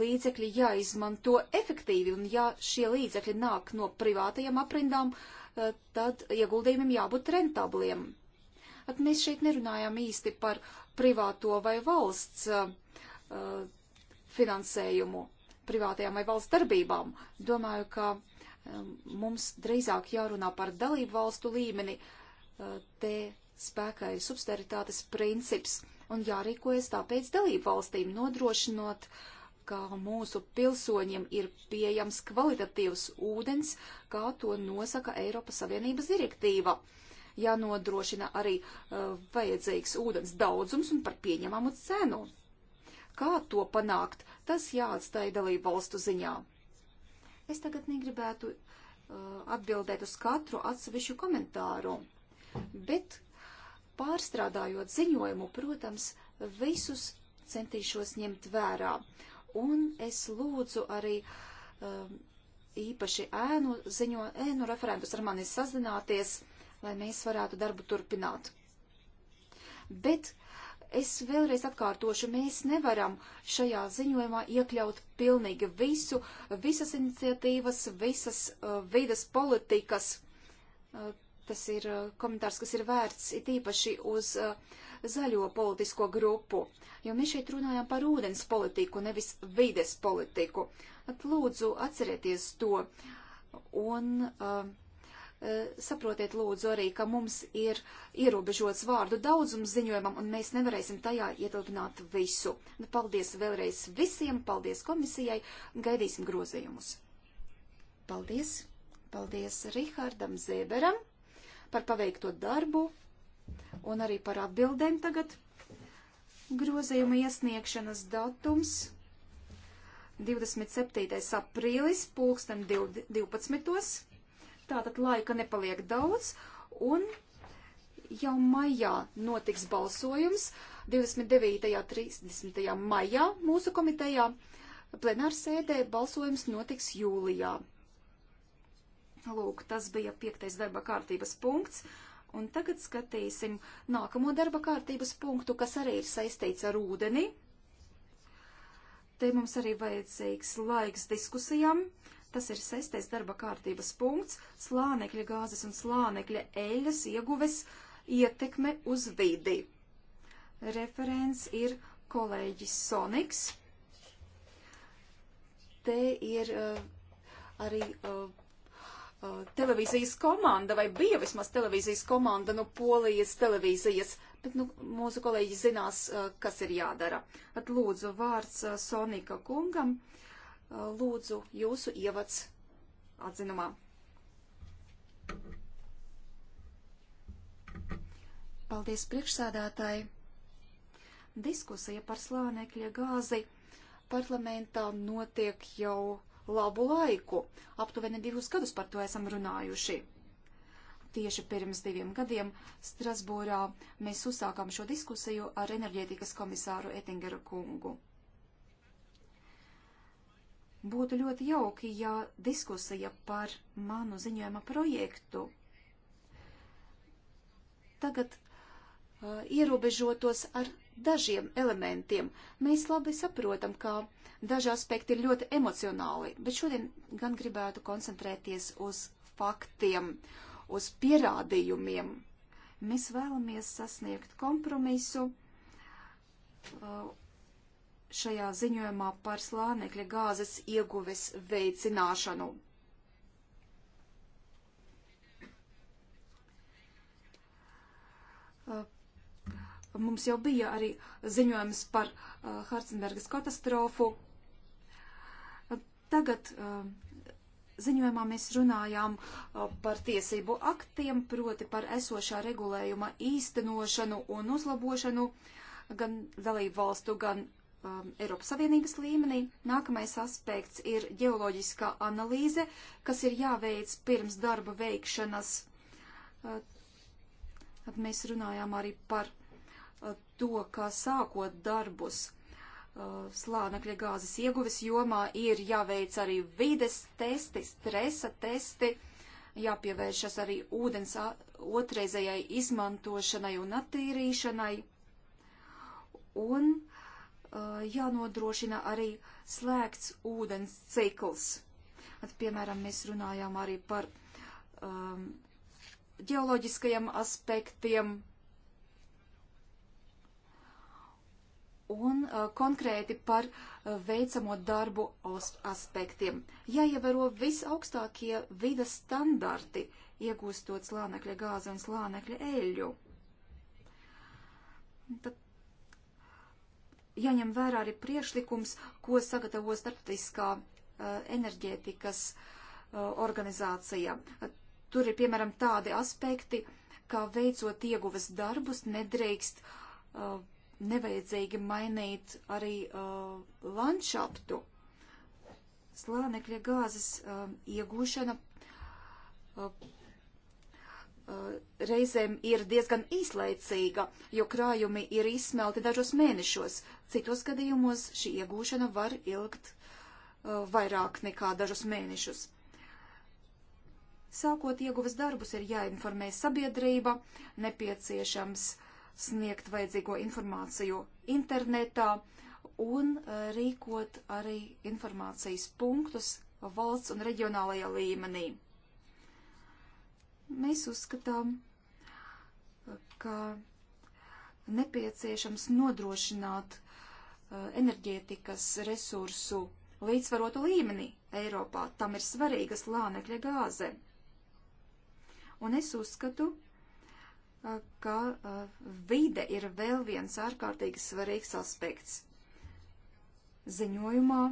līdzekļi jāizmanto efektīvi, un ja šie līdzekļi nāk no privātajām aprindām, uh, tad ieguldījumiem jābūt rentabliem. At mēs šeit nerunājam īsti par privāto vai valsts uh, uh finansējumu privātajām vai valsts darbībām. Domāju, ka um, mums drīzāk jārunā par dalību valstu līmeni, uh, te spēkā ir subsidiaritātes princips un jārīkojas tāpēc dalību valstīm nodrošinot, ka mūsu pilsoņiem ir pieejams kvalitatīvs ūdens, kā to nosaka Eiropas Savienības direktīva jānodrošina arī uh, vajadzīgs ūdens daudzums un par pieņemamu cenu. Kā to panākt, tas jāatstāja dalību valstu ziņā. Es tagad negribētu uh, atbildēt uz katru atsevišķu komentāru, bet pārstrādājot ziņojumu, protams, visus centīšos ņemt vērā. Un es lūdzu arī um, īpaši ēnu, ziņo, ēnu referentus ar mani sazināties, lai mēs varētu darbu turpināt. Bet uh, Es vēlreiz atkārtošu, mēs nevaram šajā ziņojumā iekļaut pilnīgi visu, visas iniciatīvas, visas uh, vidas politikas. Uh, tas ir uh, komentārs, kas ir vērts it īpaši uz uh, zaļo politisko grupu, jo mēs šeit runājam par ūdens politiku, nevis vides politiku. At lūdzu, atcerieties to. Un, uh, Eh, saprotiet lūdzu arī, ka mums ir ierobežots vārdu daudzums ziņojumam, un mēs nevarēsim tajā ietilpināt visu. Nu, paldies vēlreiz visiem, paldies komisijai, gaidīsim grozījumus. Paldies, paldies Rihardam Zēberam par paveikto darbu un arī par atbildēm tagad. Grozījuma iesniegšanas datums 27. aprīlis, pulksten 12. Tātad laika nepaliek daudz, un jau maijā notiks balsojums 29. un 30. maijā mūsu komitejā. Plenārsēdē balsojums notiks jūlijā. Lūk, tas bija piektais darba kārtības punkts. Un tagad skatīsim nākamo darba kārtības punktu, kas arī ir saistīts ar ūdeni. Te mums arī vajadzīgs laiks diskusijām. Tas ir sestais darba kārtības punkts - slānekļa gāzes un slānekļa eļas ieguves ietekme uz vidi. Referents ir kolēģis Soniks. Te ir uh, arī uh, uh, televīzijas komanda, vai bija vismaz televīzijas komanda no nu, Polijas televīzijas, bet nu, mūsu kolēģi zinās, uh, kas ir jādara. At lūdzu vārds uh, Sonika kungam. Uh, Lūdzu, jūsu ievads atzinumā. Paldies priekšsēdētāji. Diskusija par slānekļa gāzi parlamentā notiek jau labu laiku. Aptuveni divus gadus par to esam runājuši. Tieši pirms diviem gadiem Strasbūrā mēs uzsākām šo diskusiju ar enerģētikas komisāru Ettingeru kungu. Būtu ļoti jauki, ja diskusija par manu ziņojuma projektu tagad uh, ierobežotos ar dažiem elementiem. Mēs labi saprotam, ka daži aspekti ir ļoti emocionāli, bet šodien gan gribētu koncentrēties uz faktiem, uz pierādījumiem. Mēs vēlamies sasniegt kompromisu uh, šajā ziņojumā par slānekļa gāzes ieguves veicināšanu. Uh, mums jau bija arī ziņojums par uh, Harcenbergas katastrofu. Uh, tagad ziņojumā mēs runājām par tiesību aktiem, proti par esošā regulējuma īstenošanu un uzlabošanu gan dalību valstu, gan um, Eiropas Savienības līmenī. Nākamais aspekts ir ģeoloģiskā analīze, kas ir jāveic pirms darba veikšanas. Uh, tad mēs runājām arī par uh, to, kā sākot darbus uh, slānekļa gāzes ieguves jomā ir jāveic arī vides testi, stresa testi, jāpievēršas arī ūdens otrreizējai izmantošanai un attīrīšanai. Un Uh, jānodrošina arī slēgts ūdens cikls. At, piemēram, mēs runājām arī par um, ģeoloģiskajiem aspektiem un uh, konkrēti par uh, veicamo darbu aspektiem. Jāievēro ja visaugstākie vidas standarti, iegūstot slānekļa gāzi un slānekļa eļļu. Tad jāņem vērā arī priešlikums, ko sagatavo starptautiskā enerģētikas organizācija. Tur ir, piemēram, tādi aspekti, kā veicot ieguves darbus, nedrīkst nevajadzīgi mainīt arī landšaptu. Slānekļa gāzes iegūšana Eh, reizēm ir diezgan īslaicīga, jo krājumi ir izsmelti dažos mēnešos. Citos gadījumos šī iegūšana var ilgt uh, vairāk nekā dažus mēnešus. Sākot ieguves darbus ir jāinformē sabiedrība, nepieciešams sniegt vajadzīgo informāciju internetā un uh, rīkot arī informācijas punktus valsts un reģionālajā līmenī Mēs uzskatām, ka nepieciešams nodrošināt uh, enerģētikas resursu līdzsvarotu līmeni Eiropā. Tam ir svarīga slānekļa gāze. Un es uzskatu, uh, ka uh, vide ir vēl viens ārkārtīgi svarīgs aspekts. Ziņojumā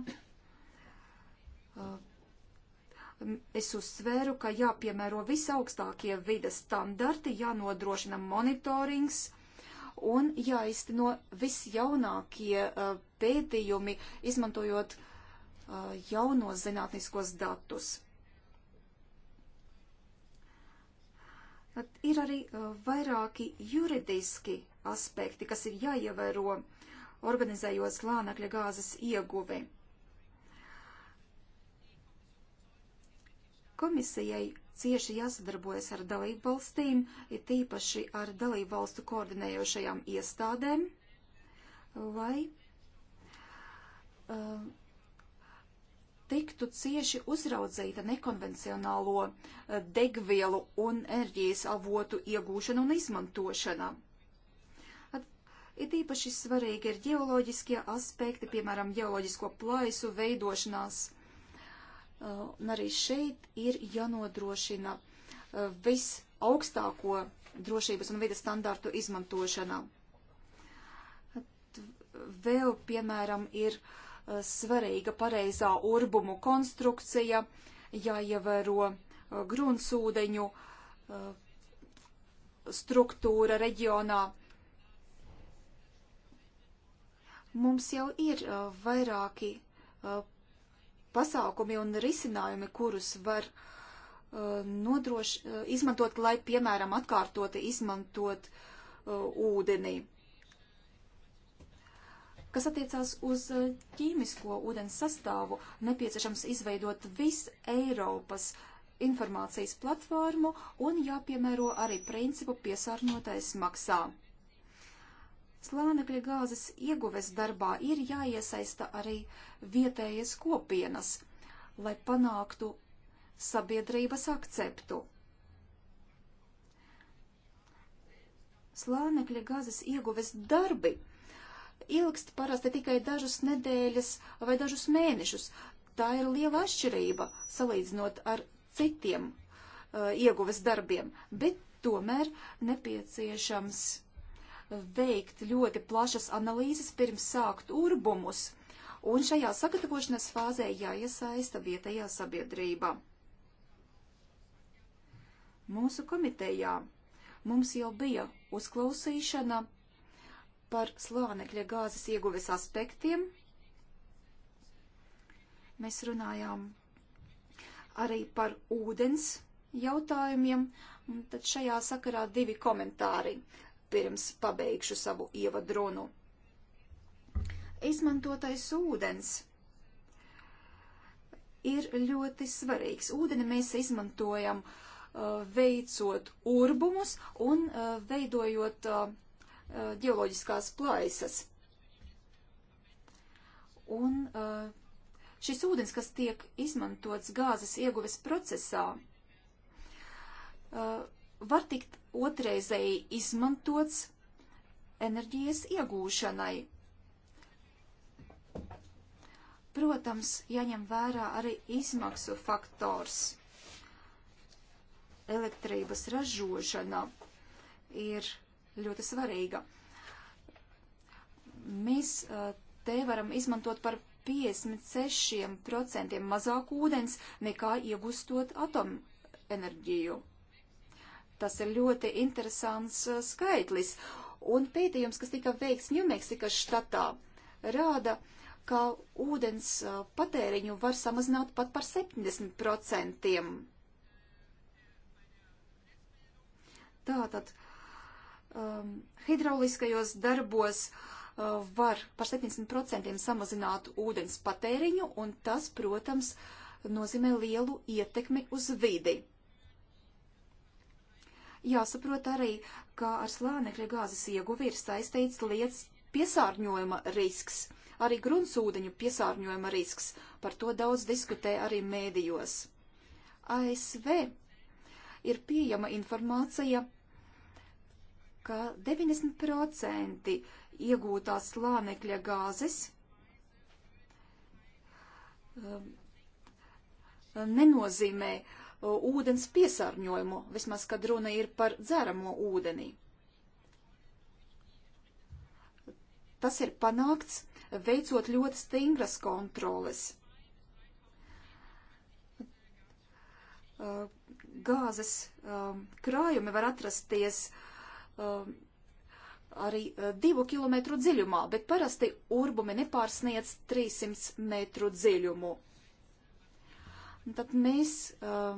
es uzsvēru, ka jāpiemēro visaugstākie vidas standarti, jānodrošina monitorings un jāizteno visjaunākie uh, pētījumi, izmantojot uh, jaunos zinātniskos datus. Tad ir arī uh, vairāki juridiski aspekti, kas ir jāievēro organizējot slānekļa gāzes ieguvi. Komisijai cieši jāsadarbojas ar dalību valstīm, ir tīpaši ar dalību valstu koordinējošajām iestādēm, lai uh, tiktu cieši uzraudzīta nekonvencionālo uh, degvielu un enerģijas avotu iegūšana un izmantošana. At, ir īpaši svarīgi ir ģeoloģiskie aspekti, piemēram, ģeoloģisko plaisu veidošanās Un arī šeit ir jānodrošina uh, visaugstāko drošības un vidas standārtu izmantošanā. Vēl, piemēram, ir uh, svarīga pareizā urbumu konstrukcija, jāievēro uh, gruntsūdeņu struktūra reģionā. Mums jau ir vairāki pasākumi un risinājumi, kurus var uh, nodroš, uh, izmantot, lai, piemēram, atkārtoti izmantot uh, ūdenī. Kas attiecās uz uh, ķīmisko ūdens sastāvu, nepieciešams izveidot visu Eiropas informācijas platformu un jāpiemēro arī principu piesārņotais maksā. Slānekļa gāzes ieguves darbā ir jāiesaista arī vietējas kopienas, lai panāktu sabiedrības akceptu. Slānekļa gāzes ieguves darbi ilgst parasti tikai dažas nedēļas vai dažus mēnešus. Tā ir liela atšķirība salīdzinot ar citiem uh, ieguves darbiem, bet tomēr nepieciešams veikt ļoti plašas analīzes pirms sākt urbumus, un šajā sagatavošanas fāzē jāiesaista vietējā sabiedrība. Mūsu komitejā mums jau bija uzklausīšana par slānekļa gāzes ieguves aspektiem. Mēs runājām arī par ūdens jautājumiem, un tad šajā sakarā divi komentāri pirms pabeigšu savu ievadrunu. Izmantotais ūdens ir ļoti svarīgs. Ūdeni mēs izmantojam uh, veicot urbumus un uh, veidojot uh, uh ģeoloģiskās plaisas. Un uh, šis ūdens, kas tiek izmantots gāzes ieguves procesā, uh, var tikt otrreizēji izmantots enerģijas iegūšanai. Protams, jāņem vērā arī izmaksu faktors. Elektrības ražošana ir ļoti svarīga. Mēs eh, te varam izmantot par 56% mazāk ūdens nekā iegūstot atomenerģiju. Tas ir ļoti interesants uh, skaitlis. Un pētījums, kas tika veikts Ņūmeksikas štatā, rāda, ka ūdens uh, patēriņu var samazināt pat par 70%. Tātad um, hidrauliskajos darbos uh, var par 70% samazināt ūdens patēriņu, un tas, protams, nozīmē lielu ietekmi uz vidi. Jāsaprot arī, ka ar slānekļa gāzes ieguvi ir saistīts lietas piesārņojuma risks, arī gruntsūdeņu piesārņojuma risks. Par to daudz diskutē arī mēdījos. ASV ir pieejama informācija, ka 90% iegūtās slānekļa gāzes um, nenozīmē uh, Uh, ūdens piesārņojumu, vismaz, kad runa ir par dzeramo ūdenī. Tas ir panākts, veicot ļoti stingras kontroles. Uh, gāzes uh, krājumi var atrasties arī divu kilometru dziļumā, bet parasti urbumi nepārsniec 300 metru dziļumu. Un tad mēs uh,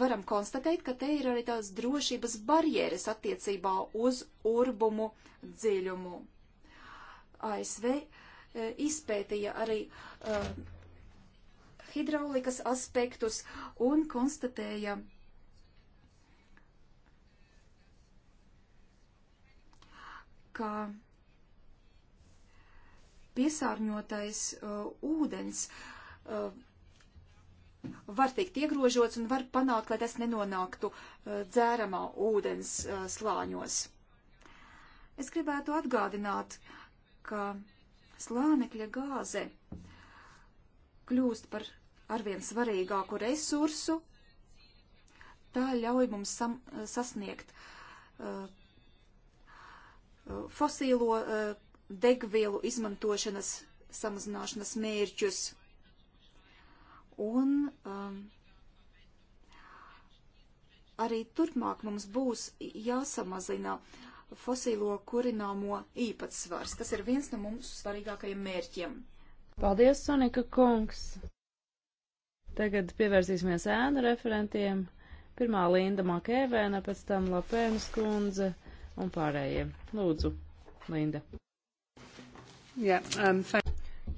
varam konstatēt, ka te ir arī tās drošības barjeras attiecībā uz urbumu dziļumu. ASV uh, izpētīja arī uh, hidraulikas aspektus un konstatēja, ka piesārņotais uh, ūdens uh, var tikt iegrožots un var panākt, lai tas nenonāktu eh, dzēramā ūdens eh, slāņos. Es gribētu atgādināt, ka slānekļa gāze kļūst par arvien svarīgāku resursu. Tā ļauj mums sam, eh, sasniegt uh, fosīlo uh, degvielu izmantošanas samazināšanas mērķus. Uh, Un um, arī turpmāk mums būs jāsamazina fosīlo kurināmo īpatsvars. Tas ir viens no mums svarīgākajiem mērķiem. Paldies, Sonika kungs! Tagad pievērsīsimies ēnu referentiem. Pirmā Linda Makēvēna, pēc tam Lapēnas kundze un pārējie. Lūdzu, Linda. Yeah, um,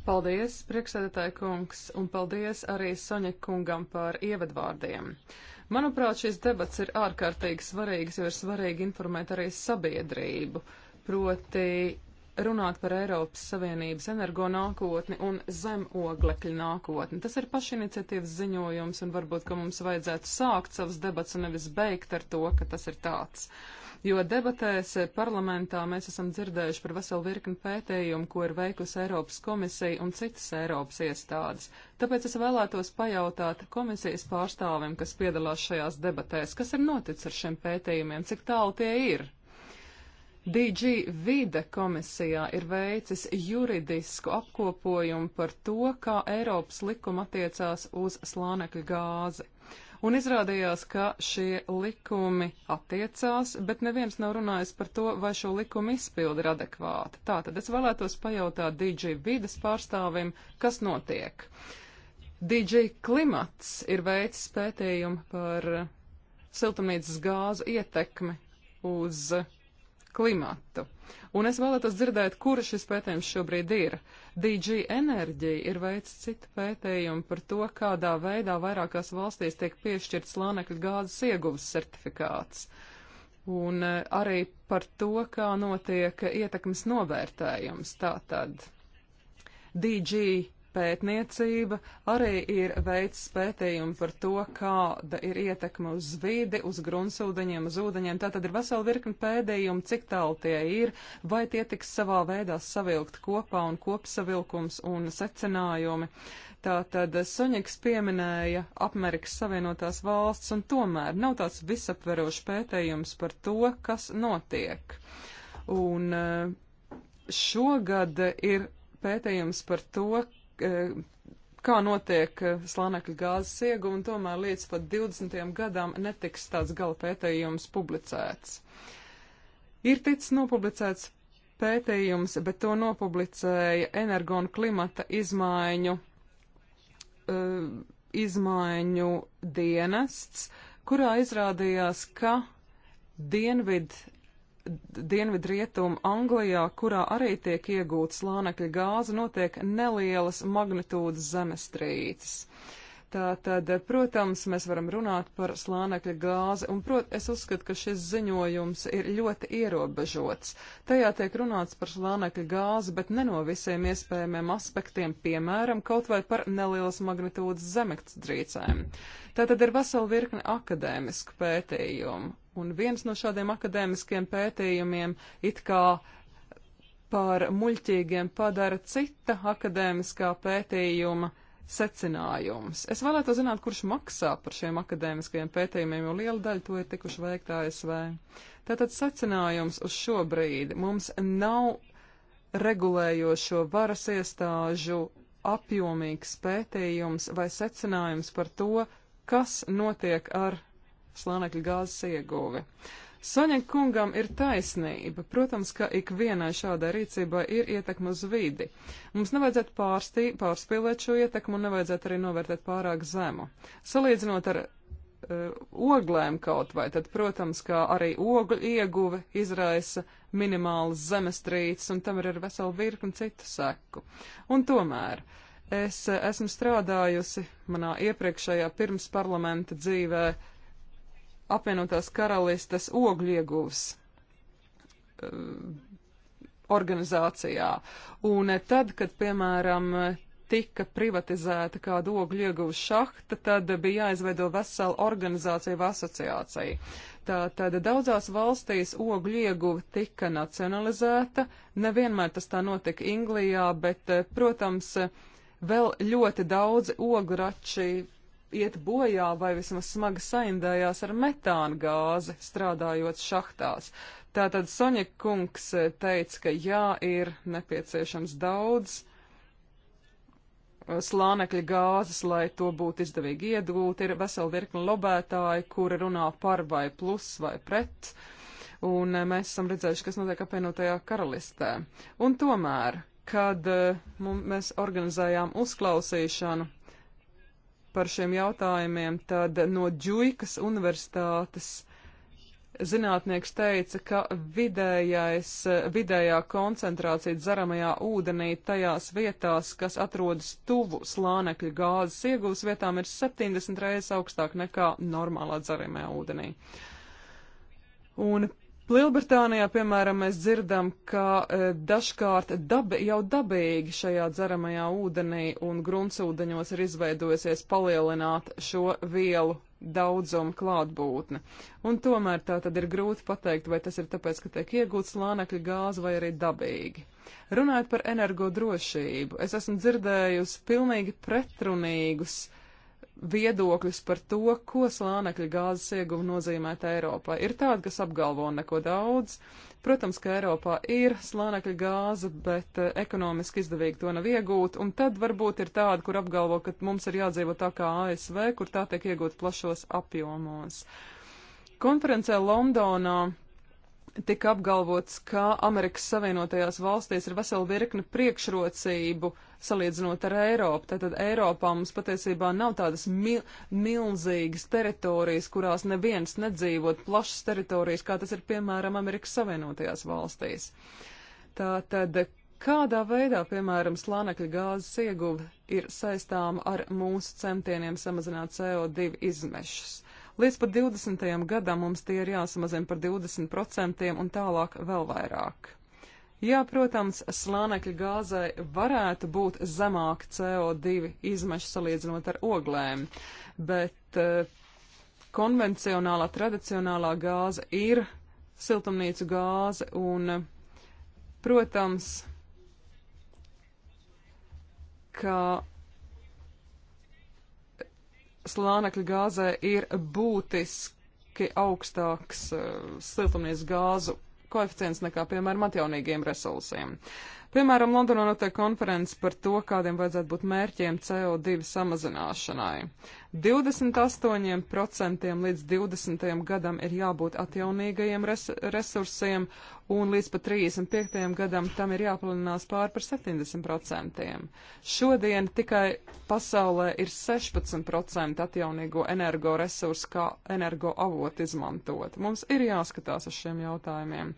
Paldies, priekšsēdētāja kungs, un paldies arī Soņa kungam par ievadvārdiem. Manuprāt, šīs debats ir ārkārtīgi svarīgs, jo ir svarīgi informēt arī sabiedrību, proti runāt par Eiropas Savienības energo nākotni un zemoglekļu nākotni. Tas ir pašiniciatīvas ziņojums, un varbūt, ka mums vajadzētu sākt savas debats un nevis beigt ar to, ka tas ir tāds. Uh, jo debatēs parlamentā mēs esam dzirdējuši par veselu virkni pētījumu, ko ir veikusi Eiropas komisija un citas Eiropas iestādes. Tāpēc es vēlētos pajautāt komisijas pārstāvim, kas piedalās šajās debatēs, kas ir noticis ar šiem pētījumiem, cik tālu tie ir. DG Vide komisijā ir veicis juridisku apkopojumu par to, kā Eiropas likuma attiecās uz slānekļa gāzi. Un izrādījās, ka šie likumi attiecās, bet neviens nav runājis par to, vai šo likumu izpildi ir adekvāti. Tātad es vēlētos pajautāt DJ vidas pārstāvim, kas notiek. DJ klimats ir veids pētījumu par siltumnīcas gāzu ietekmi uz klimatu. Un es vēlētos dzirdēt, kur šis pētījums šobrīd ir. DG Enerģija ir veicis citu pētījumu par to, kādā veidā vairākās valstīs tiek piešķirts lānekļu gāzes ieguves certifikāts. Un eh, arī par to, kā notiek ietekmes novērtējums. Tātad DG pētniecība arī ir veids pētījumi par to, kāda ir ietekme uz vidi, uz gruntsūdeņiem, uz ūdeņiem. Tā tad ir vesela virkni pēdējumu, cik tālu tie ir, vai tie tiks savā veidā savilkt kopā un kopsavilkums un secinājumi. Tā tad Soņiks pieminēja Amerikas Savienotās valsts un tomēr nav tāds visapverošs pētījums par to, kas notiek. Un eh, šogad ir pētījums par to, E, kā notiek e, slānekļa gāzes ieguma, tomēr līdz pat 20. gadam netiks tāds gala pētījums publicēts. Ir ticis nopublicēts pētījums, bet to nopublicēja Energo un klimata izmaiņu, uh, izmaiņu dienests, kurā izrādījās, ka Dienvid dienvidrietumu Anglijā, kurā arī tiek iegūta slānekļa gāze, notiek nelielas magnitūdas zemestrīces. Tātad, protams, mēs varam runāt par slānekļa gāzi, un prot, es uzskatu, ka šis ziņojums ir ļoti ierobežots. Tajā tiek runāts par slānekļa gāzi, bet ne no visiem iespējamiem aspektiem, piemēram, kaut vai par nelielas magnitūdas zemekts drīcēm. Tātad ir vesela virkne akadēmisku pētījumu, Un viens no šādiem akadēmiskiem pētījumiem it kā par muļķīgiem padara cita akadēmiskā pētījuma secinājums. Es vēlētu zināt, kurš maksā par šiem akadēmiskajiem pētījumiem, jo liela daļa to ir tikuši veikt ASV. Tātad secinājums uz šo brīdi mums nav regulējošo varas iestāžu apjomīgs pētījums vai secinājums par to, kas notiek ar slānekļa gāzes ieguve. Soņek kungam ir taisnība. Protams, ka ikvienai šādai rīcībai ir ietekme uz vidi. Mums nevajadzētu pārstī, pārspīlēt šo ietekmu un nevajadzētu arī novērtēt pārāk zemu. Salīdzinot ar eh, oglēm kaut vai, tad, protams, kā arī ogļu ieguve izraisa minimālas zemestrīces, un tam ir ar veselu virkni citu seku. Un tomēr es eh, esmu strādājusi manā iepriekšējā pirms parlamenta dzīvē apvienotās karalistas oglieguvs eh, organizācijā. Un eh, tad, kad, piemēram, tika privatizēta kāda ogļu ieguves šahta, tad bija jāizveido vesela organizācija vai asociācija. Tātad daudzās valstīs ogļu ieguve tika nacionalizēta, nevienmēr tas tā notika Inglijā, bet, eh, protams, vēl ļoti daudzi ograči iet bojā vai vismaz smagi saindējās ar metāna gāzi strādājot šahtās. Tātad Soņik kungs eh, teica, ka jā, ir nepieciešams daudz eh, slānekļa gāzes, lai to būtu izdevīgi iegūt. Ir veseli virkni lobētāji, kuri runā par vai plus vai pret. Un eh, mēs esam redzējuši, kas notiek apvienotajā karalistē. Un tomēr, kad mums, mēs organizējām uzklausīšanu par šiem jautājumiem, tad no Džuikas universitātes zinātnieks teica, ka vidējais, vidējā koncentrācija dzeramajā ūdenī tajās vietās, kas atrodas tuvu slānekļa gāzes iegūs vietām, ir 70 reizes augstāk nekā normālā dzeramajā ūdenī. Un Lielbritānijā, piemēram, mēs dzirdam, ka e, dažkārt dabi, jau dabīgi šajā dzeramajā ūdenī un gruntsūdeņos ir izveidojusies palielināt šo vielu daudzumu klātbūtne. Un tomēr tā tad ir grūti pateikt, vai tas ir tāpēc, ka tiek iegūts lānekļa gāze vai arī dabīgi. Runājot par energodrošību, es esmu dzirdējusi pilnīgi pretrunīgus uh, viedokļus par to, ko slānekļa gāzes ieguva nozīmēt Eiropai. Ir tādi, kas apgalvo neko daudz. Protams, ka Eiropā ir slānekļa gāze, bet eh, ekonomiski izdevīgi to nav iegūt, un tad varbūt ir tādi, kur apgalvo, ka mums ir jādzīvo tā kā ASV, kur tā tiek iegūt plašos apjomos. Konferencē Londonā tika apgalvots, ka Amerikas Savienotajās valstīs ir vesela virkne priekšrocību salīdzinot ar Eiropu. Tātad Eiropā mums patiesībā nav tādas mil milzīgas teritorijas, kurās neviens nedzīvot plašas teritorijas, kā tas ir piemēram Amerikas Savienotajās valstīs. Tātad kādā veidā, piemēram, slānekļa gāzes ieguve ir saistāma ar mūsu centieniem samazināt CO2 izmešus? Līdz pat 20. gadam mums tie ir jāsamazina par 20% un tālāk vēl vairāk. Jā, protams, slānekļa gāzai varētu būt zemāka CO2 izmeša salīdzinot ar oglēm, bet eh, konvencionālā, tradicionālā gāze ir siltumnīcu gāze un, protams, ka slānekļa gāzē ir būtiski augstāks uh, siltumnīcas gāzu koeficients nekā, piemēram, atjaunīgiem resursiem. Piemēram, Londonā notiek konferences par to, kādiem vajadzētu būt mērķiem CO2 samazināšanai. 28% līdz 20. gadam ir jābūt atjaunīgajiem res resursiem, un līdz pat 35. gadam tam ir jāpalinās pār par 70%. Šodien tikai pasaulē ir 16% atjaunīgo energoresursu kā energoavotu izmantot. Mums ir jāskatās uz šiem jautājumiem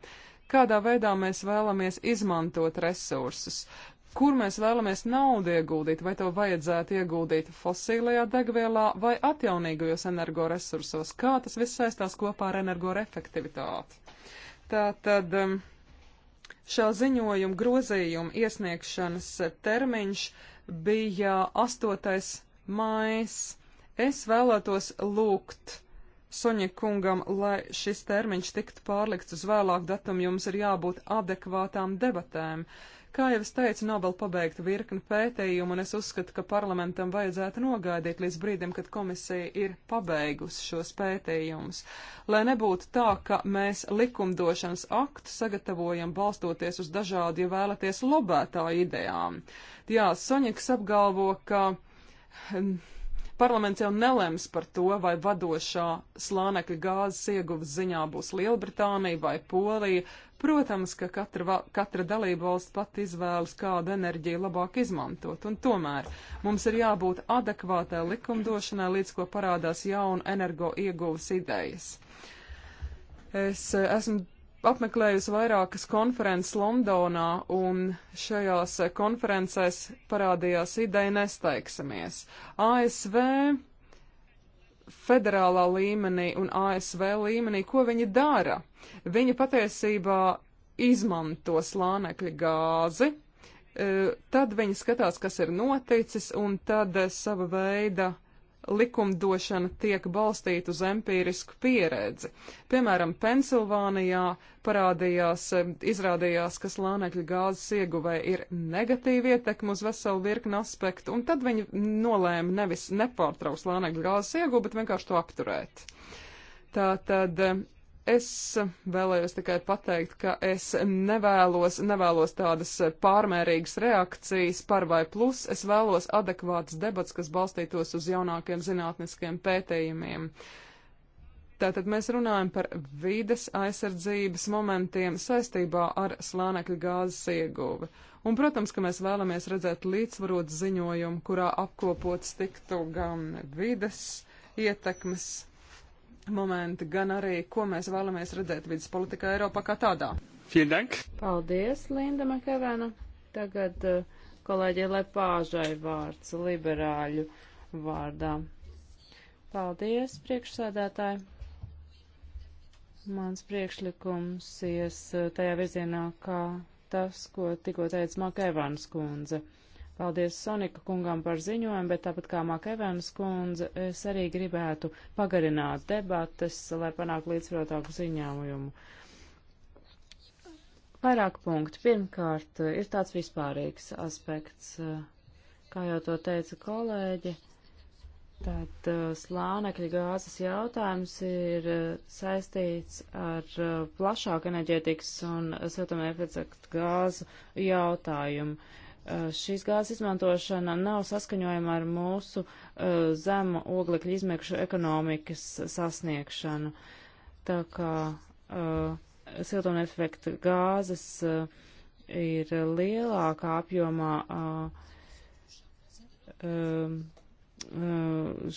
kādā veidā mēs vēlamies izmantot resursus, kur mēs vēlamies naudu ieguldīt, vai to vajadzētu ieguldīt fosīlajā degvielā vai atjaunīgajos energoresursos, kā tas viss saistās kopā ar energoefektivitāti. Tātad um, šā ziņojuma grozījuma iesniegšanas termiņš bija 8. mājas. Es vēlētos lūgt Soņikungam, lai šis termiņš tiktu pārlikts uz vēlāku datumu, jums ir jābūt adekvātām debatēm. Kā jau es teicu, nav vēl pabeigta virkni pētījumu, un es uzskatu, ka parlamentam vajadzētu nogaidīt līdz brīdim, kad komisija ir pabeigusi šos pētījumus. Lai nebūtu tā, ka mēs likumdošanas aktu sagatavojam balstoties uz dažādu, ja vēlaties, lobētāju idejām. Jā, Soņiks apgalvo, ka Parlaments jau nelems par to, vai vadošā slānekļa gāzes ieguves ziņā būs Lielbritānija vai Polija. Protams, ka katra, katra dalība valsts pat izvēlas, kādu enerģiju labāk izmantot, un tomēr mums ir jābūt adekvātai likumdošanai, līdz ko parādās jauna energo ieguves idejas. Es eh, esmu apmeklējusi vairākas konferences Londonā, un šajās konferencēs parādījās ideja nesteigsimies. ASV federālā līmenī un ASV līmenī, ko viņi dara? Viņi patiesībā izmanto slānekļa gāzi, eh, tad viņi skatās, kas ir noticis, un tad eh, sava veida likumdošana tiek balstīta uz empirisku pieredzi. Piemēram, Pensilvānijā parādījās, eh, izrādījās, ka slānekļa gāzes ieguvē ir negatīva ietekme uz veselu virkni aspektu, un tad viņi nolēma nevis nepārtraukt slānekļa gāzes ieguvu, bet vienkārši to apturēt. Tātad Es vēlējos tikai pateikt, ka es nevēlos, nevēlos tādas pārmērīgas reakcijas par vai plus, es vēlos adekvātas debats, kas balstītos uz jaunākiem zinātniskiem pētījumiem. Tātad mēs runājam par vides aizsardzības momentiem saistībā ar slānekļa gāzes ieguvi. Un, protams, ka mēs vēlamies redzēt līdzsvarot ziņojumu, kurā apkopots tiktu gan vides ietekmes momenti, gan arī, ko mēs vēlamies redzēt vidas politikā Eiropā kā tādā. Fieldank. Paldies, Linda Makavena. Tagad eh, kolēģi Lepāžai vārds liberāļu vārdā. Paldies, priekšsēdētāji. Mans priekšlikums ies eh, tajā virzienā, kā tas, ko tikko teica Makēvānas kundze. Paldies Sonika kungam par ziņojumu, bet tāpat kā Makevēnas kundze, es arī gribētu pagarināt debates, lai panāktu līdzsvarotāku ziņojumu. Vairāk punktu. Pirmkārt, ir tāds vispārīgs aspekts, kā jau to teica kolēģi. Tad uh, slānekļa gāzes jautājums ir uh, saistīts ar uh, plašāku enerģētikas un siltumnefekta gāzu jautājumu. Eh, šīs gāzes izmantošana nav saskaņojama ar mūsu eh, zemu oglekļu izmēkšu ekonomikas sasniegšanu. Tā kā eh, siltuma efekta gāzes ir lielākā apjomā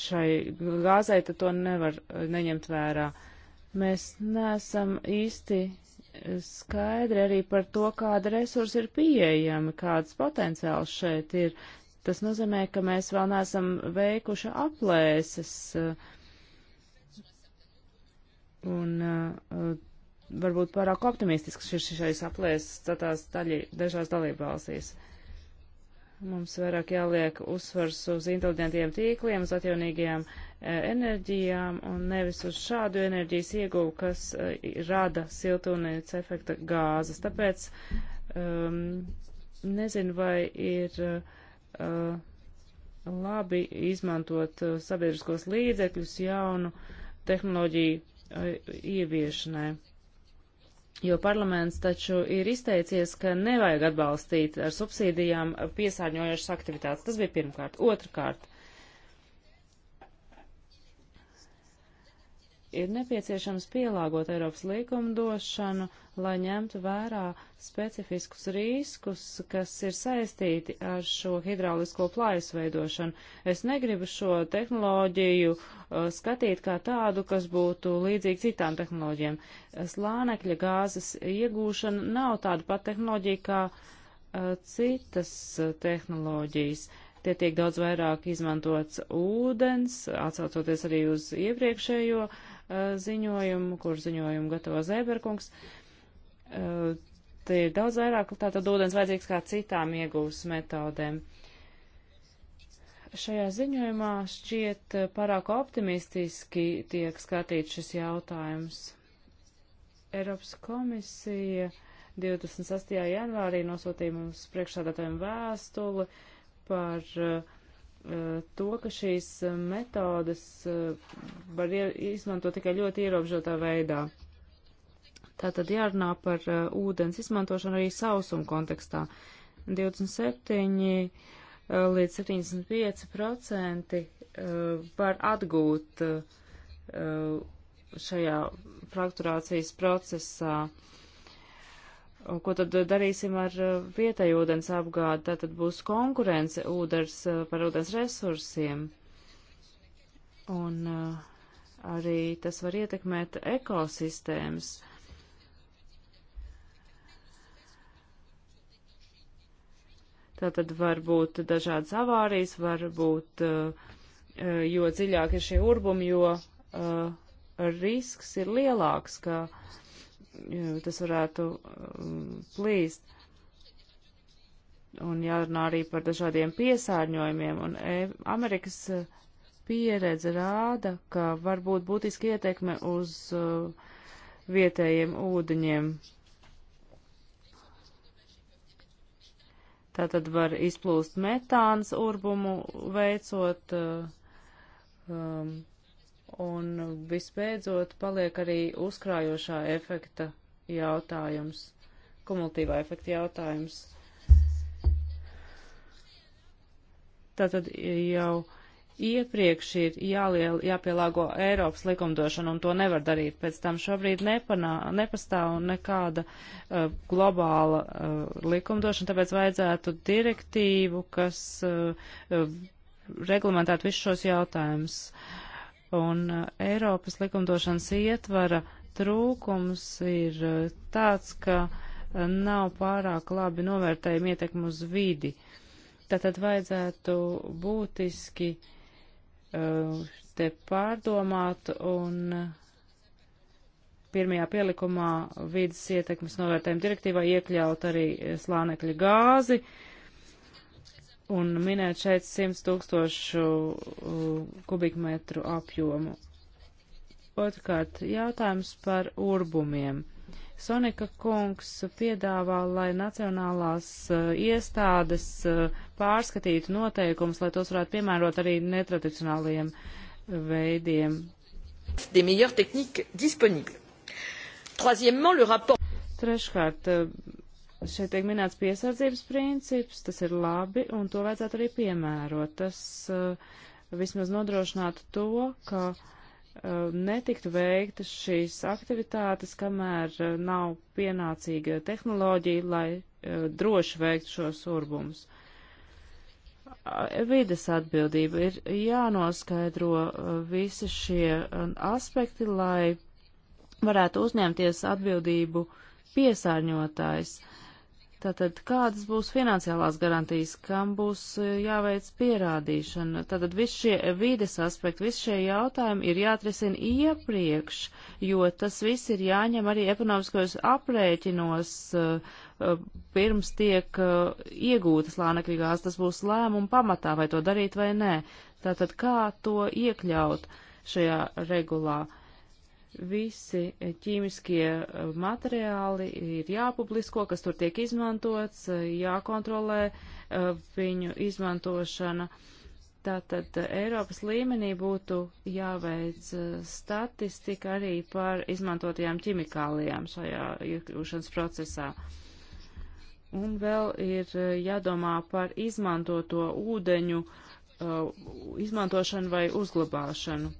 šai gāzai, tad to nevar neņemt vērā. Mēs neesam īsti skaidri arī par to, kāda resursa ir pieejama, kāds potenciāls šeit ir. Tas nozīmē, ka mēs vēl neesam veikuši aplēses. Un uh, varbūt pārāk optimistisks ir šis aplēses dažās dalībvalstīs. Uh, Mums vairāk jāliek uzsvars uz inteliģentiem tīkliem, uz atjaunīgajām e, enerģijām un nevis uz šādu enerģijas ieguvu, kas e, rada siltumnīca efekta gāzes. Tāpēc um, nezinu, vai ir uh, labi izmantot sabiedriskos līdzekļus jaunu tehnoloģiju ieviešanai jo parlaments taču ir izteicies, ka nevajag atbalstīt ar subsīdijām piesārņojošas aktivitātes. Tas bija pirmkārt. Otrakārt, ir nepieciešams pielāgot Eiropas likumdošanu, lai ņemtu vērā specifiskus riskus, kas ir saistīti ar šo hidraulisko plājas veidošanu. Es negribu šo tehnoloģiju uh, skatīt kā tādu, kas būtu līdzīga citām tehnoloģijām. Slānekļa gāzes iegūšana nav tāda pat tehnoloģija kā uh, citas uh, tehnoloģijas tie tiek daudz vairāk izmantots ūdens, atsaucoties arī uz iepriekšējo uh, Eh, ziņojumu, kur ziņojumu gatavo Zēberkungs. Eh, te ir daudz vairāk tātad ūdens vajadzīgs kā citām iegūst metodēm. Šajā ziņojumā šķiet eh, pārāk optimistiski tiek skatīts šis jautājums. Eiropas komisija 28. janvārī nosūtīja mums priekšsādātājiem vēstuli par uh, Eh, to, ka šīs eh, metodas eh, var izmantot tikai ļoti ierobežotā veidā. Tātad jārunā par ūdens izmantošanu arī sausuma kontekstā. 27 līdz 75 procenti var atgūt šajā frakturācijas procesā. Uh, Ko tad darīsim ar uh, vietēju ūdens apgādi? Tā tad būs konkurence ūdens uh, par ūdens resursiem. Un uh, arī tas var ietekmēt ekosistēmas. Tātad var būt dažādas avārijas, var būt, jo dziļāk ir šie urbumi, jo risks ir lielāks, ka uh, Eh, tas varētu mm, plīst. Un jārunā arī par dažādiem piesārņojumiem, un e, Amerikas eh, pieredze rāda, ka var būt būtiski ietekme uz eh, vietējiem ūdeņiem. Tātad var izplūst metāns urbumu veicot um, Un visbeidzot paliek arī uzkrājošā efekta jautājums, kumulatīvā efekta jautājums. Tātad jau iepriekš ir jāliel, jāpielāgo Eiropas likumdošana, un to nevar darīt. Pēc tam šobrīd nepanā, nepastāv nekāda uh, globāla uh, likumdošana, tāpēc vajadzētu direktīvu, kas uh, uh, reglamentētu visus šos jautājumus. Uh, Un uh, Eiropas likumdošanas ietvara trūkums ir uh, tāds, ka uh, nav pārāk labi novērtējumi ietekmi uz vidi. Tātad vajadzētu būtiski te pārdomāt un pirmajā pielikumā vidas ietekmes novērtējuma direktīvā iekļaut arī slānekļa gāzi, uh, un minēt šeit 100 tūkstošu uh, kubikmetru apjomu. Otrkārt, jautājums par urbumiem. Sonika kungs piedāvā, lai nacionālās uh, iestādes uh, pārskatītu noteikumus, lai tos varētu piemērot arī netradicionāliem veidiem. Treškārt, uh, Šeit tiek minēts piesardzības princips, tas ir labi, un to vajadzētu arī piemērot. Tas uh, vismaz nodrošinātu to, ka uh, netiktu veiktas šīs aktivitātes, kamēr uh, nav pienācīga tehnoloģija, lai uh, droši veiktu šos urbumus. Uh, vides atbildība ir jānoskaidro uh, visi šie aspekti, lai varētu uzņemties atbildību piesārņotājs. Uh, Tātad, kādas būs finansiālās garantijas, kam būs e, jāveic pierādīšana? Tātad, visi šie vīdes aspekti, visi šie jautājumi ir jāatrisina iepriekš, jo tas viss ir jāņem arī ekonomiskos aprēķinos, e, e, pirms tiek iegūtas lānekļgās, tas būs lēmuma pamatā, vai to darīt vai nē. Tātad, kā to iekļaut šajā regulā? Uh, visi ķīmiskie eh, materiāli ir jāpublisko, kas tur tiek izmantots, eh, jākontrolē eh, viņu izmantošana. Tātad Eiropas līmenī būtu jāveic statistika arī par izmantotajām ķimikālijām šajā iekļūšanas procesā. Un vēl ir jādomā par izmantoto ūdeņu izmantošanu vai uzglabāšanu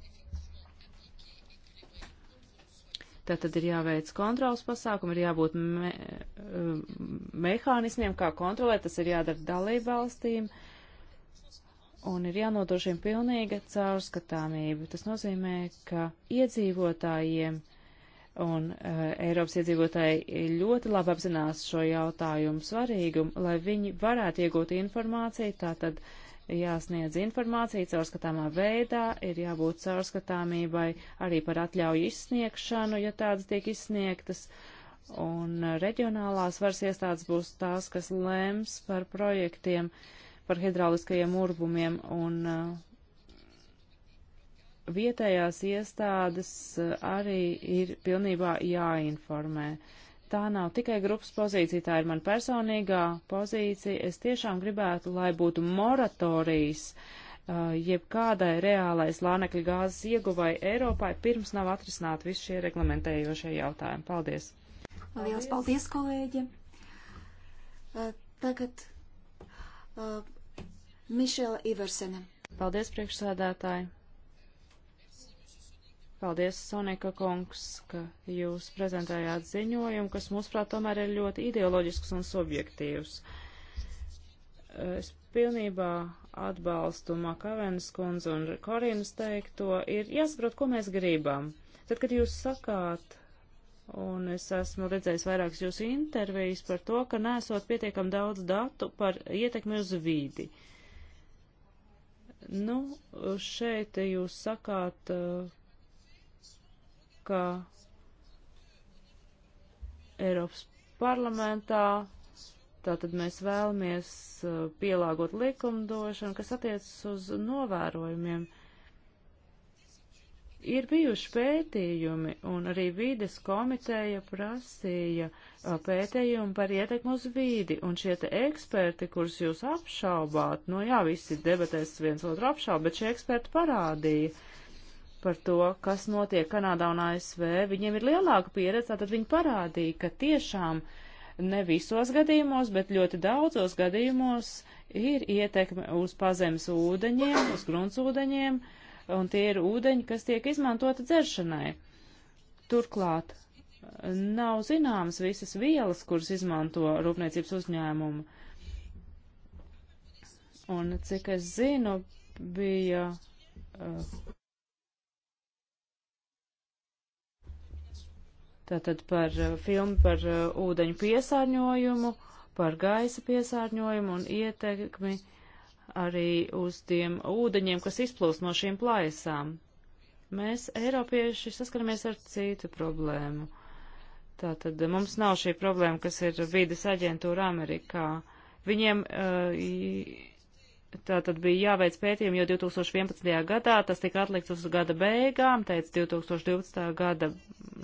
Tātad ir jāveic kontrols pasākumi, ir jābūt me eh, mehānismiem, kā kontrolēt, tas ir jādara dalībvalstīm. Un ir jānodrošina pilnīga caurskatāmība. Tas nozīmē, ka iedzīvotājiem un uh, Eiropas iedzīvotāji ļoti labi apzinās šo jautājumu svarīgumu, lai viņi varētu iegūt informāciju, tātad uh, jāsniedz informācija caurskatāmā veidā, ir jābūt caurskatāmībai arī par atļauju izsniegšanu, ja tādas tiek izsniegtas, un reģionālās varas iestādes būs tās, kas lems par projektiem, par hidrauliskajiem urbumiem, un uh, vietējās iestādes uh, arī ir pilnībā jāinformē. Uh, tā nav tikai grupas pozīcija, tā ir man personīgā pozīcija. Es tiešām gribētu, lai būtu moratorijas uh, jebkādai reālai slānekļa gāzes ieguvai Eiropai, pirms nav atrisināt visi šie reglamentējošie jautājumi. Paldies! Lielas paldies, kolēģi! Uh, tagad uh, Mišela Iversene. Paldies, priekšsēdētāji! Paldies, Sonika kungs, ka jūs prezentējāt ziņojumu, kas, mūsuprāt, tomēr ir ļoti ideoloģisks un subjektīvs. Es pilnībā atbalstu Makavenas kundzi un Korinas teikto. Ir jāsaprot, ko mēs gribam. Tad, kad jūs sakāt, un es esmu redzējis vairākas jūsu intervijas par to, ka nesot pietiekam daudz datu par ietekmi uz vīdi. Nu, šeit jūs sakāt, ka Eiropas parlamentā Tātad mēs vēlamies uh, pielāgot likumdošanu, kas attiecas uz novērojumiem. Ir bijuši pētījumi, un arī vīdes komiteja prasīja uh, pētījumu par ietekmu uz vīdi, un šie te eksperti, kurus jūs apšaubāt, nu jā, visi debatēs viens otru apšaub, bet šie eksperti parādīja, uh, par to, kas notiek Kanādā un ASV, viņiem ir lielāka pieredze, tātad viņi parādīja, ka tiešām ne visos gadījumos, bet ļoti daudzos gadījumos ir ietekme uz pazemes ūdeņiem, uz gruntsūdeņiem, un tie ir ūdeņi, kas tiek izmantota dzeršanai. Turklāt nav zināmas visas vielas, kuras izmanto rūpniecības uzņēmumu. Un cik es zinu, bija uh, Tātad par uh, filmu par uh, ūdeņu piesārņojumu, par gaisa piesārņojumu un ietekmi arī uz tiem ūdeņiem, kas izplūst no šīm plaisām. Mēs, Eiropieši, saskaramies ar citu problēmu. Tātad mums nav šī problēma, kas ir vides aģentūra Amerikā. Viņiem uh, Tā tad bija jāveic pētījumi jau 2011. gadā, tas tika atlikts uz gada beigām, teica 2012. gada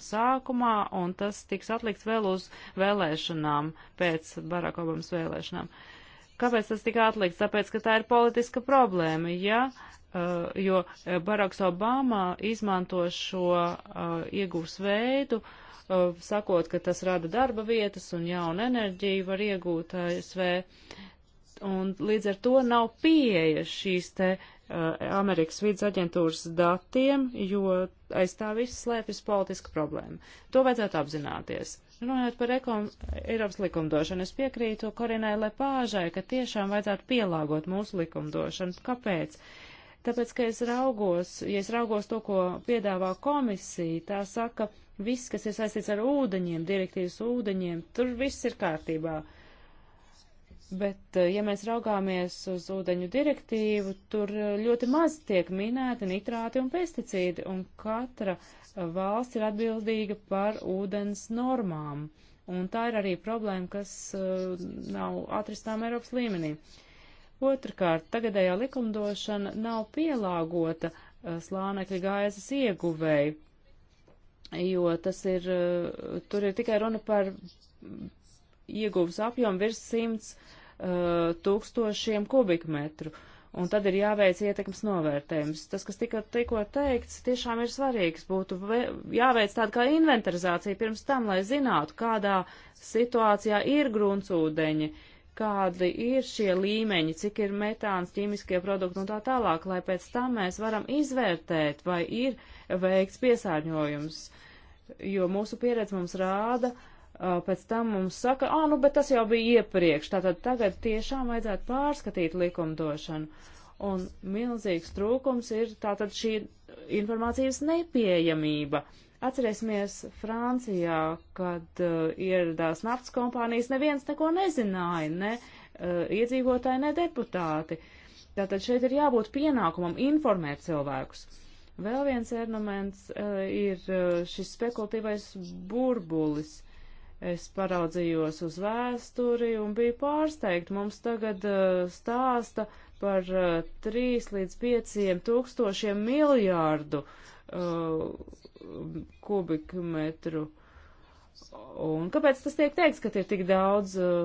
sākumā, un tas tiks atlikts vēl uz vēlēšanām, pēc Baraka Obamas vēlēšanām. Kāpēc tas tika atlikts? Tāpēc, ka tā ir politiska problēma, ja, uh, jo Baraks Obama izmanto šo uh, iegūs veidu, uh, sakot, ka tas rada darba vietas un jaunu enerģiju var iegūt ASV. Uh, un līdz ar to nav pieeja šīs te uh, Amerikas vidas aģentūras datiem, jo aiz tā viss slēpjas politiska problēma. To vajadzētu apzināties. Runājot par ekom, Eiropas likumdošanu, es piekrītu Korinai Lepāžai, ka tiešām vajadzētu pielāgot mūsu likumdošanu. Kāpēc? Tāpēc, ka es raugos, ja es raugos to, ko piedāvā komisija, tā saka, viss, kas ir saistīts ar ūdeņiem, direktīvas ūdeņiem, tur viss ir kārtībā. Uh, Bet, eh, ja mēs raugāmies uz ūdeņu direktīvu, tur eh, ļoti maz tiek minēti nitrāti un pesticīdi, un katra eh, valsts ir atbildīga par ūdens normām. Un tā ir arī problēma, kas uh, nav atrastām Eiropas līmenī. Otrakārt, tagadējā likumdošana nav pielāgota uh, slānekļa gaisas ieguvēju, jo tas ir, uh, tur ir tikai runa par ieguvas apjomu virs simts uh, uh, tūkstošiem kubikmetru. Un tad ir jāveic ietekmes novērtējums. Tas, kas tika tikko teikts, tiešām ir svarīgs. Būtu jāveic tāda kā inventarizācija pirms tam, lai zinātu, kādā situācijā ir gruntsūdeņi, kādi ir šie līmeņi, cik ir metāns, ķīmiskie produkti un tā tālāk, lai pēc tam mēs varam izvērtēt, vai ir veikts piesārņojums. Jo mūsu pieredze mums rāda, uh, Uh, pēc tam mums saka, ah, nu, bet tas jau bija iepriekš, tātad tagad tiešām vajadzētu pārskatīt likumdošanu. Un milzīgs trūkums ir tātad šī informācijas nepieejamība. Atcerēsimies Francijā, kad uh, ieradās naftas kompānijas, neviens neko nezināja, ne uh, iedzīvotāji, ne deputāti. Tātad šeit ir jābūt pienākumam informēt cilvēkus. Vēl viens elements uh, ir uh, šis spekulatīvais burbulis. Uh, Es paraudzījos uz vēsturi un biju pārsteigta. Mums tagad uh, stāsta par uh, 3 līdz 5 tūkstošiem miljārdu uh, kubikmetru. Un kāpēc tas tiek teikts, ka ir tik daudz uh,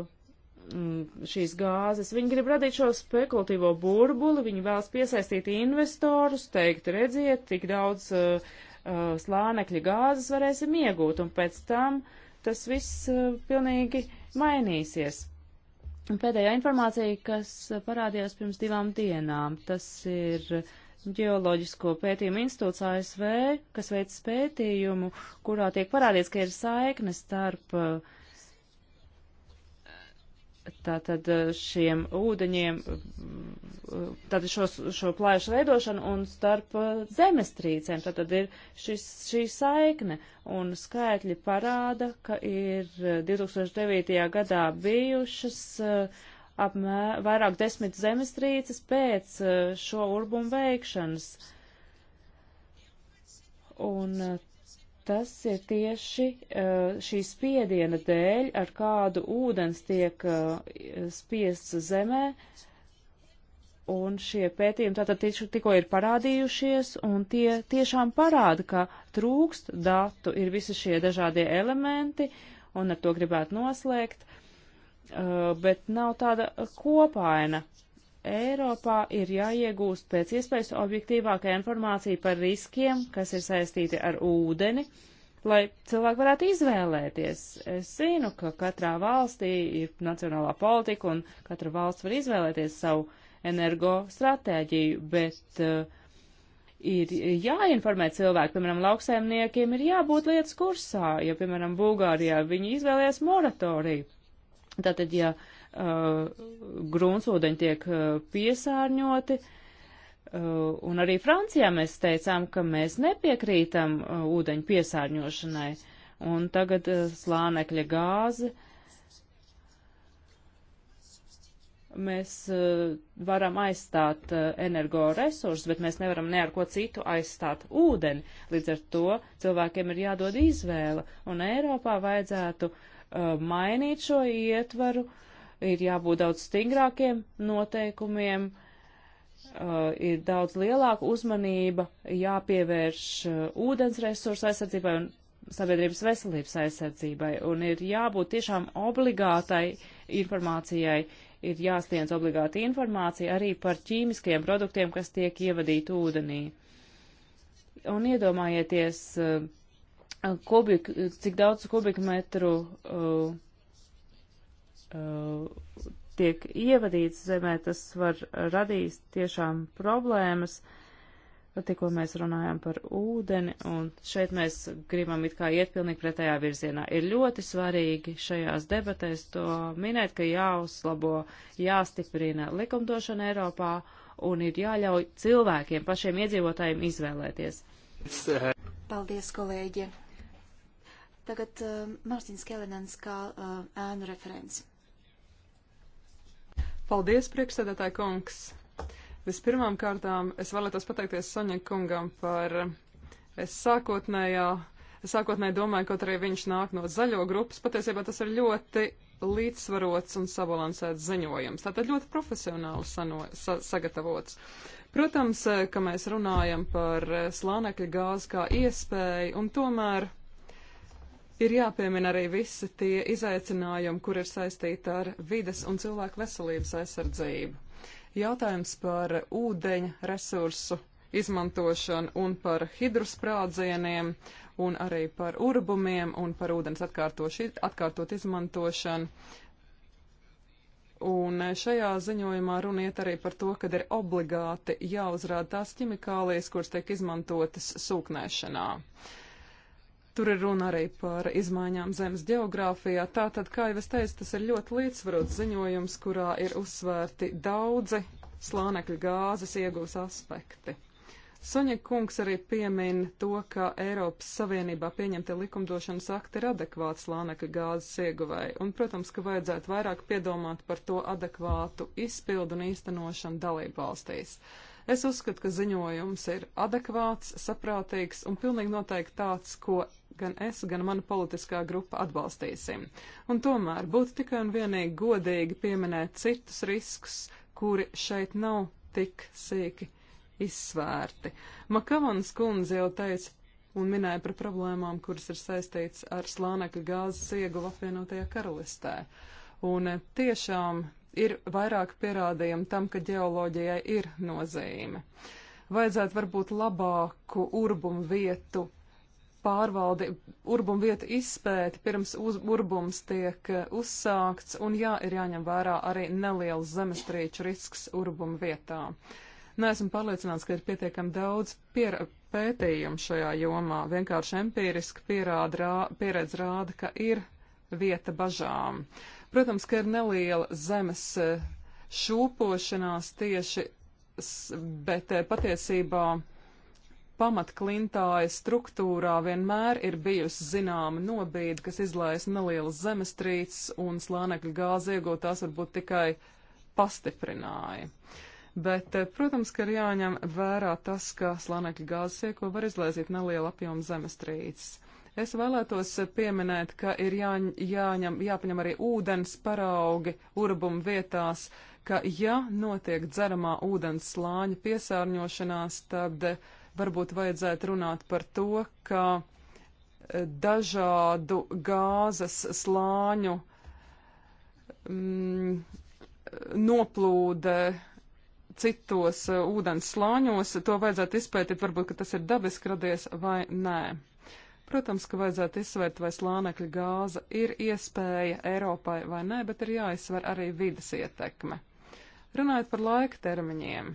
šīs gāzes? Viņi grib radīt šo spekulatīvo burbuli, viņi vēlas piesaistīt investorus, teikt, redziet, tik daudz uh, uh, slānekļa gāzes varēsim iegūt, un pēc tam uh, tas viss uh, pilnīgi mainīsies. Pēdējā informācija, kas uh, parādījās pirms divām dienām, tas ir Geoloģisko pētījumu institūts ASV, kas veic pētījumu, kurā tiek parādīts, ka ir saikne starp uh, tātad eh, šiem ūdeņiem, eh, tātad šo, šo plājušu veidošanu un starp eh, zemestrīcēm. Tātad ir šis, šī saikne un skaitļi parāda, ka ir 2009. gadā bijušas apmēr, vairāk desmit zemestrīces pēc šo urbumu veikšanas. Un Tas ir tieši eh, šī spiediena dēļ, ar kādu ūdens tiek eh, spiests zemē, un šie pētījumi tātad tikko ir parādījušies, un tie tiešām parāda, ka trūkst datu, ir visi šie dažādie elementi, un ar to gribētu noslēgt, eh, bet nav tāda kopaina Eiropā ir jāiegūst pēc iespējas objektīvākā informācija par riskiem, kas ir saistīti ar ūdeni, lai cilvēki varētu izvēlēties. Es zinu, ka katrā valstī ir nacionālā politika un katra valsts var izvēlēties savu energo stratēģiju, bet uh, ir jāinformē cilvēki, piemēram, lauksaimniekiem ir jābūt lietas kursā, ja, piemēram, Bulgārijā viņi izvēlējās moratoriju. Tātad, ja uh, Uh, gruntsūdeņi tiek uh, piesārņoti. Uh, un arī Francijā mēs teicām, ka mēs nepiekrītam ūdeņu piesārņošanai. Un tagad slānekļa gāze. Mēs varam aizstāt energoresursus, bet mēs nevaram ne ar ko citu aizstāt ūdeni. Līdz ar to cilvēkiem ir jādod izvēle. Un Eiropā vajadzētu mainīt šo ietvaru. Uh, ir jābūt daudz stingrākiem noteikumiem, uh, ir daudz lielāka uzmanība jāpievērš uh, ūdens resursu aizsardzībai un sabiedrības veselības aizsardzībai, un ir jābūt tiešām obligātai informācijai, ir jāsniedz obligāta informācija arī par ķīmiskajiem produktiem, kas tiek ievadīti ūdenī. Un iedomājieties, uh, kubik, cik daudz kubikmetru uh, Uh, tiek ievadīts zemē, tas var radīt tiešām problēmas. Tikko mēs runājām par ūdeni, un šeit mēs gribam it kā iet pilnīgi pretējā virzienā. Ir ļoti svarīgi šajās debatēs to minēt, ka jāuzlabo, jāstiprina likumdošana Eiropā, un ir jāļauj cilvēkiem, pašiem iedzīvotājiem izvēlēties. Paldies, kolēģi! Tagad uh, Mārtiņš Kelenens kā uh, ēnu referents. Paldies, priekšsēdētāji kungs! Vispirmām kārtām es vēlētos pateikties Soņa kungam par es sākotnējā, es sākotnēji domāju, kaut arī viņš nāk no zaļo grupas, patiesībā tas ir ļoti līdzsvarots un sabalansēts ziņojums. Tātad ļoti profesionāli sano, sa, sagatavots. Protams, ka mēs runājam par slānekļa gāzi kā iespēju, un tomēr Ir jāpiemina arī visi tie izaicinājumi, kur ir saistīti ar vides un cilvēku veselības aizsardzību. Jautājums par ūdeņa resursu izmantošanu un par hidrosprādzieniem un arī par urbumiem un par ūdens atkārtot izmantošanu. Un šajā ziņojumā runa iet arī par to, ka ir obligāti jāuzrāda tās ķimikālijas, kuras tiek izmantotas sūknēšanā. Uh, Tur ir runa arī par izmaiņām zemes geogrāfijā. Tātad, kā jau es teicu, tas ir ļoti līdzsvarots ziņojums, kurā ir uzsvērti daudzi slānekļa gāzes iegūs aspekti. Soņa kungs arī piemin to, ka Eiropas Savienībā pieņemtie likumdošanas akti ir adekvāti slānekļa gāzes ieguvēji, un, protams, ka vajadzētu vairāk piedomāt par to adekvātu izpildu un īstenošanu dalību valstīs. Es uzskatu, ka ziņojums ir adekvāts, saprātīgs un pilnīgi noteikti tāds, ko gan es, gan mana politiskā grupa atbalstīsim. Un tomēr būtu tikai un vienīgi godīgi pieminēt citus riskus, kuri šeit nav tik sīki izsvērti. Makavans kundze jau teica un minēja par problēmām, kuras ir saistīts ar slānekļa gāzes ieguvu apvienotajā karalistē. Un eh, tiešām ir vairāk pierādījumi tam, ka ģeoloģijai ir nozīme. Vajadzētu varbūt labāku urbumu vietu pārvaldi, urbumu vietu izpēti pirms uz, urbums tiek eh, uzsākts, un jā, ir jāņem vērā arī neliels zemestrīču risks urbumu vietā. Neesmu nu, pārliecināts, ka ir pietiekami daudz pier, pētījumu šajā jomā. Vienkārši empiriski pierāda, rā, pieredze rāda, ka ir vieta bažām. Protams, ka ir neliela zemes eh, šūpošanās tieši, bet eh, patiesībā pamatklintāja struktūrā vienmēr ir bijusi zināma nobīde, kas izlaisa nelielas zemestrīces un slānekļa gāzi iegūtās varbūt tikai pastiprināja. Bet, eh, protams, ka ir jāņem vērā tas, ka slānekļa gāzes ieko var izlaisīt nelielu apjomu zemestrīces. Es vēlētos eh, pieminēt, ka ir jā, jāņem, jāpaņem arī ūdens paraugi urbumu vietās, ka ja notiek dzeramā ūdens slāņa piesārņošanās, tad Varbūt vajadzētu runāt par to, ka eh, dažādu gāzes slāņu mm, noplūde citos eh, ūdens slāņos, to vajadzētu izpētīt, varbūt, ka tas ir dabiski radies vai nē. Protams, ka vajadzētu izsvērt, vai slānekļa gāza ir iespēja Eiropai vai nē, bet ir jāizsver arī vidas ietekme. Runājot par laika termiņiem,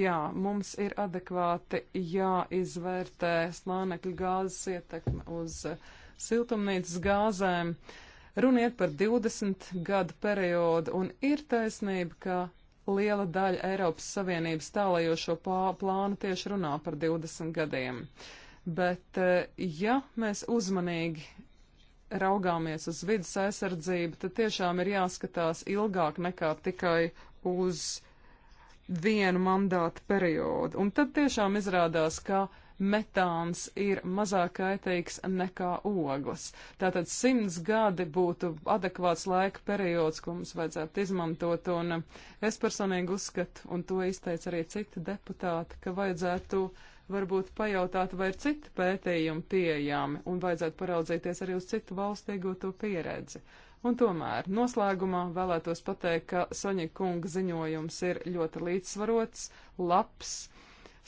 Jā, mums ir adekvāti jāizvērtē slānekļa gāzes ietekme uz siltumnīcas gāzēm. Runiet par 20 gadu periodu, un ir taisnība, ka liela daļa Eiropas Savienības tālajošo plānu tieši runā par 20 gadiem. Bet, eh, ja mēs uzmanīgi raugāmies uz vidas aizsardzību, tad tiešām ir jāskatās ilgāk nekā tikai uz vienu mandātu periodu. Un tad tiešām izrādās, ka metāns ir mazāk kaitīgs nekā ogles. Tātad simts gadi būtu adekvāts laika periods, ko mums vajadzētu izmantot, un es personīgi uzskatu, un to izteica arī citi deputāti, ka vajadzētu varbūt pajautāt, vai ir citi pētījumi pieejami, un vajadzētu paraudzīties arī uz citu valstu iegūto pieredzi. Un tomēr noslēgumā vēlētos pateikt, ka Soņa kunga ziņojums ir ļoti līdzsvarots, labs.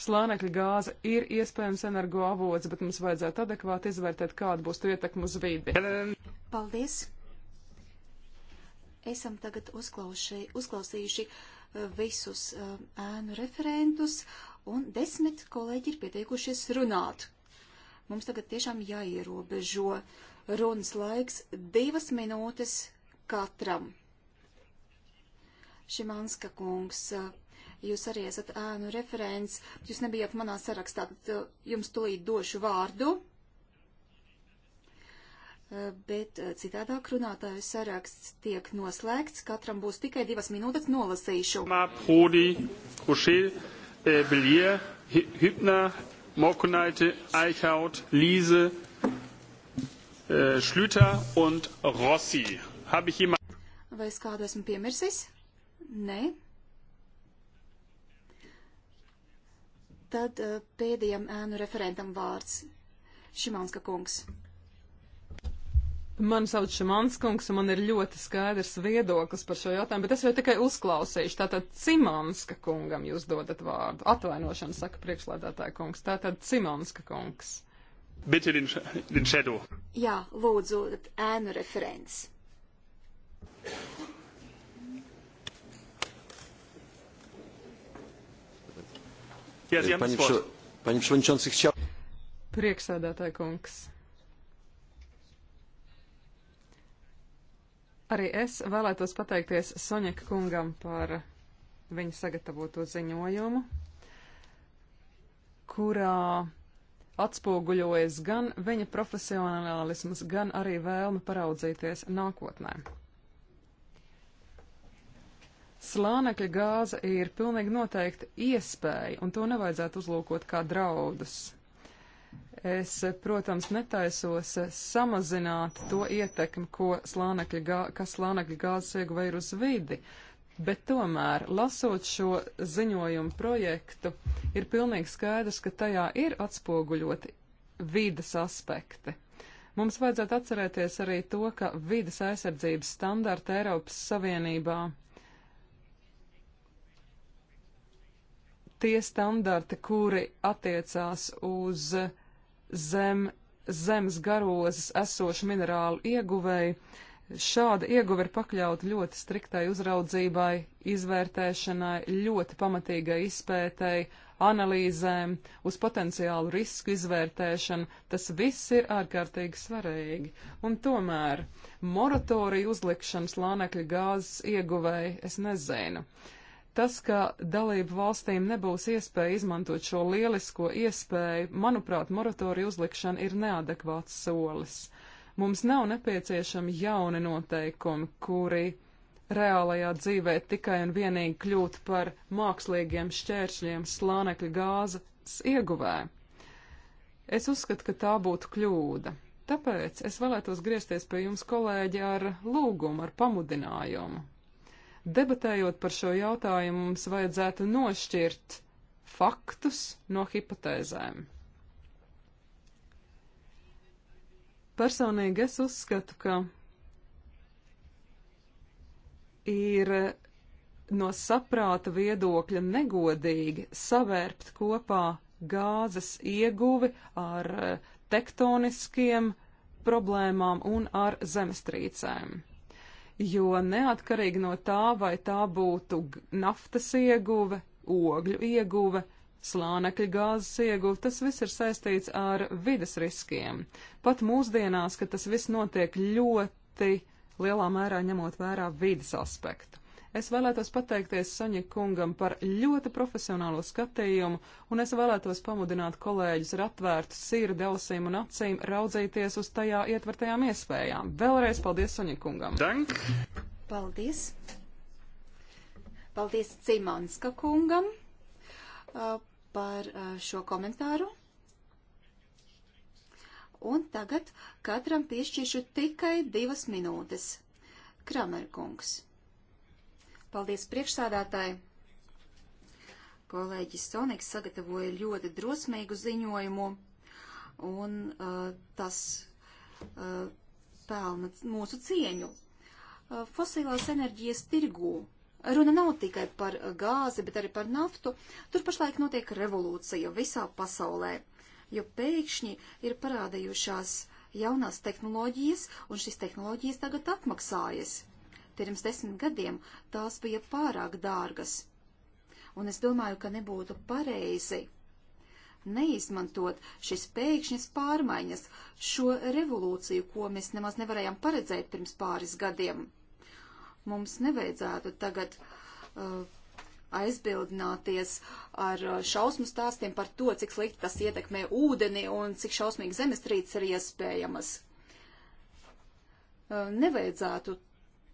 Slānekļa gāze ir iespējams energoavots, bet mums vajadzētu adekvāti izvērtēt, kāda būs to ietekme uz vidi. Paldies! Esam tagad uzklauši, uzklausījuši eh, visus eh, ēnu referentus, un desmit kolēģi ir pieteikušies runāt. Mums tagad tiešām jāierobežo. Uh, runas laiks divas minūtes katram. Šimanska kungs, jūs arī esat ēnu referents, jūs nebijat manā sarakstā, tad eh, jums tolīt došu vārdu. Eh, bet eh, citādāk runātāju saraksts tiek noslēgts, katram būs tikai divas minūtes nolasīšu. Prodi, Kušil, Belie, Hübner, Mokunaite, Eichhaut, Līze, äh, Schlüter und Rossi. Habe ich jemand? Vai es kādu esmu piemirsis? Nē. Tad uh, pēdējam ēnu referentam vārds. Šimanska kungs. Mani sauc Šimans kungs, un man ir ļoti skaidrs viedoklis par šo jautājumu, bet es jau tikai uzklausīšu. Tātad Cimanska kungam jūs dodat vārdu. Atvainošana saka priekšlādātāja kungs. Tātad Cimanska kungs. Bitte den, den Shadow. Jā, lūdzu, ēnu referents. Pani przewodniczący, chciałbym. Prieksēdētāji kungs. Arī es vēlētos pateikties Soņeka kungam par viņa sagatavoto ziņojumu, kurā atspoguļojas gan viņa profesionālisms, gan arī vēlme paraudzīties nākotnē. Slānekļa gāze ir pilnīgi noteikti iespēja, un to nevajadzētu uzlūkot kā draudus. Es, protams, netaisos samazināt to ietekmi, ko slānekļa, gā, kas slānekļa gāzes ieguva ir uz vidi, Bet tomēr, lasot šo ziņojumu projektu, ir pilnīgi skaidrs, ka tajā ir atspoguļoti vidas aspekti. Mums vajadzētu atcerēties arī to, ka vidas aizsardzības standarta Eiropas Savienībā tie standarti, kuri attiecās uz zem, zemes garozes esošu minerālu ieguvēju, uh, Šāda ieguva ir pakļauta ļoti striktai uzraudzībai, izvērtēšanai, ļoti pamatīgai izpētēji, analīzēm, uz potenciālu risku izvērtēšanu. Tas viss ir ārkārtīgi svarīgi. Un tomēr moratoriju uzlikšanas lānekļa gāzes ieguvēji es nezinu. Tas, ka dalību valstīm nebūs iespēja izmantot šo lielisko iespēju, manuprāt, moratoriju uzlikšana ir neadekvāts solis. Mums nav nepieciešami jauni noteikumi, kuri reālajā dzīvē tikai un vienīgi kļūt par mākslīgiem šķēršļiem slānekļa gāzes ieguvē. Es uzskatu, ka tā būtu kļūda. Tāpēc es vēlētos griezties pie jums, kolēģi, ar lūgumu, ar pamudinājumu. Debatējot par šo jautājumu, mums vajadzētu nošķirt faktus no hipotēzēm. Personīgi es uzskatu, ka ir no saprāta viedokļa negodīgi savērpt kopā gāzes ieguvi ar eh, tektoniskiem problēmām un ar zemestrīcēm. Jo neatkarīgi no tā, vai tā būtu naftas ieguve, ogļu ieguve, slānekļa gāzes ieguvi, tas viss ir saistīts ar vides riskiem. Pat mūsdienās, ka tas viss notiek ļoti lielā mērā ņemot vērā vides aspektu. Es vēlētos pateikties Saņa kungam par ļoti profesionālo skatījumu, un es vēlētos pamudināt kolēģus ar atvērtu sirdi, ausīm un acīm raudzīties uz tajā ietvertajām iespējām. Vēlreiz paldies Saņa kungam! Dank. Paldies! Paldies Cimanska kungam! Uh, par uh, šo komentāru. Un tagad katram piešķiršu tikai divas minūtes. Kramerkungs. Paldies priekšsādātāji. Kolēģis Soniks sagatavoja ļoti drosmīgu ziņojumu, un uh, tas uh, pelna mūsu cieņu. Uh, fosilās enerģijas tirgū Runa nav tikai par gāzi, bet arī par naftu. Tur pašlaik notiek revolūcija visā pasaulē, jo pēkšņi ir parādījušās jaunās tehnoloģijas, un šīs tehnoloģijas tagad atmaksājas. Pirms desmit gadiem tās bija pārāk dārgas, un es domāju, ka nebūtu pareizi neizmantot šis pēkšņas pārmaiņas, šo revolūciju, ko mēs nemaz nevarējām paredzēt pirms pāris gadiem. Mums nevajadzētu tagad uh, aizbildināties ar uh, šausmu stāstiem par to, cik slikti tas ietekmē ūdeni un cik šausmīgi zemestrīces ir iespējamas. Uh, nevajadzētu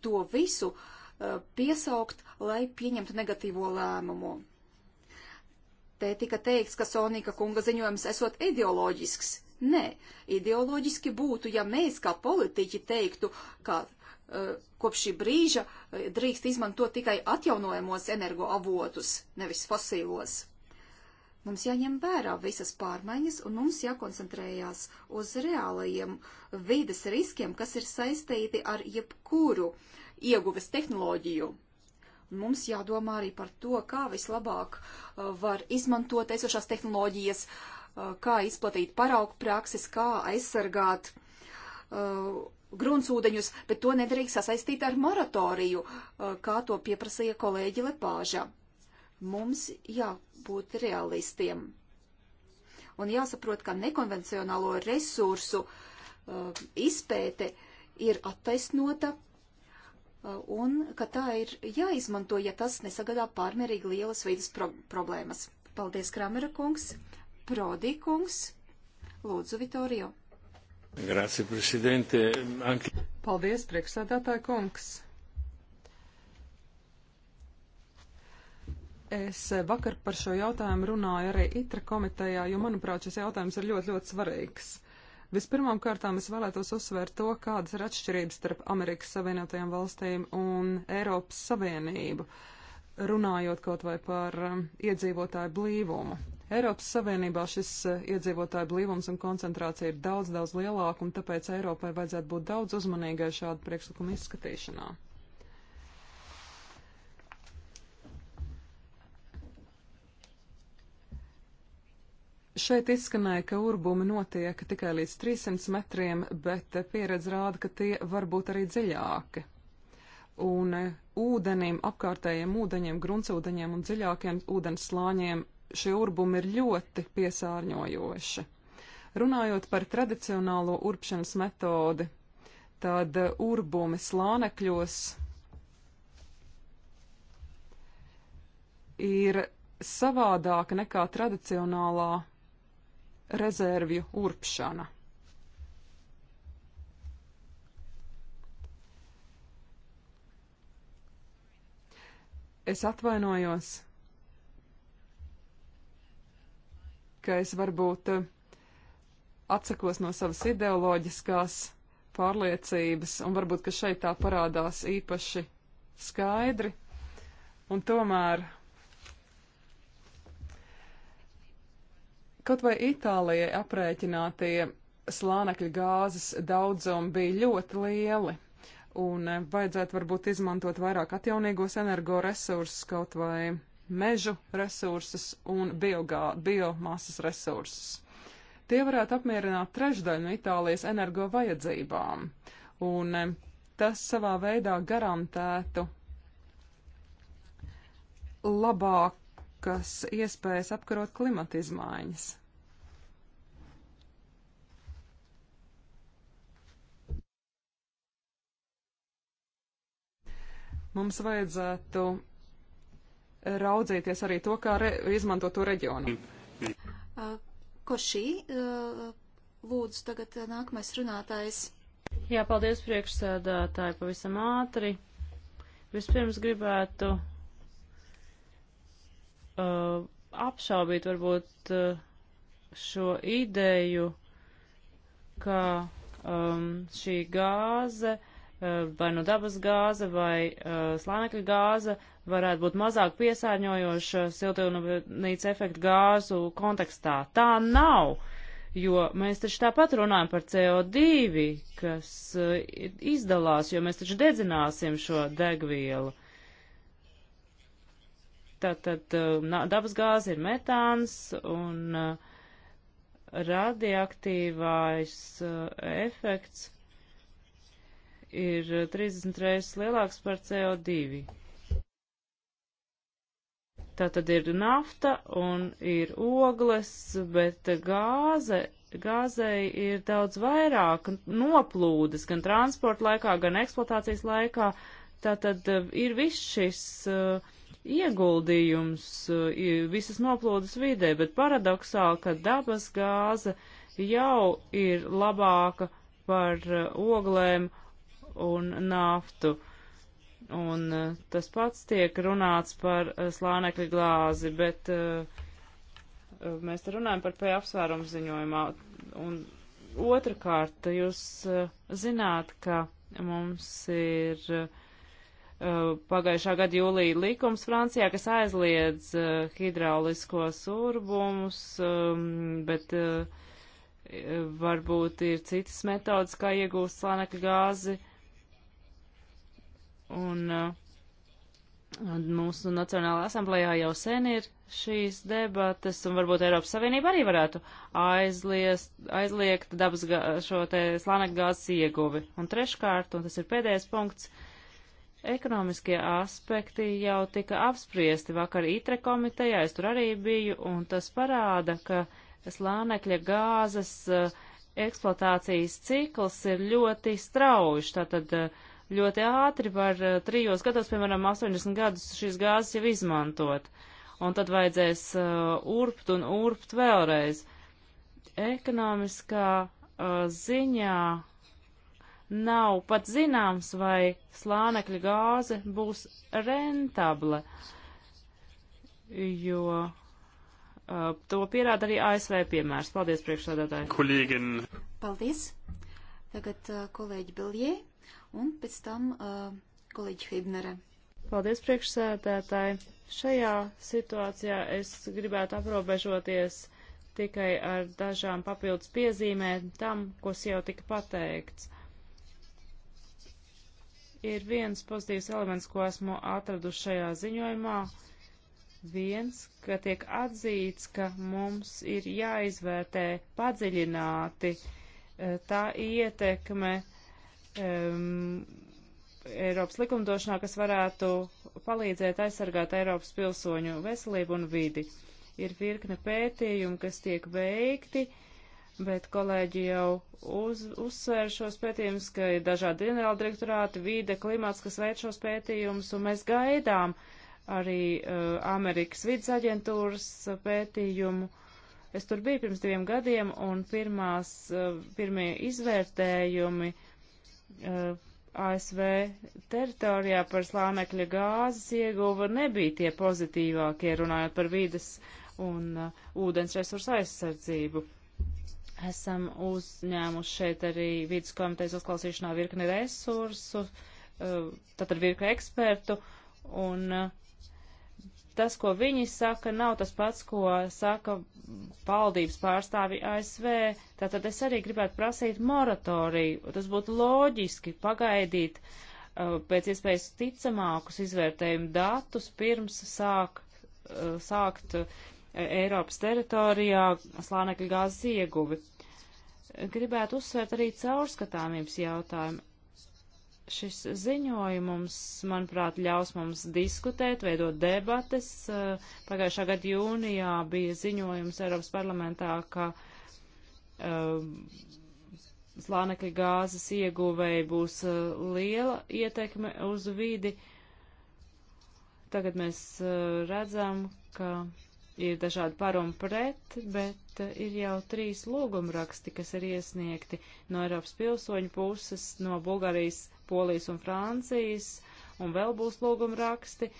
to visu uh, piesaukt, lai pieņemtu negatīvo lēmumu. Te tika teikts, ka Sonika kunga ziņojums esot ideoloģisks. Nē, ideoloģiski būtu, ja mēs kā politiķi teiktu, ka kopš šī brīža eh, drīkst izmantot tikai atjaunojamos energoavotus, nevis fosīlos. Mums jāņem vērā visas pārmaiņas un mums jākoncentrējās uz reālajiem vides riskiem, kas ir saistīti ar jebkuru ieguves tehnoloģiju. Mums jādomā arī par to, kā vislabāk eh, var izmantot esošās tehnoloģijas, eh, kā izplatīt paraugu prakses, kā aizsargāt uh, gruntsūdeņus, bet to nedrīkst sasaistīt ar moratoriju, uh, kā to pieprasīja kolēģi Lepāža. Mums jābūt realistiem. Un jāsaprot, ka nekonvencionālo resursu uh, izpēte ir attaisnota uh, un ka tā ir jāizmanto, ja tas nesagadā pārmērīgi lielas vidas pro problēmas. Paldies, Kramera kungs, Prodi kungs, Lūdzu, Vitorio. Grācija, prezidente. Anki... Paldies, priekšsēdētāja kungs. Es vakar par šo jautājumu runāju arī ITRA komitejā, jo, manuprāt, šis jautājums ir ļoti, ļoti svarīgs. Vispirmām kārtām es vēlētos uzsvērt to, kādas ir atšķirības starp Amerikas Savienotajām valstīm un Eiropas Savienību, runājot kaut vai par um, iedzīvotāju blīvumu. Eiropas Savienībā šis eh, iedzīvotāju blīvums un koncentrācija ir daudz, daudz lielāka, un tāpēc Eiropai vajadzētu būt daudz uzmanīgai šādu priekšlikumu izskatīšanā. Šeit izskanēja, ka urbumi notiek tikai līdz 300 metriem, bet eh, pieredze rāda, ka tie var būt arī dziļāki. Un eh, ūdenim, apkārtējiem ūdeņiem, gruntsūdeņiem un dziļākiem ūdens slāņiem šie urbumi ir ļoti piesārņojoši. Runājot par tradicionālo urbšanas metodi, tad urbumi slānekļos ir savādāka nekā tradicionālā rezervju urpšana. Es atvainojos. ka es varbūt eh, atsakos no savas ideoloģiskās pārliecības, un varbūt, ka šeit tā parādās īpaši skaidri, un tomēr kaut vai Itālijai aprēķinātie slānekļa gāzes daudzumi bija ļoti lieli, un eh, vajadzētu varbūt izmantot vairāk atjaunīgos energoresursus kaut vai mežu resursus un biogā, biomasas resursus. Tie varētu apmierināt trešdaļu no Itālijas energo vajadzībām, un eh, tas savā veidā garantētu labākas iespējas apkarot klimata izmaiņas. Mums vajadzētu raudzīties arī to, kā re, izmanto to reģionu. Ko šī lūdzu tagad nākamais runātājs? Jā, paldies priekšsēdētāji pavisam ātri. Vispirms gribētu uh, apšaubīt varbūt uh, šo ideju, ka um, šī gāze uh, Eh, vai nu dabas gāze vai eh, slānekļa gāze varētu būt mazāk piesārņojoša siltumnīca efektu gāzu kontekstā. Tā nav, jo mēs taču tāpat runājam par CO2, kas eh, izdalās, jo mēs taču dedzināsim šo degvielu. Tātad dabas gāze ir metāns un radioaktīvais efekts ir 30 reizes lielāks par CO2. Tā tad ir nafta un ir ogles, bet gāze, gāzei ir daudz vairāk noplūdes gan transporta laikā, gan eksploatācijas laikā. Tā tad eh, ir viss šis uh, ieguldījums, uh, visas noplūdes vidē, bet paradoxāli, ka dabas gāze jau ir labāka par uh, oglēm un naftu. Un uh, tas pats tiek runāts par uh, slānekļa glāzi, bet uh, mēs te runājam par P apsvērumu ziņojumā. Un otrkārt, jūs zināt, ka mums ir pagājušā gada jūlija likums Francijā, kas aizliedz hidrauliskos urbumus, um, bet varbūt ir citas metodas, kā iegūst slānekļa gāzi Un, uh, un mūsu Nacionālajā asamblējā jau sen ir šīs debates, un varbūt Eiropas Savienība arī varētu aizlies, aizliegt dabas gā, šo te slānekgāzes ieguvi. Un treškārt, un tas ir pēdējais punkts, ekonomiskie aspekti jau tika apspriesti vakar ITRE komitejā, es tur arī biju, un tas parāda, ka slānekļa gāzes uh, eksploatācijas cikls ir ļoti strauji. Tātad uh, ļoti ātri var eh, trijos gados, piemēram, 80 gadus šīs gāzes jau izmantot. Un tad vajadzēs uh, urpt un urpt vēlreiz. Ekonomiskā uh, ziņā nav pat zināms, vai slānekļa gāze būs rentable, jo uh, to pierāda arī ASV piemērs. Paldies, priekšsādātāji. Kolēģin. Paldies. Tagad uh, kolēģi Biljē un pēc tam uh, kolēģi Hibnere. Paldies, priekšsēdētāji. Šajā situācijā es gribētu aprobežoties tikai ar dažām papildus piezīmēm tam, kas jau tika pateikts. Ir viens pozitīvs elements, ko esmu atraduši šajā ziņojumā. Viens, ka tiek atzīts, ka mums ir jāizvērtē padziļināti eh, tā ietekme, uh, um, Eiropas likumdošanā, kas varētu palīdzēt aizsargāt Eiropas pilsoņu veselību un vidi. Ir virkne pētījumu, kas tiek veikti, bet kolēģi jau uz, uzsver šos pētījumus, ka ir dažādi ģenerāldirektorāti, vide, klimats, kas veic šos pētījumus, un mēs gaidām arī uh, Amerikas vidas aģentūras pētījumu. Es tur biju pirms diviem gadiem, un pirmās, uh, pirmie izvērtējumi uh, uh, ASV teritorijā par slāmekļa gāzes ieguva nebija tie pozitīvākie, runājot par vides un uh, ūdens resursu aizsardzību. Esam uzņēmuši šeit arī vidas komitejas uzklausīšanā virkni resursu, uh, tātad virkni ekspertu, un uh, tas, ko viņi saka, nav tas pats, ko saka valdības pārstāvi ASV. Tātad es arī gribētu prasīt moratoriju. Tas būtu loģiski pagaidīt uh, pēc iespējas ticamākus izvērtējumu datus pirms sāk, uh, sākt uh, Eiropas teritorijā slānekļa gāzes ieguvi. Gribētu uzsvērt arī caurskatāmības jautājumu. Šis ziņojums, manuprāt, ļaus mums diskutēt, veidot debates. Eh, pagājušā gada jūnijā bija ziņojums Eiropas parlamentā, ka uh, slānekļa gāzes ieguvēji būs uh, liela ietekme uz vidi. Tagad mēs uh, redzam, ka ir dažādi par un pret, bet eh, ir jau trīs lūgumraksti, kas ir iesniegti no Eiropas pilsoņu puses, no Bulgārijas, Polijas un Francijas, un vēl būs lūgumraksti.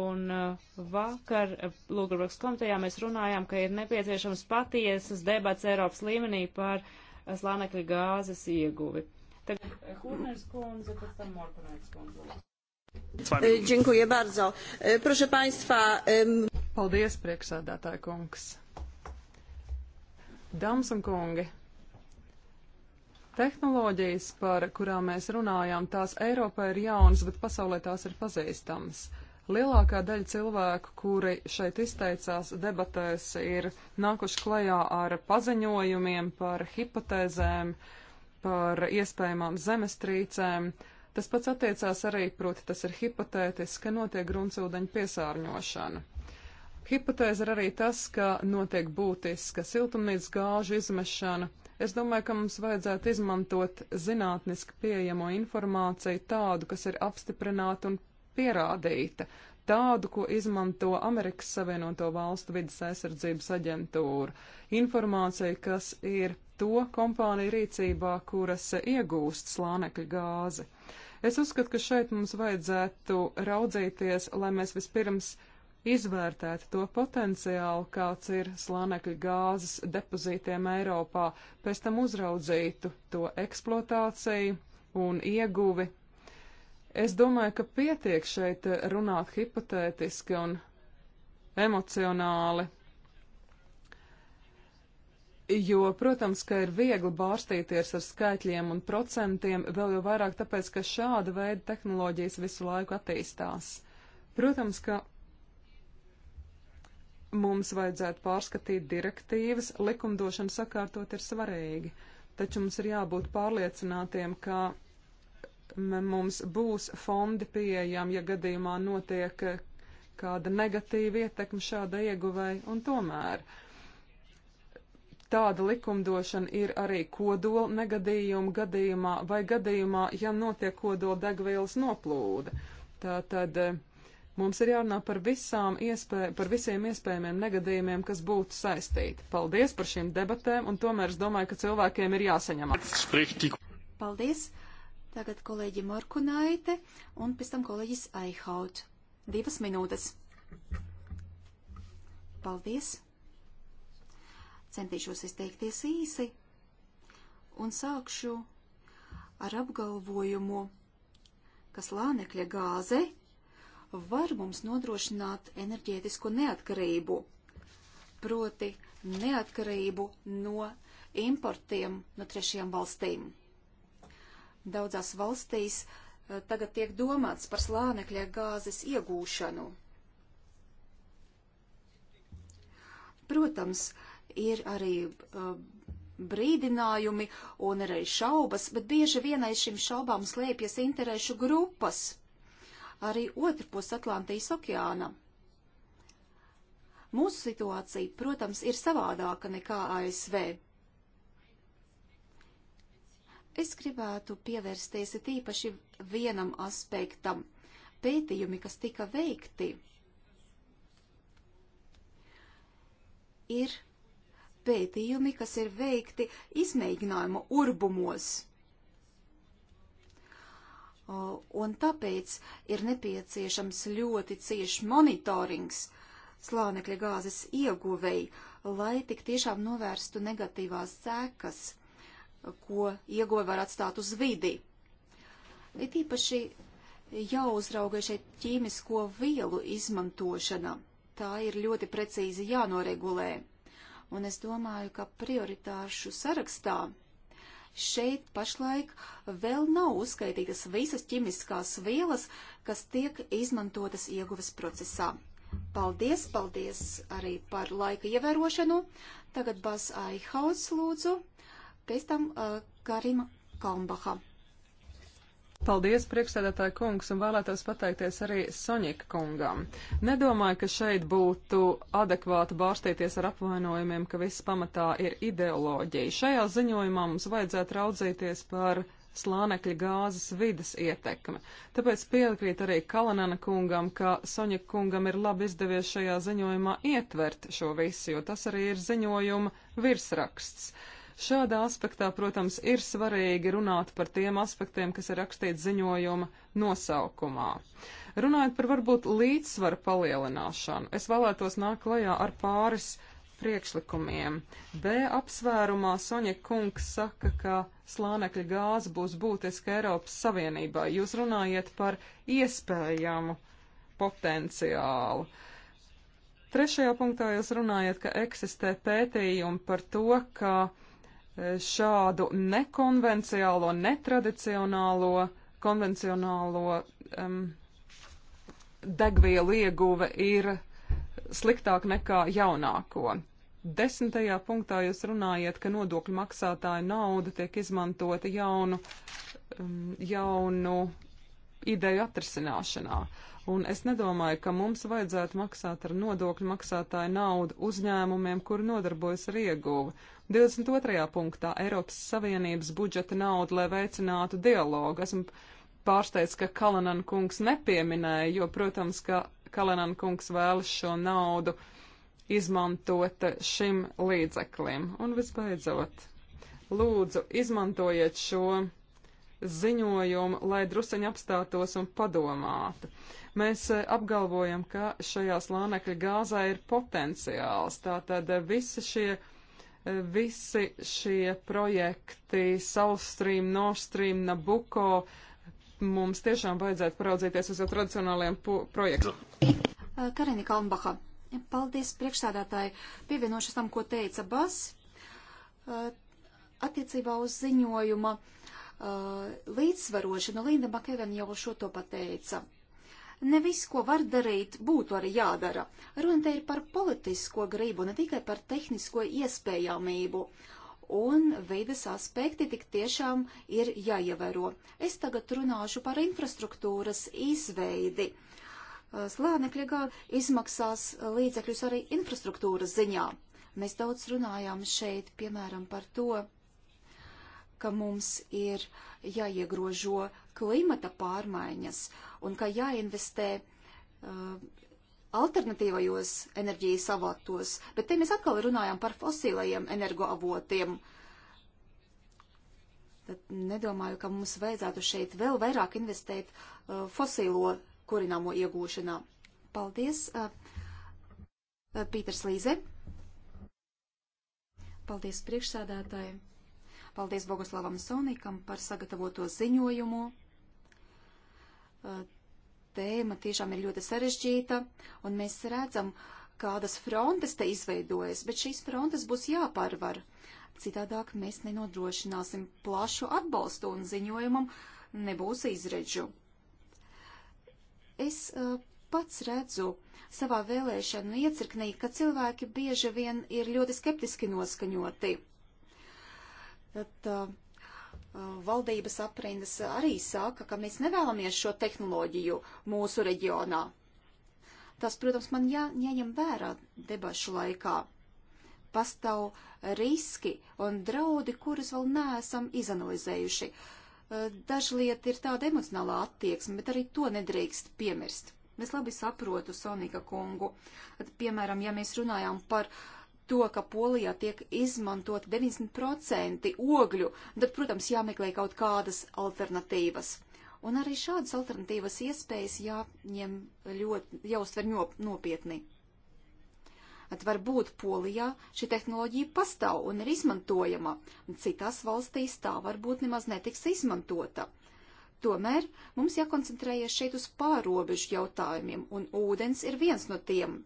Un eh, vakar eh, lūgumrakstu komitejā mēs runājām, ka ir nepieciešams patiesas debats Eiropas līmenī par slānekļa gāzes ieguvi. Tagad Hurners kundze, pēc tam Morkunēts kundze. Dziękuję bardzo. E, proszę Państwa. Um... Paldies, prieksēdētāja kungs. Dāmas un kungi, tehnoloģijas, par kurām mēs runājām, tās Eiropā ir jaunas, bet pasaulē tās ir pazīstamas. Lielākā daļa cilvēku, kuri šeit izteicās debatēs, ir nākuši klajā ar paziņojumiem par hipotēzēm, par iespējamām zemestrīcēm. Tas pats attiecās arī, proti tas ir hipotētiski, ka notiek gruntsūdeņu piesārņošana. Hipotēze ir arī tas, ka notiek būtiska siltumnīcas gāžu izmešana. Es domāju, ka mums vajadzētu izmantot zinātniski pieejamo informāciju tādu, kas ir apstiprināta un pierādīta, tādu, ko izmanto Amerikas Savienoto Valstu vidas aizsardzības aģentūra. Informācija, kas ir to kompāniju rīcībā, kuras iegūst slānekļa gāzi. Es uzskatu, ka šeit mums vajadzētu raudzīties, lai mēs vispirms izvērtēt to potenciālu, kāds ir slānekļa gāzes depozītiem Eiropā, pēc tam uzraudzītu to eksploatāciju un ieguvi. Es domāju, ka pietiek šeit runāt hipotētiski un emocionāli. Jo, protams, ka ir viegli bārstīties ar skaitļiem un procentiem, vēl jau vairāk tāpēc, ka šāda veida tehnoloģijas visu laiku attīstās. Protams, ka Mums vajadzētu pārskatīt direktīvas, likumdošana sakārtot ir svarīgi, taču mums ir jābūt pārliecinātiem, ka mums būs fondi pieejami, ja gadījumā notiek eh, kāda negatīva ietekme šāda ieguvēja, un tomēr tāda likumdošana ir arī kodola negadījuma gadījumā vai gadījumā, ja notiek kodola degvielas noplūde. Tātad eh, Mums ir jārunā par, iespēj, par visiem iespējamiem negadījumiem, kas būtu saistīti. Paldies par šīm debatēm, un tomēr es domāju, ka cilvēkiem ir jāsaņem. Paldies! Tagad kolēģi Morkunaite un pēc tam kolēģis Aihaut. Divas minūtes. Paldies! Centīšos izteikties īsi un sākšu ar apgalvojumu, ka slānekļa gāze var mums nodrošināt enerģētisko neatkarību, proti neatkarību no importiem no trešajām valstīm. Daudzās valstīs eh, tagad tiek domāts par slānekļa gāzes iegūšanu. Protams, ir arī uh, brīdinājumi un arī šaubas, bet bieži vienai šim šaubām slēpjas interešu grupas arī otrpus Atlantijas okeāna. Mūsu situācija, protams, ir savādāka nekā ASV. Es gribētu pievērsties tīpaši vienam aspektam - pētījumi, kas tika veikti. Ir pētījumi, kas ir veikti izmēģinājuma urbumos. Uh, un tāpēc ir nepieciešams ļoti cieši monitorings slānekļa gāzes ieguvēji, lai tik tiešām novērstu negatīvās sekas, ko ieguve var atstāt uz vidi. Ir īpaši jāuzrauga šeit ķīmisko vielu izmantošana. Tā ir ļoti precīzi jānoregulē. Un es domāju, ka prioritāšu sarakstā Šeit pašlaik vēl nav uzskaitītas visas ķimiskās vielas, kas tiek izmantotas ieguves procesā. Paldies, paldies arī par laika ievērošanu. Tagad Bas Aihaus lūdzu, pēc tam uh, Karima Kalmbaha. Paldies, priekšsēdētāja kungs, un vēlētos pateikties arī Soņika kungam. Nedomāju, ka šeit būtu adekvāti bārstīties ar apvainojumiem, ka viss pamatā ir ideoloģija. Šajā ziņojumā mums vajadzētu raudzīties par slānekļa gāzes vidas ietekme. Tāpēc piekrīt arī Kalanana kungam, ka Soņika kungam ir labi izdevies šajā ziņojumā ietvert šo visu, jo tas arī ir ziņojuma virsraksts. Šādā aspektā, protams, ir svarīgi runāt par tiem aspektiem, kas ir rakstīts ziņojuma nosaukumā. Runājot par varbūt līdzsvaru palielināšanu, es vēlētos nākt klajā ar pāris priekšlikumiem. B apsvērumā Soņa kungs saka, ka slānekļa gāze būs būtiska Eiropas Savienībā. Jūs runājat par iespējamu potenciālu. Trešajā punktā jūs runājat, ka eksistē pētījumi par to, ka uh, šādu nekonvencionālo, netradicionālo, konvencionālo um, degvielu ieguve ir sliktāk nekā jaunāko. Desmitajā punktā jūs runājat, ka nodokļu maksātāja nauda tiek izmantota jaunu, um, jaunu ideju atrisināšanā. Un es nedomāju, ka mums vajadzētu maksāt ar nodokļu maksātāju naudu uzņēmumiem, kuri nodarbojas ar ieguvu. 22. punktā Eiropas Savienības budžeta naudu, lai veicinātu dialogu. Esmu pārsteigts, ka Kalanan kungs nepieminēja, jo, protams, ka Kalanan kungs vēlas šo naudu izmantot šim līdzeklim. Un visbeidzot, lūdzu, izmantojiet šo ziņojumu, lai druseņi apstātos un padomātu. Mēs eh, apgalvojam, ka šajā slānekļa gāzē ir potenciāls, tātad eh, visi šie visi šie projekti, South Stream, Nord Stream, Nabucco, mums tiešām vajadzētu paraudzīties uz jau tradicionāliem projektiem. Eh, Karina Kalnbaha, paldies priekšstādātāji. Pievienošos tam, ko teica Bas, eh, attiecībā uz ziņojuma eh, līdzsvarošanu. Linda Makevena jau šo to pateica. Ne viss, ko var darīt, būtu arī jādara. Runa te ir par politisko gribu, ne tikai par tehnisko iespējamību un vides aspekti tik tiešām ir jāievēro. Es tagad runāšu par infrastruktūras izveidi. Slānekļa gada izmaksās līdzekļus arī infrastruktūras ziņā. Mēs daudz runājām šeit, piemēram, par to, ka mums ir jāiegrožo klimata pārmaiņas un ka jāinvestē uh, alternatīvajos enerģijas avotos, bet te mēs atkal runājam par fosīlajiem energoavotiem. Tad nedomāju, ka mums vajadzētu šeit vēl vairāk investēt uh, fosīlo kurināmo iegūšanā. Paldies, uh, Pīters Līze. Paldies priekšsādātājiem. Paldies Boguslavam Sonikam par sagatavoto ziņojumu. Tēma tiešām ir ļoti sarežģīta, un mēs redzam, kādas frontes te izveidojas, bet šīs frontes būs jāpārvar. Citādāk mēs nenodrošināsim plašu atbalstu un ziņojumam nebūs izredžu. Es uh, pats redzu savā vēlēšanu iecirknī, ka cilvēki bieži vien ir ļoti skeptiski noskaņoti. Tad uh, valdības aprindas arī saka, ka mēs nevēlamies šo tehnoloģiju mūsu reģionā. Tas, protams, man jā, jāņem vērā debašu laikā. Pastāv riski un draudi, kurus vēl neesam izanalizējuši. Uh, Daži lieta ir tāda emocionālā attieksme, bet arī to nedrīkst piemirst. Es labi saprotu Sonika kungu. Piemēram, ja mēs runājām par uh, to, ka Polijā tiek izmantot 90% ogļu, tad, protams, jāmeklē kaut kādas alternatīvas. Un arī šādas alternatīvas iespējas jāņem ļoti, jāuztver nopietni. At varbūt Polijā šī tehnoloģija pastāv un ir izmantojama, un citās valstīs tā varbūt nemaz netiks izmantota. Tomēr mums jākoncentrējas šeit uz pārobežu jautājumiem, un ūdens ir viens no tiem.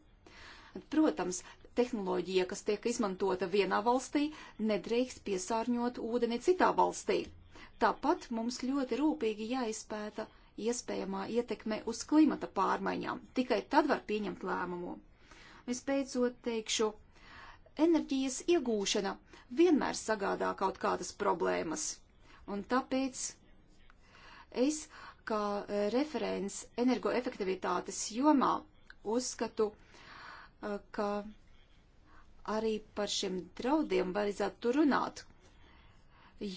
Protams, tehnoloģija, kas tiek izmantota vienā valstī, nedrīkst piesārņot ūdeni citā valstī. Tāpat mums ļoti rūpīgi jāizpēta iespējamā ietekme uz klimata pārmaiņām. Tikai tad var pieņemt lēmumu. Vispēcot teikšu, enerģijas iegūšana vienmēr sagādā kaut kādas problēmas. Un tāpēc es, kā referents energoefektivitātes jomā, uzskatu, ka arī par šiem draudiem vajadzētu runāt,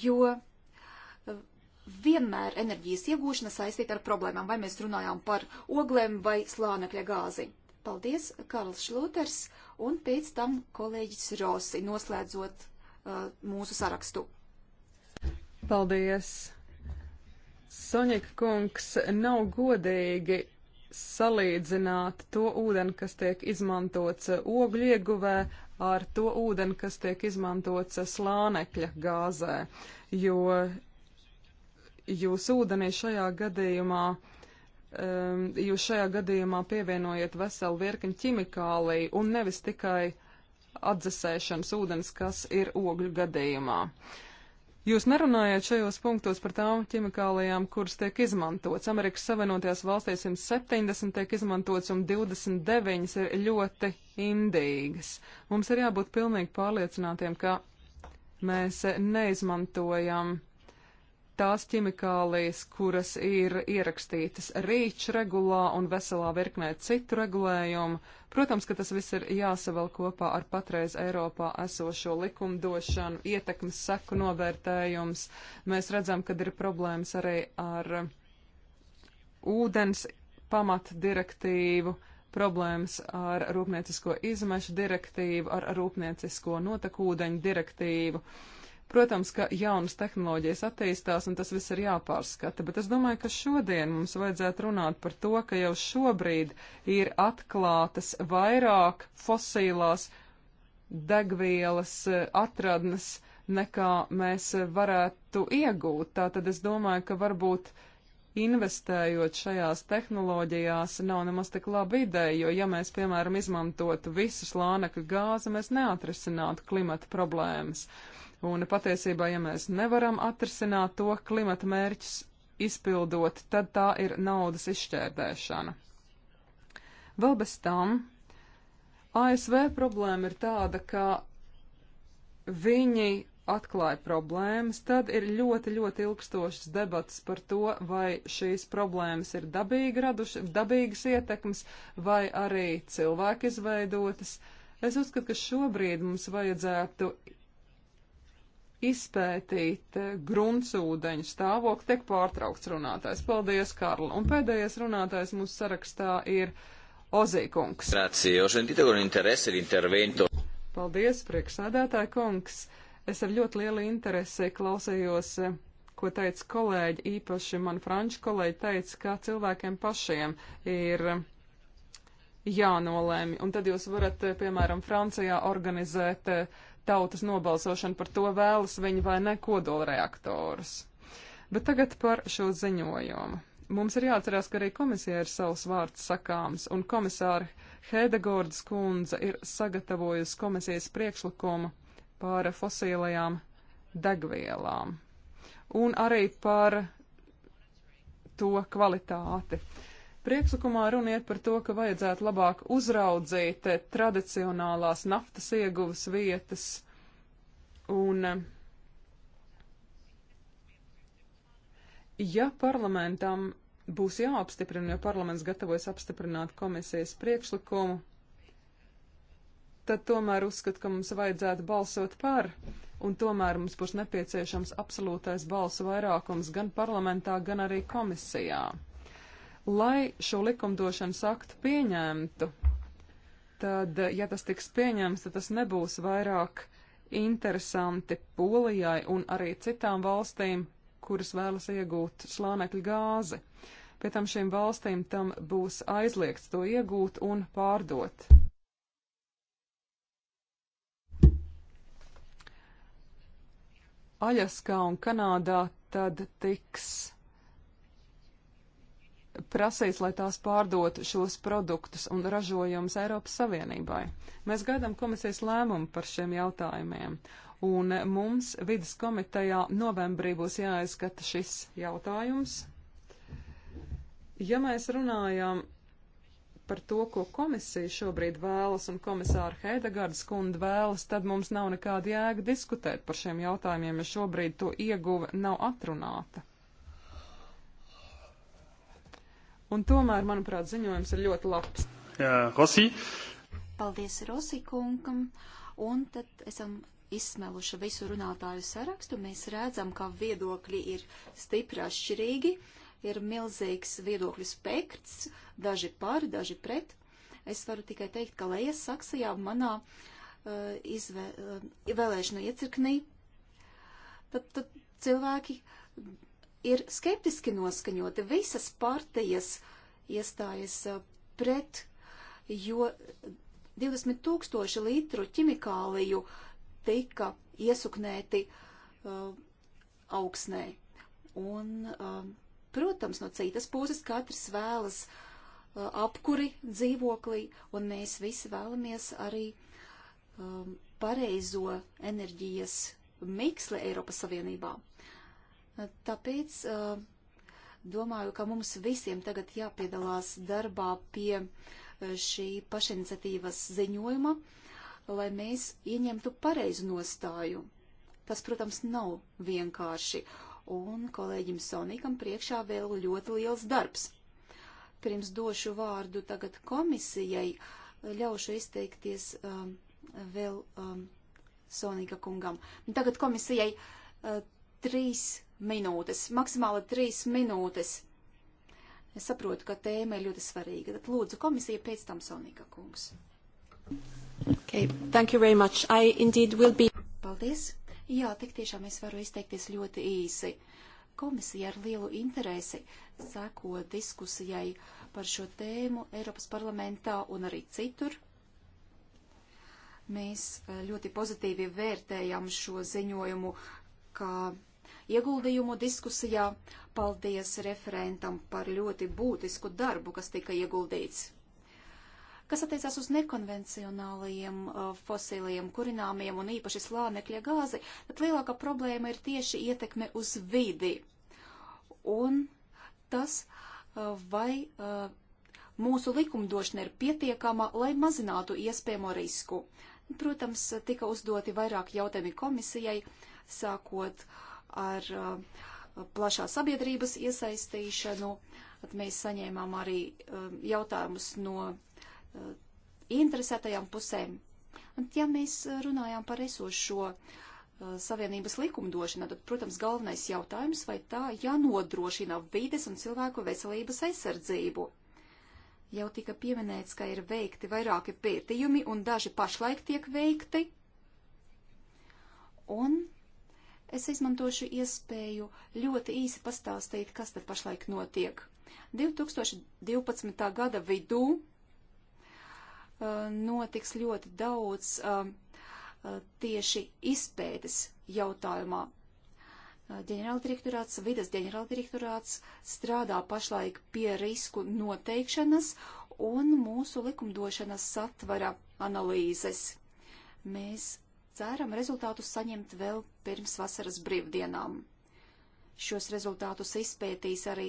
jo eh, vienmēr enerģijas iegūšana saistīta ar problēmām, vai mēs runājām par oglēm vai slānekļa gāzi. Paldies, Karls Šlūters, un pēc tam kolēģis Rosi, noslēdzot uh, mūsu sarakstu. Paldies! Soņika kungs, nav godīgi salīdzināt to ūdeni, kas tiek izmantots eh, ogļu ieguvē, ar to ūdeni, kas tiek izmantots slānekļa gāzē, jo jūs ūdenī šajā gadījumā um, jūs šajā gadījumā pievienojat veselu virkni ķimikāliju un nevis tikai atdzesēšanas ūdens, kas ir ogļu gadījumā. Uh, Jūs nerunājat šajos punktos par tām ķimikālijām, kuras tiek izmantots. Amerikas Savienotajās valstīs 170 tiek izmantots un 29 ir ļoti indīgas. Mums ir jābūt pilnīgi pārliecinātiem, ka mēs neizmantojam tās ķimikālijas, kuras ir ierakstītas rīču regulā un veselā virknē citu regulējumu. Protams, ka tas viss ir jāsavēl kopā ar patreiz Eiropā esošo likumdošanu, ietekmes seku novērtējums. Mēs redzam, ka ir problēmas arī ar ūdens pamata direktīvu problēmas ar rūpniecisko izmešu direktīvu, ar rūpniecisko notekūdeņu direktīvu. Uh, Protams, ka jaunas tehnoloģijas attīstās un tas viss ir jāpārskata, bet es domāju, ka šodien mums vajadzētu runāt par to, ka jau šobrīd ir atklātas vairāk fosīlās degvielas eh, atradnes nekā mēs eh, varētu iegūt. Tātad es domāju, ka varbūt investējot šajās tehnoloģijās nav nemaz tik laba ideja, jo ja mēs, piemēram, izmantotu visu slānekļa gāzi, mēs neatrisinātu klimata problēmas. Un patiesībā, ja mēs nevaram atrisināt to klimata mērķus izpildot, tad tā ir naudas izšķērdēšana. Vēl bez tam ASV problēma ir tāda, ka viņi atklāja problēmas, tad ir ļoti, ļoti ilgstošas debatas par to, vai šīs problēmas ir dabīgi raduši, dabīgas ietekmes vai arī cilvēki izveidotas. Es uzskatu, ka šobrīd mums vajadzētu izpētīt eh, gruntsūdeņu stāvokli, tiek pārtraukts runātājs. Paldies, Karla. Un pēdējais runātājs mūsu sarakstā ir Ozīkungs. Paldies, priekšsādātāja kungs. Es ar ļoti lielu interesi klausējos, eh, ko teica kolēģi, īpaši man franču kolēģi teica, ka cilvēkiem pašiem ir eh, jānolēmi. Un tad jūs varat, piemēram, Francijā organizēt uh, tautas nobalsošanu par to vēlas viņa vai ne kodolreaktorus. Bet tagad par šo ziņojumu. Mums ir jāatcerās, ka arī komisija ir savs vārds sakāms, un komisāra Hedegordas kundze ir sagatavojusi komisijas priekšlikumu par fosīlajām degvielām un arī par to kvalitāti. Uh, Priekšlikumā runiet par to, ka vajadzētu labāk uzraudzīt eh, tradicionālās naftas ieguvas vietas un eh, ja parlamentam būs jāapstiprina, jo parlaments gatavojas apstiprināt komisijas priekšlikumu, tad tomēr uzskatu, ka mums vajadzētu balsot par, un tomēr mums būs nepieciešams absolūtais balsu vairākums gan parlamentā, gan arī komisijā. Lai šo likumdošanas aktu pieņemtu, tad, ja tas tiks pieņemts, tad tas nebūs vairāk interesanti Polijai un arī citām valstīm, kuras vēlas iegūt slānekļa gāzi. Pie tam šīm valstīm tam būs aizliegts to iegūt un pārdot. Aļaskā un Kanādā tad tiks prasīs, lai tās pārdot šos produktus un ražojumus Eiropas Savienībai. Mēs gaidām komisijas lēmumu par šiem jautājumiem, un mums vidas komitejā novembrī būs jāizskata šis jautājums. Ja mēs runājam par to, ko komisija šobrīd vēlas un komisāra Heidegardas kunda vēlas, tad mums nav nekāda jēga diskutēt par šiem jautājumiem, ja šobrīd to ieguve nav atrunāta. Un tomēr, manuprāt, ziņojums ir ļoti labs. Jā, Rosī. Paldies Rosī kungam. Un tad esam izsmeluši visu runātāju sarakstu. Mēs redzam, ka viedokļi ir stipri atšķirīgi. Ir milzīgs viedokļu spektrs, daži par, daži pret. Es varu tikai teikt, ka Lejas Saksajā manā uh, izvē, uh, vēlēšanu iecirknī, tad, tad cilvēki ir skeptiski noskaņoti. Visas partijas iestājas uh, pret, jo 20 tūkstoši litru ķimikāliju tika iesuknēti uh, augsnē. Un, uh, protams, no citas puses katrs vēlas uh, apkuri dzīvoklī, un mēs visi vēlamies arī um, pareizo enerģijas miksli Eiropas Savienībā. Tāpēc eh, domāju, ka mums visiem tagad jāpiedalās darbā pie eh, šī pašiniciatīvas ziņojuma, lai mēs ieņemtu pareizu nostāju. Tas, protams, nav vienkārši, un kolēģim Sonikam priekšā vēl ļoti liels darbs. Pirms došu vārdu tagad komisijai, ļaušu izteikties um, vēl um, Sonika kungam. Tagad komisijai uh, trīs minūtes, maksimāli trīs minūtes. Es saprotu, ka tēma ir ļoti svarīga. Tad lūdzu komisija pēc tam Sonika kungs. Okay, thank you very much. I indeed will be. Paldies. Jā, tik tiešām es varu izteikties ļoti īsi. Komisija ar lielu interesi seko diskusijai par šo tēmu Eiropas parlamentā un arī citur. Mēs eh, ļoti pozitīvi vērtējam šo ziņojumu kā ieguldījumu diskusijā. Paldies referentam par ļoti būtisku darbu, kas tika ieguldīts. Kas attiecās uz nekonvencionālajiem uh, fosiliem kurināmiem un īpaši slānekļa gāzi, tad lielākā problēma ir tieši ietekme uz vidi. Un tas, uh, vai uh, mūsu likumdošana ir pietiekama, lai mazinātu iespējamo risku. Protams, tika uzdoti vairāk jautājumi komisijai, sākot uh, ar uh, plašā sabiedrības iesaistīšanu. Tad mēs saņēmām arī um, jautājumus no uh, interesētajām pusēm. Un, ja mēs runājām par esošo uh, savienības likumdošanu, tad, protams, galvenais jautājums, vai tā jānodrošina vides un cilvēku veselības aizsardzību. Jau tika pieminēts, ka ir veikti vairāki pētījumi un daži pašlaik tiek veikti. Un Es izmantošu iespēju ļoti īsi pastāstīt, kas tad pašlaik notiek. 2012. gada vidū uh, notiks ļoti daudz uh, uh, tieši izpētes jautājumā. Ģenerāldirektorāts, vidas ģenerāldirektorāts strādā pašlaik pie risku noteikšanas un mūsu likumdošanas satvara analīzes. Mēs ceram rezultātus saņemt vēl pirms vasaras brīvdienām. Šos rezultātus izpētīs arī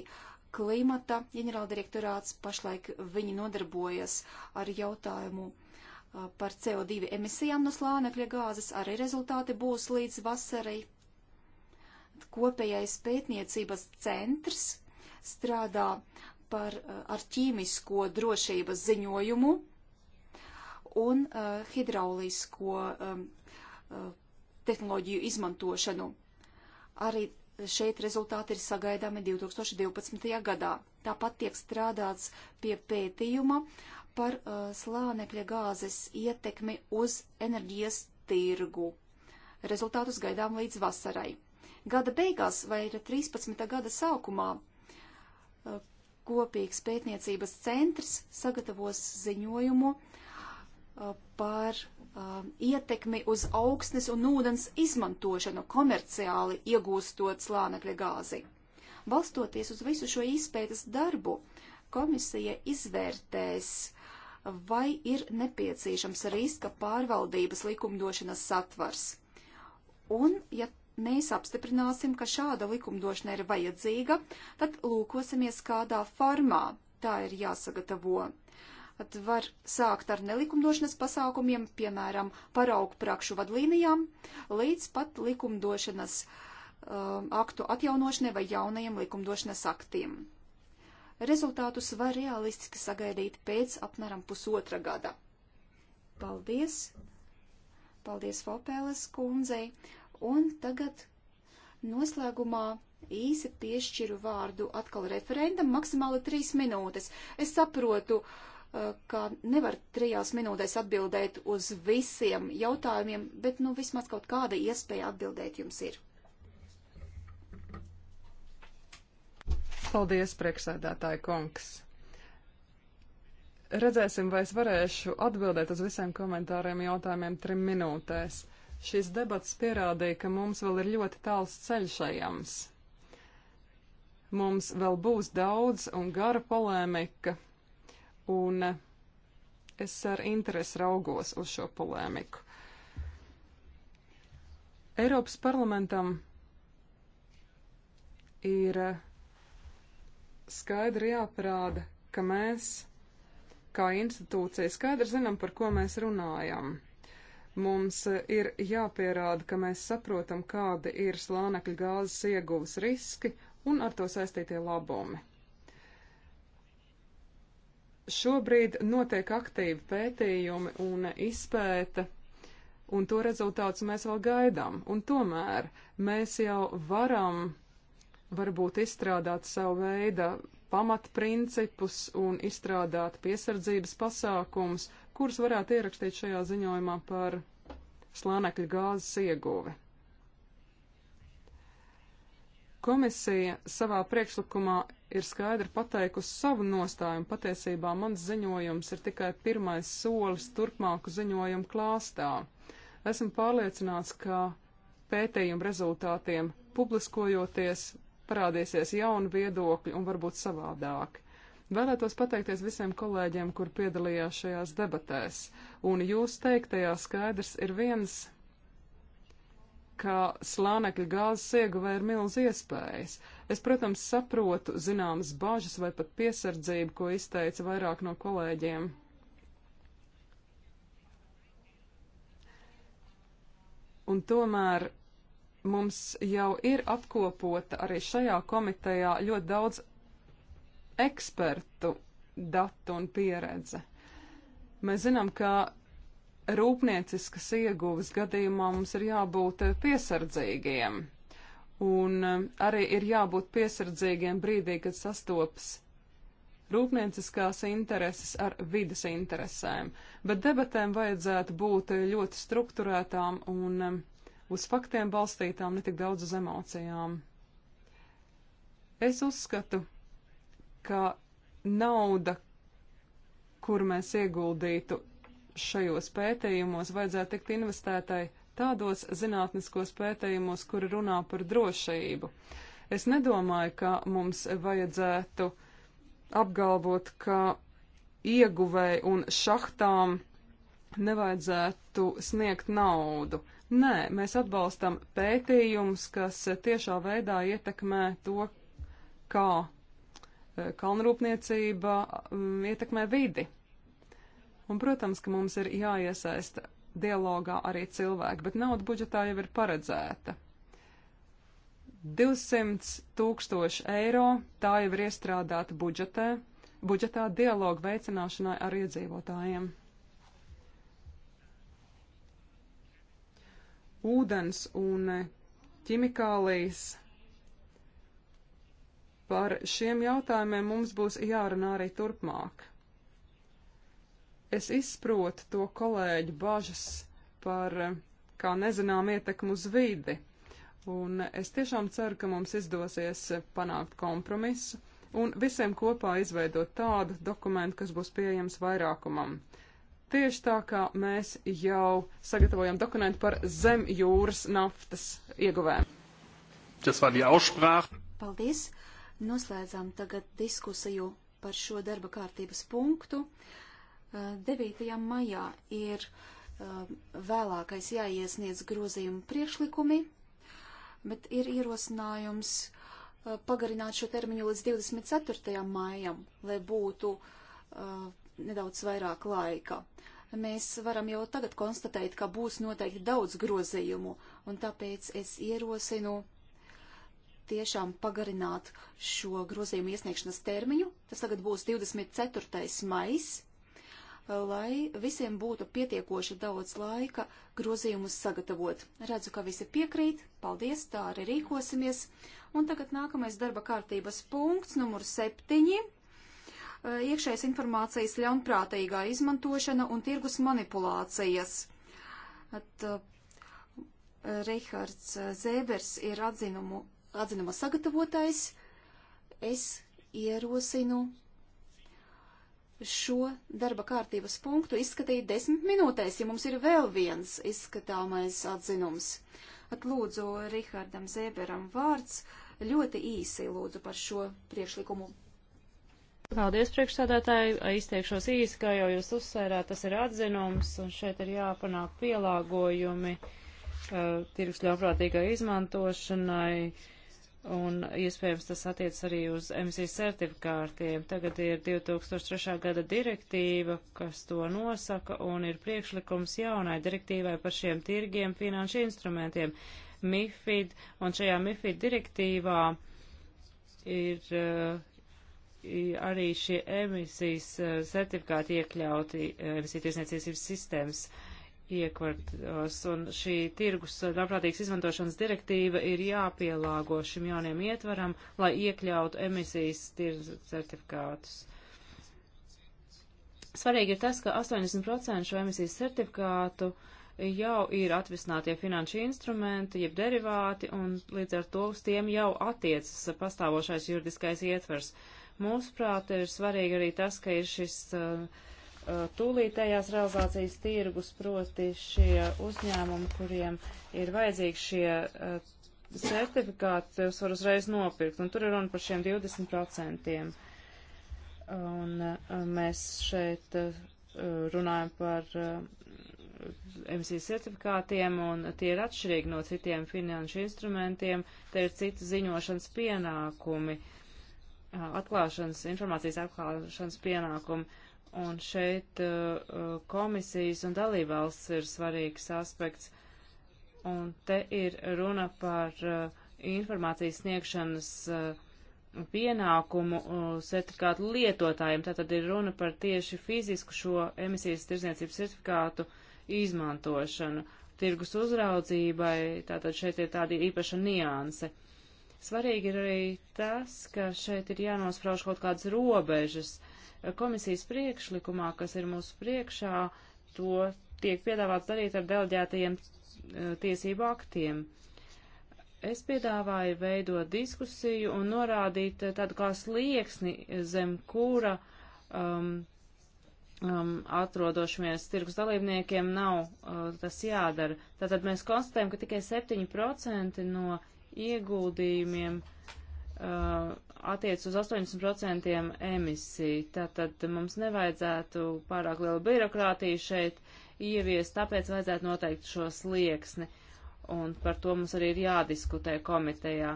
klimata ģenerāldirektorāts. Pašlaik viņi nodarbojas ar jautājumu uh, par CO2 emisijām no slānekļa gāzes. Arī rezultāti būs līdz vasarai. Kopējais pētniecības centrs strādā par, uh, ar ķīmisko drošības ziņojumu un uh, hidraulisko um, tehnoloģiju izmantošanu. Arī šeit rezultāti ir sagaidāmi 2012. gadā. Tāpat tiek strādāts pie pētījuma par uh, slānekļa gāzes ietekmi uz enerģijas tirgu. Rezultātus gaidām līdz vasarai. Gada beigās vai 13. gada sākumā uh, kopīgs pētniecības centrs sagatavos ziņojumu uh, par um, ietekmi uz augsnes un ūdens izmantošanu komerciāli iegūstot slānekļa gāzi. Balstoties uz visu šo izpētes darbu, komisija izvērtēs, vai ir nepieciešams riska pārvaldības likumdošanas satvars. Un, ja mēs apstiprināsim, ka šāda likumdošana ir vajadzīga, tad lūkosimies, kādā formā tā ir jāsagatavo. At var sākt ar nelikumdošanas pasākumiem, piemēram, paraugu prakšu vadlīnijām, līdz pat likumdošanas um, aktu atjaunošanai vai jaunajiem likumdošanas aktiem. Rezultātus var realistiski sagaidīt pēc apmēram pusotra gada. Paldies! Paldies Fopēles kundzei! Un tagad noslēgumā īsi piešķiru vārdu atkal referendam, maksimāli trīs minūtes. Es saprotu, uh, ka nevar trijās minūtēs atbildēt uz visiem jautājumiem, bet nu vismaz kaut kāda iespēja atbildēt jums ir. Paldies, priekšsēdētāji kungs. Redzēsim, vai es varēšu atbildēt uz visiem komentāriem jautājumiem trim minūtēs. Šis debats pierādīja, ka mums vēl ir ļoti tāls ceļš ejams. Mums vēl būs daudz un gara polēmika, un es ar interesi raugos uz šo polēmiku. Eiropas parlamentam ir skaidri jāparāda, ka mēs, kā institūcija, skaidri zinām, par ko mēs runājam. Mums ir jāpierāda, ka mēs saprotam, kādi ir slānekļa gāzes ieguves riski un ar to saistītie labumi. Šobrīd notiek aktīvi pētījumi un izpēta, un to rezultātus mēs vēl gaidām. Un tomēr mēs jau varam varbūt izstrādāt savu veidu pamatprincipus un izstrādāt piesardzības pasākumus, kurus varētu ierakstīt šajā ziņojumā par slānekļa gāzes ieguvi. Komisija savā priekšlikumā ir skaidri pateikusi savu nostājumu. Patiesībā mans ziņojums ir tikai pirmais solis turpmāku ziņojumu klāstā. Esmu pārliecināts, ka pētījumu rezultātiem publiskojoties parādīsies jauni viedokļi un varbūt savādāki. Vēlētos pateikties visiem kolēģiem, kur piedalījās šajās debatēs, un jūs teiktajā skaidrs ir viens, ka slānekļa gāzes ieguvē ir milz iespējas. Es, protams, saprotu zināmas bāžas vai pat piesardzību, ko izteica vairāk no kolēģiem. Un tomēr mums jau ir apkopota arī šajā komitejā ļoti daudz ekspertu datu un pieredze. Mēs zinām, ka rūpnieciskas ieguves gadījumā mums ir jābūt piesardzīgiem. Un um, arī ir jābūt piesardzīgiem brīdī, kad sastopas rūpnieciskās intereses ar vidas interesēm. Bet debatēm vajadzētu būt ļoti strukturētām un um, uz faktiem balstītām, ne tik daudz uz emocijām. Es uzskatu, ka nauda, kur mēs ieguldītu šajos pētījumos, vajadzētu tikt investētai tādos zinātniskos pētījumos, kuri runā par drošību. Es nedomāju, ka mums vajadzētu apgalvot, ka ieguvēji un šahtām nevajadzētu sniegt naudu. Nē, mēs atbalstam pētījumus, kas tiešā veidā ietekmē to, kā eh, kalnrūpniecība mm, ietekmē vidi. Un, protams, ka mums ir jāiesaista dialogā arī cilvēki, bet nauda budžetā jau ir paredzēta. 200 tūkstoši eiro tā jau ir iestrādāta budžetē, budžetā dialogu veicināšanai ar iedzīvotājiem. Ūdens un ķimikālijas par šiem jautājumiem mums būs jārunā arī turpmāk. Es izprotu to kolēģu bažas par eh, kā nezinām ietekmu uz vidi. Un es tiešām ceru, ka mums izdosies eh, panākt kompromisu un visiem kopā izveidot tādu dokumentu, kas būs pieejams vairākumam. Tieši tā kā mēs jau sagatavojam dokumentu par zem jūras naftas ieguvēm. Paldies! Noslēdzām tagad diskusiju par šo darba kārtības punktu. Uh, 9. Eh, maijā ir eh, vēlākais jāiesniedz grozījumu priekšlikumi, bet ir ierosinājums eh, pagarināt šo termiņu līdz 24. maijam, lai būtu nedaudz vairāk laika. Mēs varam jau tagad konstatēt, ka būs noteikti daudz grozījumu, un tāpēc es ierosinu tiešām pagarināt šo grozījumu iesniegšanas termiņu. Tas tagad būs 24. maijs lai visiem būtu pietiekoši daudz laika grozījumus sagatavot. Redzu, ka visi piekrīt, paldies, tā arī rīkosimies. Un tagad nākamais darba kārtības punkts, numur septiņi. Iekšējas informācijas ļaunprātīgā izmantošana un tirgus manipulācijas. At, uh, Reihards Zēbers ir atzinumu, atzinuma sagatavotais. Es ierosinu šo darba kārtības punktu izskatīt desmit minūtēs, ja mums ir vēl viens izskatāmais atzinums. Atlūdzu Rihardam Zēberam vārds ļoti īsi lūdzu par šo priekšlikumu. Paldies, priekšsādātāji. Izteikšos īsi, kā jau jūs uzsvērāt, tas ir atzinums, un šeit ir jāpanāk pielāgojumi uh, tirgus ļaunprātīgai izmantošanai. Uh, un iespējams tas attiec arī uz emisiju certifikātiem. Tagad ir 2003. gada direktīva, kas to nosaka, un ir priekšlikums jaunai direktīvai par šiem tirgiem finanšu instrumentiem MIFID, un šajā MIFID direktīvā ir uh, arī šie emisijas eh, certifikāti iekļauti eh, emisiju tiesniecības sistēmas uh, iekvartos, un šī tirgus labprātīgas izmantošanas direktīva ir jāpielāgo šim jauniem ietvaram, lai iekļautu emisijas tirgus certifikātus. Svarīgi ir tas, ka 80% šo emisijas certifikātu jau ir atvisinātie finanšu instrumenti, jeb derivāti, un līdz ar to uz tiem jau attiecas pastāvošais juridiskais ietvers. Mūsuprāt, ir svarīgi arī tas, ka ir šis uh, Uh, tūlītējās realizācijas tirgus, proti šie uzņēmumi, kuriem ir vajadzīgi šie uh, certifikāti, tos var uzreiz nopirkt, un tur ir runa par šiem 20%. Un uh, mēs šeit uh, runājam par uh, emisijas certifikātiem, un tie ir atšķirīgi no citiem finanšu instrumentiem, te ir citi ziņošanas pienākumi. Uh, atklāšanas, informācijas atklāšanas pienākumu. Un šeit komisijas un dalībvalsts ir svarīgs aspekts. Un te ir runa par informācijas sniegšanas pienākumu certifikātu lietotājiem. Tātad ir runa par tieši fizisku šo emisijas tirzniecības certifikātu izmantošanu. Tirgus uzraudzībai, tātad šeit ir tāda īpaša nianse. Uh, Svarīgi ir arī tas, ka šeit ir jānosprauž kaut kādas robežas. Komisijas priekšlikumā, kas ir mūsu priekšā, to tiek piedāvāts darīt ar delģētajiem eh, tiesību aktiem. Es piedāvāju veidot diskusiju un norādīt eh, tādu kā slieksni, zem kura um, um, atrodošamies tirgus dalībniekiem nav uh, tas jādara. Tātad mēs konstatējam, ka tikai 7% no ieguldījumiem uh, attiec uz 80% emisiju. Tātad mums nevajadzētu pārāk lielu birokrātiju šeit ieviest, tāpēc vajadzētu noteikt šo slieksni. Un par to mums arī ir jādiskutē komitejā.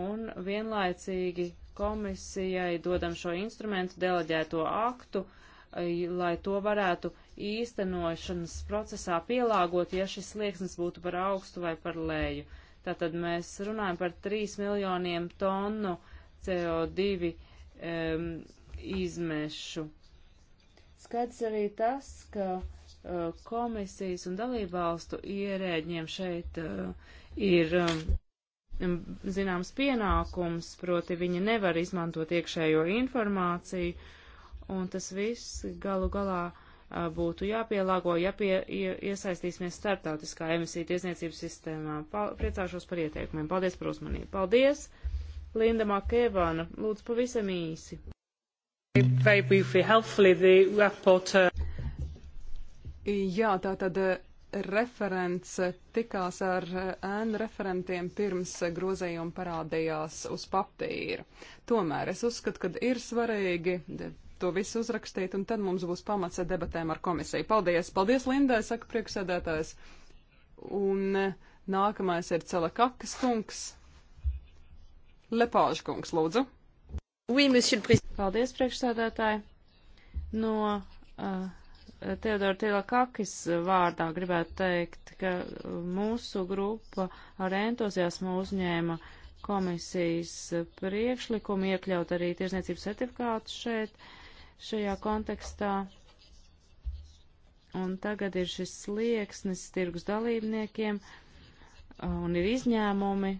Un vienlaicīgi komisijai dodam šo instrumentu deleģēto aktu, uh, lai to varētu īstenošanas procesā pielāgot, ja šis slieksnis būtu par augstu vai par lēju. Tātad mēs runājam par 3 miljoniem tonu CO2 um, izmešu. Skaidrs arī tas, ka uh, komisijas un dalībvalstu ierēģiem šeit uh, ir um, zināms pienākums, proti viņi nevar izmantot iekšējo informāciju, un tas viss galu galā būtu jāpielāgo, ja pie, ja iesaistīsimies startautiskā emisiju tiesniecības sistēmā. Pal priecāšos par ieteikumiem. Paldies par uzmanību. Paldies! Linda Makēvāna, lūdzu pavisam īsi. Very briefly, helpfully the rapporteur. Jā, tā tad referents tikās ar ēnu referentiem pirms grozējuma parādījās uz papīra. Tomēr es uzskatu, ka ir svarīgi to visu uzrakstīt, un tad mums būs pamats debatēm ar komisiju. Paldies! Paldies, Lindai, saka priekšsēdētājs. Un eh, nākamais ir Celekakas kungs. Lepāža kungs, lūdzu. Oui, monsieur le président. Paldies, priekšsēdētāji. No uh, Teodora Tilakakis vārdā gribētu teikt, ka mūsu grupa ar entuziasmu uzņēma komisijas priekšlikumu iekļaut arī tirzniecības certifikātu šeit. Uh, šajā kontekstā. Un tagad ir šis slieksnis tirgus dalībniekiem uh, un ir izņēmumi.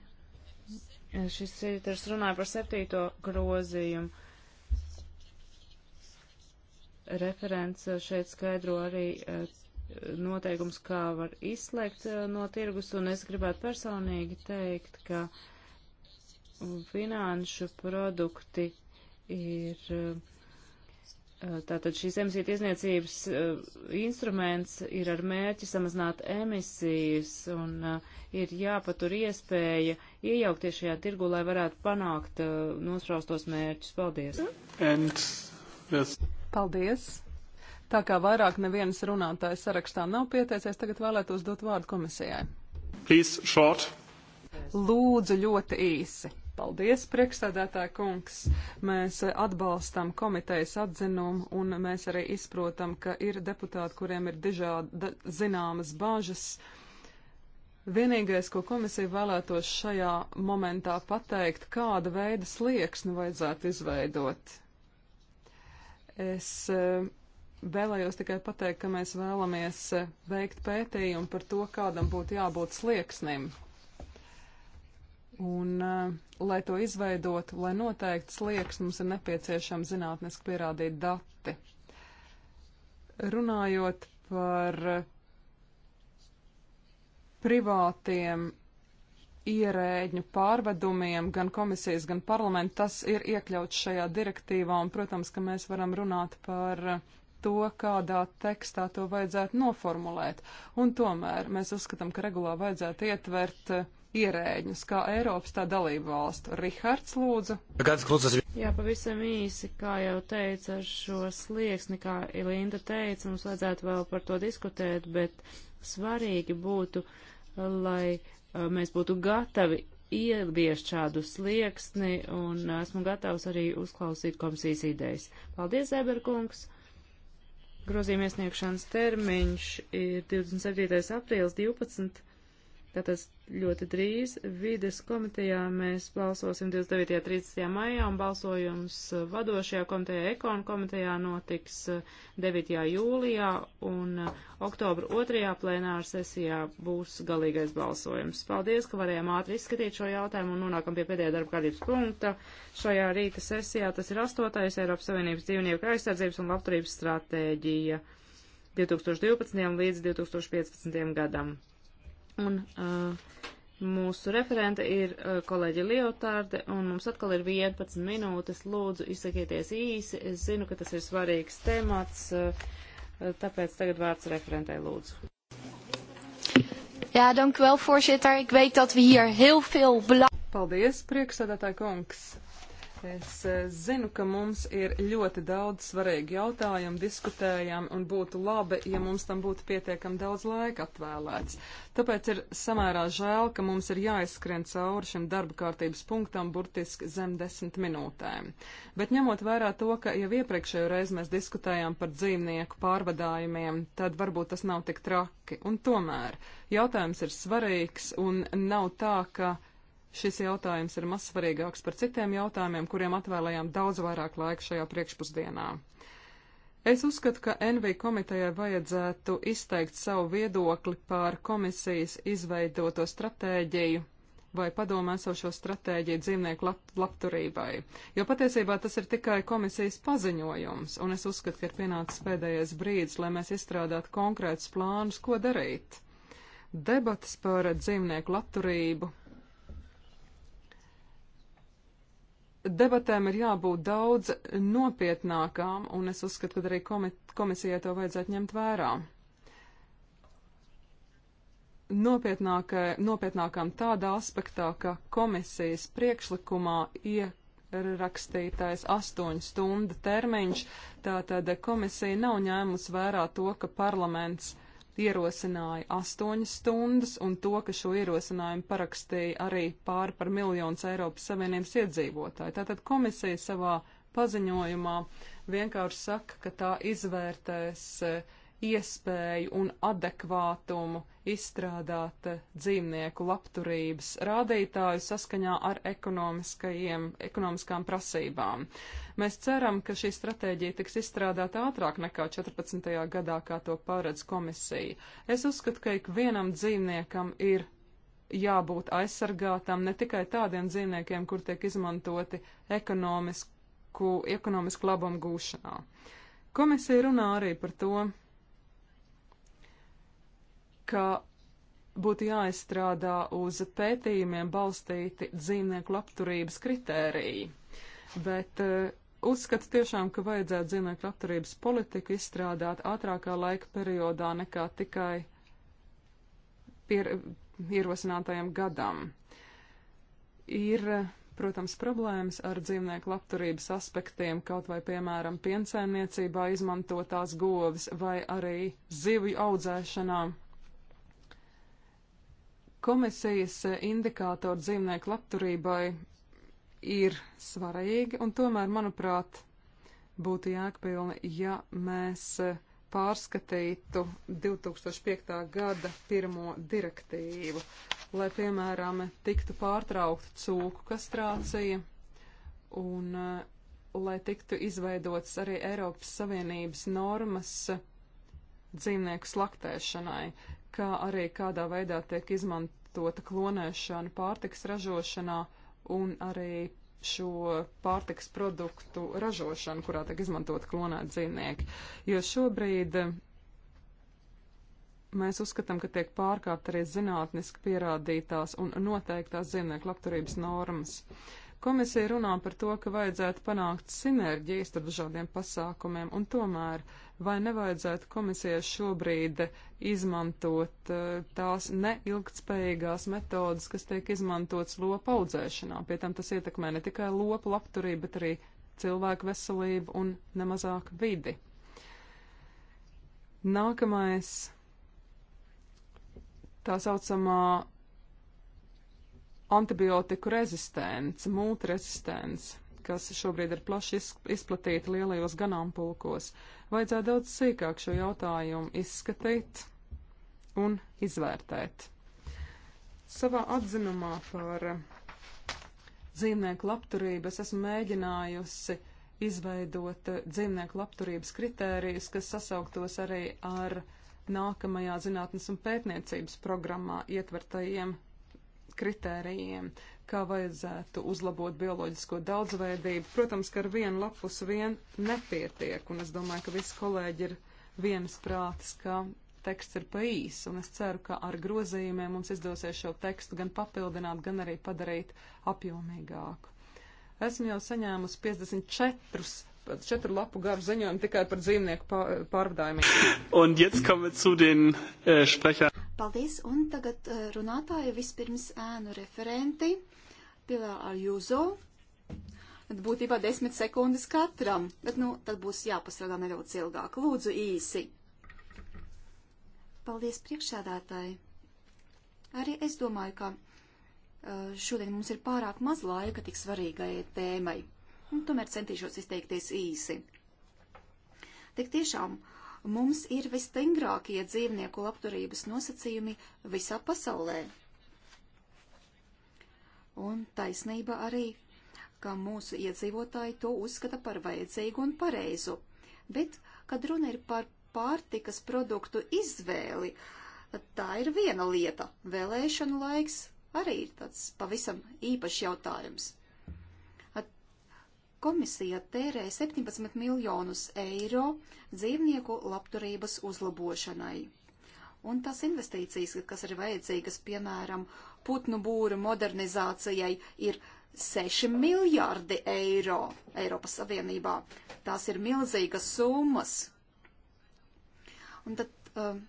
Šis ir, tas runāja par septīto grozījumu. Referents uh, šeit skaidro arī uh, noteikums, kā var izslēgt no tirgus, un es gribētu personīgi teikt, ka finanšu produkti ir uh, Eh, tātad šīs emisiju tiesniecības uh, instruments ir ar mērķi samazināt emisijas un uh, ir jāpatur iespēja iejaukties šajā tirgu, lai varētu panākt uh, nospraustos mērķus. Paldies! And, yes. Paldies! Tā kā vairāk nevienas runātājas sarakstā nav pieteicies, tagad vēlētos dot vārdu komisijai. Please, short. Lūdzu, ļoti īsi. Paldies, priekšsēdētāja kungs! Mēs atbalstam komitejas atzinumu un mēs arī izprotam, ka ir deputāti, kuriem ir dižādi zināmas bāžas. Vienīgais, ko komisija vēlētos šajā momentā pateikt, kāda veida slieksni vajadzētu izveidot. Es e, Vēlējos tikai pateikt, ka mēs vēlamies e, veikt pētījumu par to, kādam būtu jābūt slieksnim. Un, eh, lai to izveidotu, lai noteikti slieks, mums ir nepieciešama zinātniski pierādīt dati. Runājot par eh, privātiem ierēģu pārvedumiem gan komisijas, gan parlamenta, tas ir iekļauts šajā direktīvā, un, protams, ka mēs varam runāt par eh, to, kādā tekstā to vajadzētu noformulēt. Un tomēr mēs uzskatām, ka regulā vajadzētu ietvert uh, ierēģus, kā Eiropas, tā dalību valstu. Rihards, lūdzu. Jā, pavisam īsi, kā jau teica ar šo slieksni, kā Ilinda teica, mums vajadzētu vēl par to diskutēt, bet svarīgi būtu, lai uh, mēs būtu gatavi ieviest šādu slieksni, un esmu gatavs arī uzklausīt komisijas idejas. Paldies, Eberkungs! Grozījuma iesniegšanas termiņš ir 27. aprīlis 12. Tātad ļoti drīz vides komitejā mēs balsosim 29. 30. maijā un balsojums vadošajā komitejā, ekonu komitejā notiks 9. Eh, jūlijā un eh, oktobra 2. plenāra sesijā būs galīgais balsojums. Paldies, ka varējām ātri izskatīt šo jautājumu un nonākam pie pēdējā darba kārtības punkta. Šajā rīta sesijā tas ir 8. Eiropas Savienības dzīvnieku aizsardzības un labturības stratēģija 2012. līdz 2015. gadam. Un uh, mūsu referente ir uh, kolēģi Liotārde, un mums atkal ir 11 minūtes. Lūdzu, izsakieties īsi. Es zinu, ka tas ir svarīgs temats, uh, uh tāpēc tagad vārds referentei lūdzu. Jā, dank vēl, voorzitter. Ik weet dat we hier heel veel belang. Paldies, priekšsēdētāji kungs. Es eh, zinu, ka mums ir ļoti daudz svarīgu jautājumu, diskutējam, un būtu labi, ja mums tam būtu pietiekami daudz laika atvēlēts. Tāpēc ir samērā žēl, ka mums ir jāizskrien cauri šim darba kārtības punktam burtiski zem desmit minūtēm. Bet ņemot vērā to, ka jau iepriekšējo reizi mēs diskutējām par dzīvnieku pārvadājumiem, tad varbūt tas nav tik traki. Un tomēr jautājums ir svarīgs un nav tā, ka šis jautājums ir maz svarīgāks par citiem jautājumiem, kuriem atvēlējām daudz vairāk laika šajā priekšpusdienā. Es uzskatu, ka NV komitejai vajadzētu izteikt savu viedokli par komisijas izveidoto stratēģiju vai padomē esošo stratēģiju dzīvnieku lab labturībai, jo patiesībā tas ir tikai komisijas paziņojums, un es uzskatu, ka ir pienācis pēdējais brīdis, lai mēs izstrādātu konkrētus plānus, ko darīt. Debatas par dzīvnieku labturību debatēm ir jābūt daudz nopietnākām, un es uzskatu, ka arī komisijai to vajadzētu ņemt vērā. Nopietnākām tādā aspektā, ka komisijas priekšlikumā iek rakstītais astoņu stundu termiņš, tātad komisija nav ņēmusi vērā to, ka parlaments uh, ierosināja astoņas stundas un to, ka šo ierosinājumu parakstīja arī pāri par miljonus Eiropas Savienības iedzīvotāju. Tātad komisija savā paziņojumā vienkārši saka, ka tā izvērtēs uh, iespēju un adekvātumu izstrādāt dzīvnieku labturības rādītāju saskaņā ar ekonomiskām prasībām. Mēs ceram, ka šī stratēģija tiks izstrādāta ātrāk nekā 14. gadā, kā to paredz komisija. Es uzskatu, ka ikvienam dzīvniekam ir jābūt aizsargātam ne tikai tādiem dzīvniekiem, kur tiek izmantoti ekonomisku, ekonomisku labumu gūšanā. Komisija runā arī par to, ka būtu jāizstrādā uz pētījumiem balstīti dzīvnieku labturības kritēriji. Bet eh, uzskatu tiešām, ka vajadzētu dzīvnieku labturības politiku izstrādāt ātrākā laika periodā nekā tikai pier, ierosinātajam gadam. Ir, eh, protams, problēmas ar dzīvnieku labturības aspektiem, kaut vai, piemēram, piensaimniecībā izmantotās govis vai arī zivju audzēšanā Komisijas eh, indikātori dzīvnieku labturībai ir svarīgi, un tomēr, manuprāt, būtu jēgpilni, ja mēs eh, pārskatītu 2005. gada pirmo direktīvu, lai, piemēram, tiktu pārtraukta cūku kastrācija un eh, lai tiktu izveidotas arī Eiropas Savienības normas dzīvnieku slaktēšanai, kā arī kādā veidā tiek izmantota klonēšana pārtiks ražošanā un arī šo pārtiks produktu ražošanu, kurā tiek izmantot klonēt dzīvnieki. Jo šobrīd eh, mēs uzskatām, ka tiek pārkāpt arī zinātniski pierādītās un noteiktās dzīvnieku labturības normas. Komisija runā par to, ka vajadzētu panākt sinerģijas starp dažādiem pasākumiem, un tomēr vai nevajadzētu komisijai šobrīd izmantot eh, tās neilgtspējīgās metodas, kas tiek izmantotas lopu audzēšanā. Pie tam tas ietekmē ne tikai lopu labturību, bet arī cilvēku veselību un nemazāk vidi. Nākamais tā saucamā antibiotiku rezistence, mūtu rezistence, kas šobrīd ir plaši izplatīta lielajos ganāmpulkos. Uh, Vajadzētu daudz sīkāk šo jautājumu izskatīt un izvērtēt. Savā atzinumā par dzīvnieku labturību es esmu mēģinājusi izveidot dzīvnieku labturības kritērijus, kas sasauktos arī ar nākamajā zinātnes un pētniecības programmā ietvertajiem kritērijiem kā vajadzētu uzlabot bioloģisko daudzveidību. Protams, ka ar vienu lapus vien nepietiek, un es domāju, ka visi kolēģi ir vienas prātas, ka teksts ir pa īs, un es ceru, ka ar grozījumiem mums izdosies šo tekstu gan papildināt, gan arī padarīt apjomīgāku. Esmu jau saņēmusi 54 četru lapu garu ziņojumu tikai par dzīvnieku pārvadājumiem. Un jetzt kommen wir zu den äh, Sprechern. Paldies, un tagad äh, runātāji vispirms ēnu referenti. Pilā Arjūzo. Tad būtībā desmit sekundes katram, bet nu, tad būs jāpastrādā nedaudz ilgāk. Lūdzu, īsi. Paldies priekšsēdētāji. Arī es domāju, ka eh, šodien mums ir pārāk maz laika tik svarīgai tēmai. Un tomēr centīšos izteikties īsi. Tik tiešām mums ir visstingrākie dzīvnieku labturības nosacījumi visā pasaulē. Un taisnība arī, ka mūsu iedzīvotāji to uzskata par vajadzīgu un pareizu. Bet, kad runa ir par pārtikas produktu izvēli, tā ir viena lieta. Vēlēšanu laiks arī ir tāds pavisam īpašs jautājums. Komisija tērē 17 miljonus eiro dzīvnieku labturības uzlabošanai. Un tās investīcijas, kas ir vajadzīgas, piemēram, uh, putnu būru modernizācijai ir 6 miljārdi eiro Eiropas Savienībā. Tās ir milzīgas summas. Un tad, um,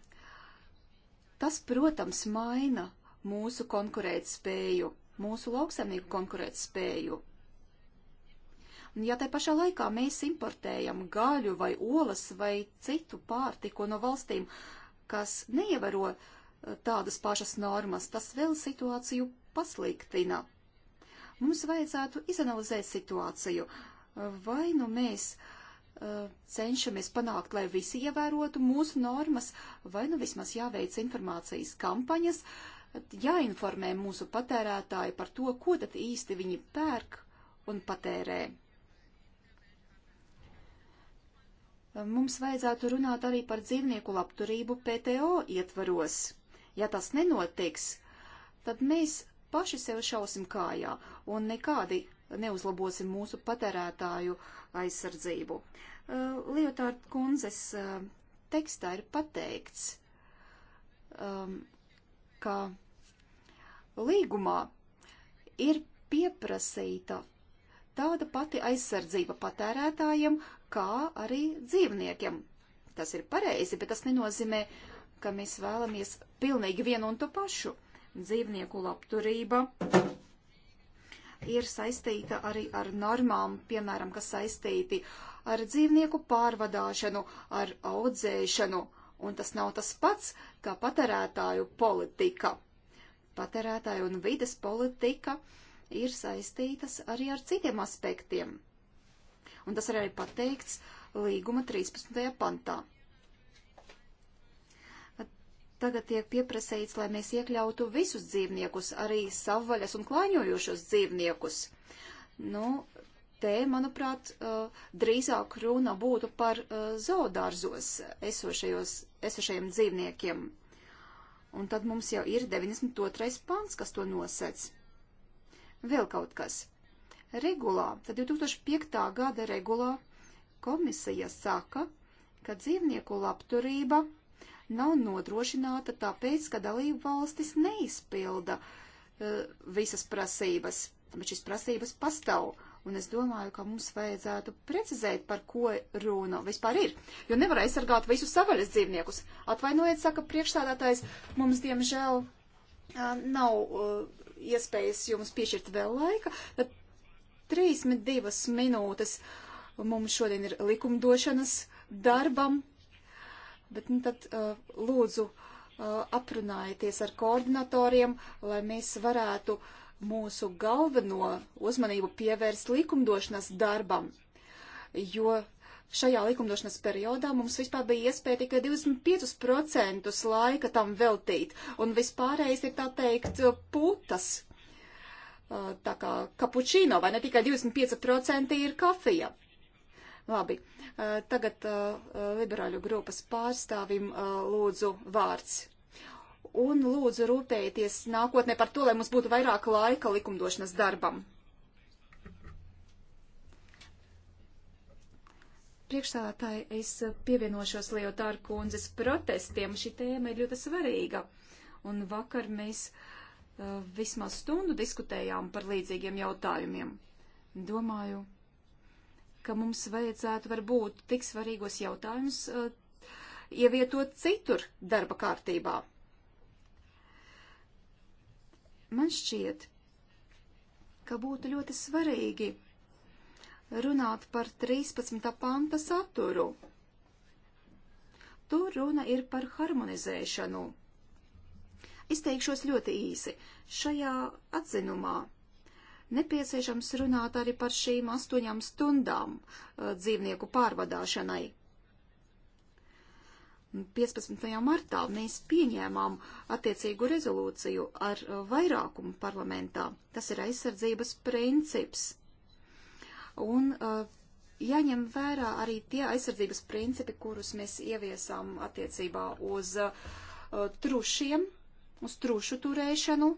tas, protams, maina mūsu konkurētspēju, mūsu lauksaimnieku konkurētspēju. Un ja te pašā laikā mēs importējam gaļu vai olas vai citu pārtiku no valstīm, kas neievaro uh, tādas pašas normas, tas vēl situāciju pasliktina. Mums vajadzētu izanalizēt situāciju. Vai nu mēs uh, cenšamies panākt, lai visi ievērotu mūsu normas, vai nu vismaz jāveic informācijas kampaņas, jāinformē mūsu patērētāji par to, ko tad īsti viņi pērk un patērē. Mums vajadzētu runāt arī par dzīvnieku labturību PTO ietvaros. Ja tas nenotiks, tad mēs paši sev šausim kājā un nekādi neuzlabosim mūsu patērētāju aizsardzību. Uh, Lietārd kundzes uh, tekstā ir pateikts, um, ka līgumā ir pieprasīta tāda pati aizsardzība patērētājiem, kā arī dzīvniekiem. Tas ir pareizi, bet tas nenozīmē, uh, ka mēs vēlamies pilnīgi vienu un to pašu. Dzīvnieku labturība ir saistīta arī ar normām, piemēram, kas saistīti ar dzīvnieku pārvadāšanu, ar audzēšanu, un tas nav tas pats, kā patērētāju politika. Patērētāju un vides politika ir saistītas arī ar citiem aspektiem. Un tas arī pateikts līguma 13. pantā. Tagad tiek pieprasīts, lai mēs iekļautu visus dzīvniekus, arī savvaļas un klāņojošos dzīvniekus. Nu, te, manuprāt, uh, drīzāk runa būtu par uh, zoodārzos esošajos, esošajiem dzīvniekiem. Un tad mums jau ir 92. pants, kas to nosēc. Vēl kaut kas. Regulā, tad 2005. gada regulā komisija saka, ka dzīvnieku labturība nav nodrošināta tāpēc, ka dalību valstis neizpilda uh, visas prasības, bet šīs prasības pastāv. Un es domāju, ka mums vajadzētu precizēt, par ko runa vispār ir. Jo nevar aizsargāt visus savaļas dzīvniekus. Atvainojiet, saka priekšstādātājs, mums diemžēl uh, nav uh, iespējas jums piešķirt vēl laika. Tad 32 minūtes mums šodien ir likumdošanas darbam, Bet nu, tad uh, lūdzu uh, aprunājieties ar koordinatoriem, lai mēs varētu mūsu galveno uzmanību pievērst likumdošanas darbam. Jo šajā likumdošanas periodā mums vispār bija iespēja tikai 25% laika tam veltīt, un vispārējais ir tā teikt putas. Uh, tā kā kapučīno vai ne tikai 25% ir kafija. Labi, eh, tagad eh, liberāļu grupas pārstāvim eh, lūdzu vārds. Un lūdzu rūpējieties nākotnē par to, lai mums būtu vairāk laika likumdošanas darbam. priekšstādātāji, es pievienošos Leotāra kundzes protestiem. Šī tēma ir ļoti svarīga. Un vakar mēs uh, vismaz stundu diskutējām par līdzīgiem jautājumiem. Domāju, ka mums vajadzētu varbūt tik svarīgos jautājumus uh, ievietot citur darba kārtībā. Man šķiet, ka būtu ļoti svarīgi runāt par 13. panta saturu. Tur runa ir par harmonizēšanu. Izteikšos ļoti īsi. Šajā atzinumā Nepieciešams runāt arī par šīm astoņām stundām uh, dzīvnieku pārvadāšanai. 15. martā mēs pieņēmām attiecīgu rezolūciju ar uh, vairākumu parlamentā. Tas ir aizsardzības princips. Un uh, jāņem vērā arī tie aizsardzības principi, kurus mēs ieviesām attiecībā uz uh, trušiem, uz trušu turēšanu,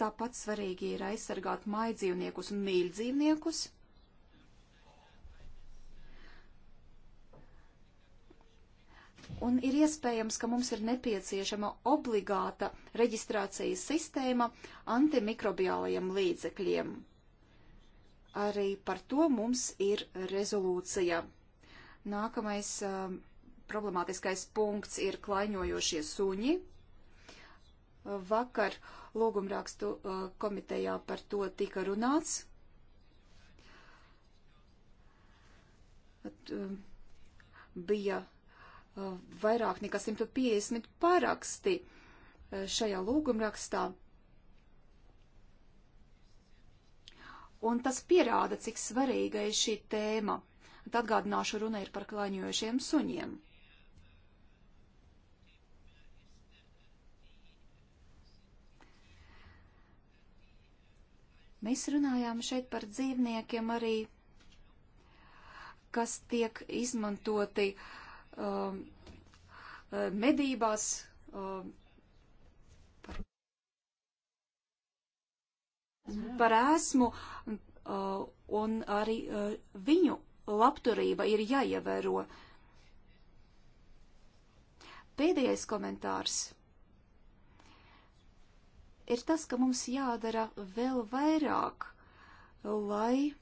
Tāpat svarīgi ir aizsargāt maidzīvniekus un mīļdzīvniekus. Un ir iespējams, ka mums ir nepieciešama obligāta reģistrācijas sistēma antimikrobiālajiem līdzekļiem. Arī par to mums ir rezolūcija. Nākamais um, problemātiskais punkts ir klaiņojošie suņi. Vakar uh, lūgumrakstu uh, komitejā par to tika runāts. At, um, bija uh, vairāk nekā 150 paraksti uh, šajā lūgumrakstā. Un tas pierāda, cik svarīga ir šī tēma. Atgādināšu, runa ir par klaņojošiem suņiem. Mēs runājām šeit par dzīvniekiem arī, kas tiek izmantoti um, uh, medībās. Um, par, par esmu uh, un arī uh, viņu labturība ir jāievēro. Pēdējais komentārs ir tas, ka mums jādara vēl vairāk, lai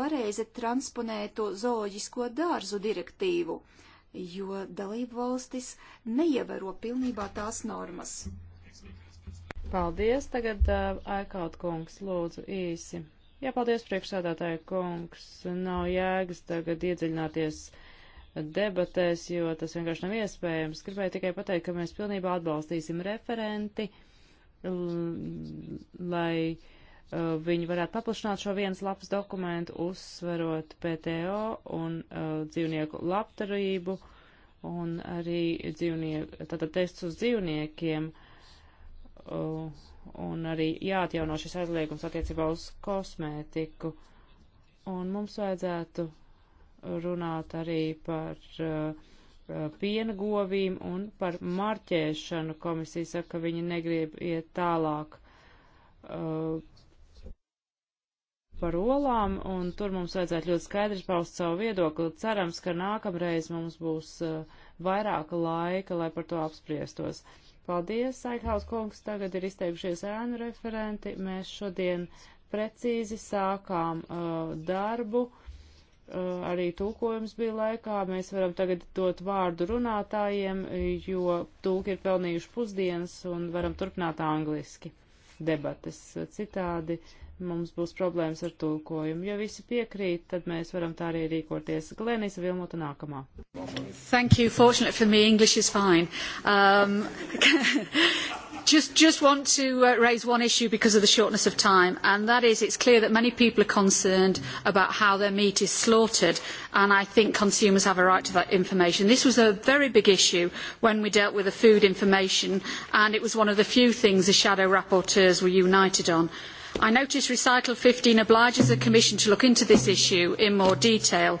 pareizi transponētu zooloģisko dārzu direktīvu, jo dalību valstis neievēro pilnībā tās normas. Paldies, tagad uh, Aikaut kungs, lūdzu īsi. Jā, paldies priekšsādātāja kungs, nav jēgas tagad iedziļināties uh, debatēs, jo tas vienkārši nav iespējams. Gribēju tikai pateikt, ka mēs pilnībā atbalstīsim referenti, lai uh, viņi varētu paplašināt šo vienas lapas dokumentu, uzsverot PTO un uh, dzīvnieku labturību un arī dzīvnieku, tātad tests uz dzīvniekiem. Uh, un arī jāatjauno šis aizliegums attiecībā uz kosmētiku. Un mums vajadzētu runāt arī par uh, piena govīm un par marķēšanu. Komisija saka, ka viņi negrib iet tālāk uh, par olām, un tur mums vajadzētu ļoti skaidri paust savu viedokli. Cerams, ka nākamreiz mums būs uh, vairāk laika, lai par to apspriestos. Paldies, Saikhaus kungs, tagad ir izteikušies ēnu referenti. Mēs šodien precīzi sākām uh, darbu. Uh, Eh, arī tūkojums bija laikā. Mēs varam tagad dot vārdu runātājiem, jo tūki ir pelnījuši pusdienas un varam turpināt angliski debates. Citādi. Uh, mums būs problēmas ar tulkojumu. Ja visi piekrīt, tad mēs varam tā arī rīkoties. Glenisa Vilmota nākamā. Thank you. Fortunately for me, English is fine. Um, just, just want to uh, raise one issue because of the shortness of time, and that is it's clear that many people are concerned about how their meat is slaughtered, and I think consumers have a right to that information. This was a very big issue when we dealt with the food information, and it was one of the few things the shadow rapporteurs were united on. I notice recital 15 obliges the Commission to look into this issue in more detail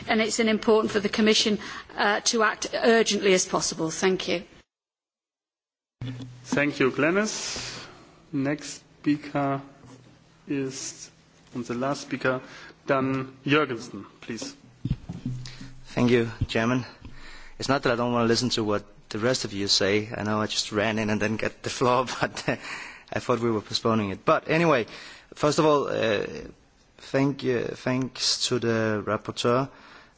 and it's an important for the Commission uh, to act urgently as possible. Thank you. Thank you, Glenis. Next speaker is, and the last speaker, Dan Jürgensen, please. Thank you, Chairman. It's not that I don't want to listen to what the rest of you say. I know I just ran in and then get the floor, but uh, I thought we were postponing it. But anyway, first of all, uh, thank you, thanks to the rapporteur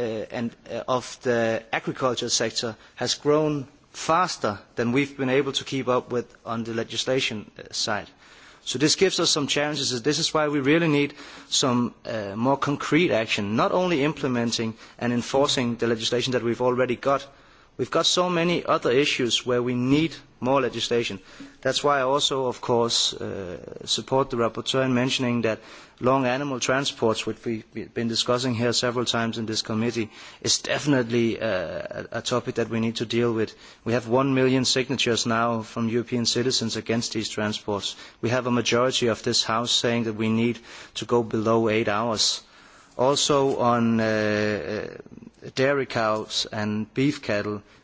uh, and, uh, of the agriculture sector has grown faster than we've been able to keep up with on the legislation uh, side. So this gives us some challenges. This is why we really need some uh, more concrete action, not only implementing and enforcing the legislation that we've already got. We've got so many other issues where we need more legislation. That's why I also, of course, uh, support the rapporteur in mentioning that long animal transports, which we've been discussing here several times in this committee, is definitely uh, a topic that we need to deal with. We have one million signatures now from European citizens against these transports. We have a majority of this House saying that we need to go below eight hours. Also on uh, uh dairy cows and beef cattle,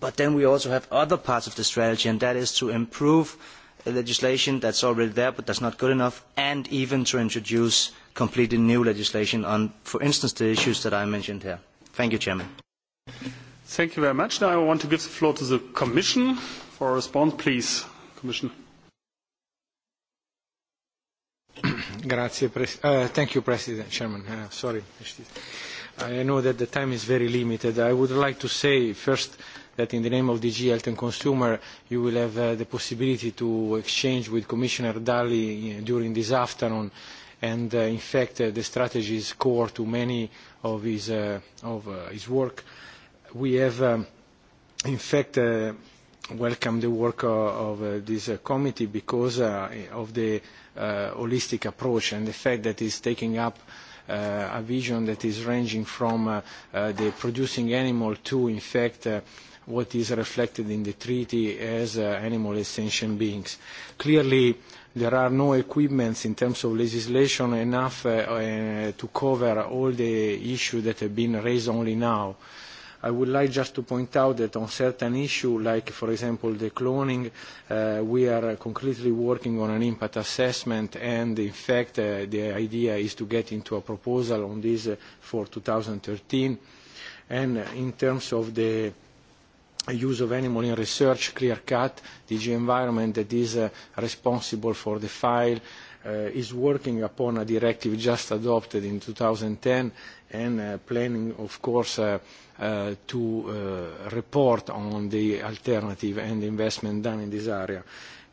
But then we also have other parts of the strategy, and that is to improve legislation that's already there but that's not good enough, and even to introduce completely new legislation on, for instance, the issues that I mentioned here. Thank you, Chairman. Thank you very much. Now I want to give the floor to the Commission for a response, please. Commission. Grazie, pres uh, thank you, President, Chairman. Uh, sorry. I know that the time is very limited. I would like to say first uh, that in the name of DG Health and Consumer you will have uh, the possibility to exchange with Commissioner Dalli uh, during this afternoon and uh, in fact uh, the strategy is core to many of his, uh, of, uh, his work. We have um, in fact uh, welcomed the work uh, of uh, this uh, committee because uh, of the uh, holistic approach and the fact that it's taking up uh, a vision that is ranging from uh, uh, the producing animal to in fact uh, what is reflected in the treaty as uh, animal extinction beings. Clearly, there are no equipments in terms of legislation enough uh, uh, to cover all the issues that have been raised only now. I would like just to point out that on certain issues, like for example the cloning, uh, we are concretely working on an impact assessment and in fact uh, the idea is to get into a proposal on this uh, for 2013. And in terms of the uh, use of animal in research, clear-cut, DG Environment that is uh, responsible for the file, uh, is working upon a directive just adopted in 2010 and uh, planning, of course, uh, uh, to uh, report on the alternative and investment done in this area.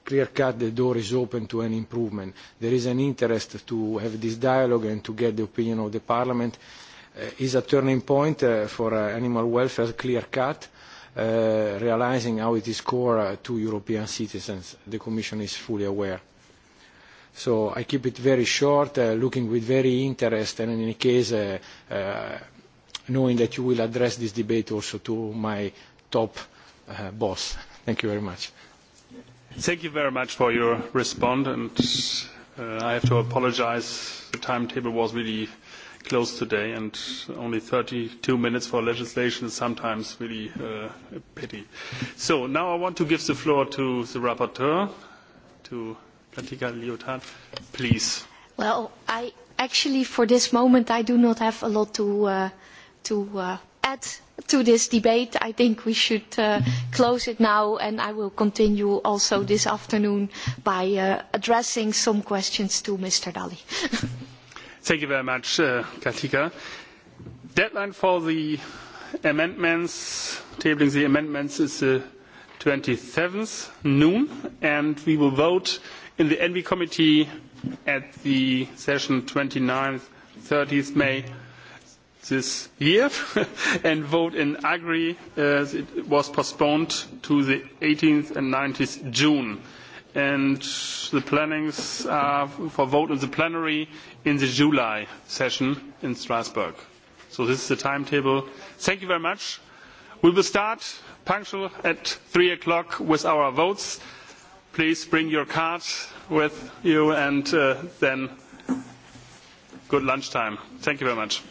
Clear-cut, the door is open to an improvement. There is an interest to have this dialogue and to get the opinion of the Parliament. Uh, is a turning point uh, for uh, animal welfare clear-cut. Uh, uh, realizing how it is core uh, to European citizens. The Commission is fully aware. So I keep it very short, uh, looking with very interest, and in any case, uh, uh, knowing that you will address this debate also to my top uh, boss. Thank you very much. Thank you very much for your response, and uh, I have to apologize. The timetable was really close today, and only 32 minutes for legislation is sometimes really uh, a pity. So now I want to give the floor to the rapporteur, to Katika Lyotard. Please. Well, I actually, for this moment, I do not have a lot to, uh, to uh, add to this debate. I think we should uh, close it now, and I will continue also this afternoon by uh, addressing some questions to Mr. Dalli. Thank you very much, uh, Katika. Deadline for the amendments, tabling the amendments is the 27th noon, and we will vote in the Envy Committee at the session 29th, 30th May this year and vote in Agri. Uh, it was postponed to the 18th and 19th June and the plannings are for vote in the plenary in the July session in Strasbourg. So this is the timetable. Thank you very much. We will start punctual at 3 o'clock with our votes. Please bring your card with you and uh, then good lunchtime. Thank you very much.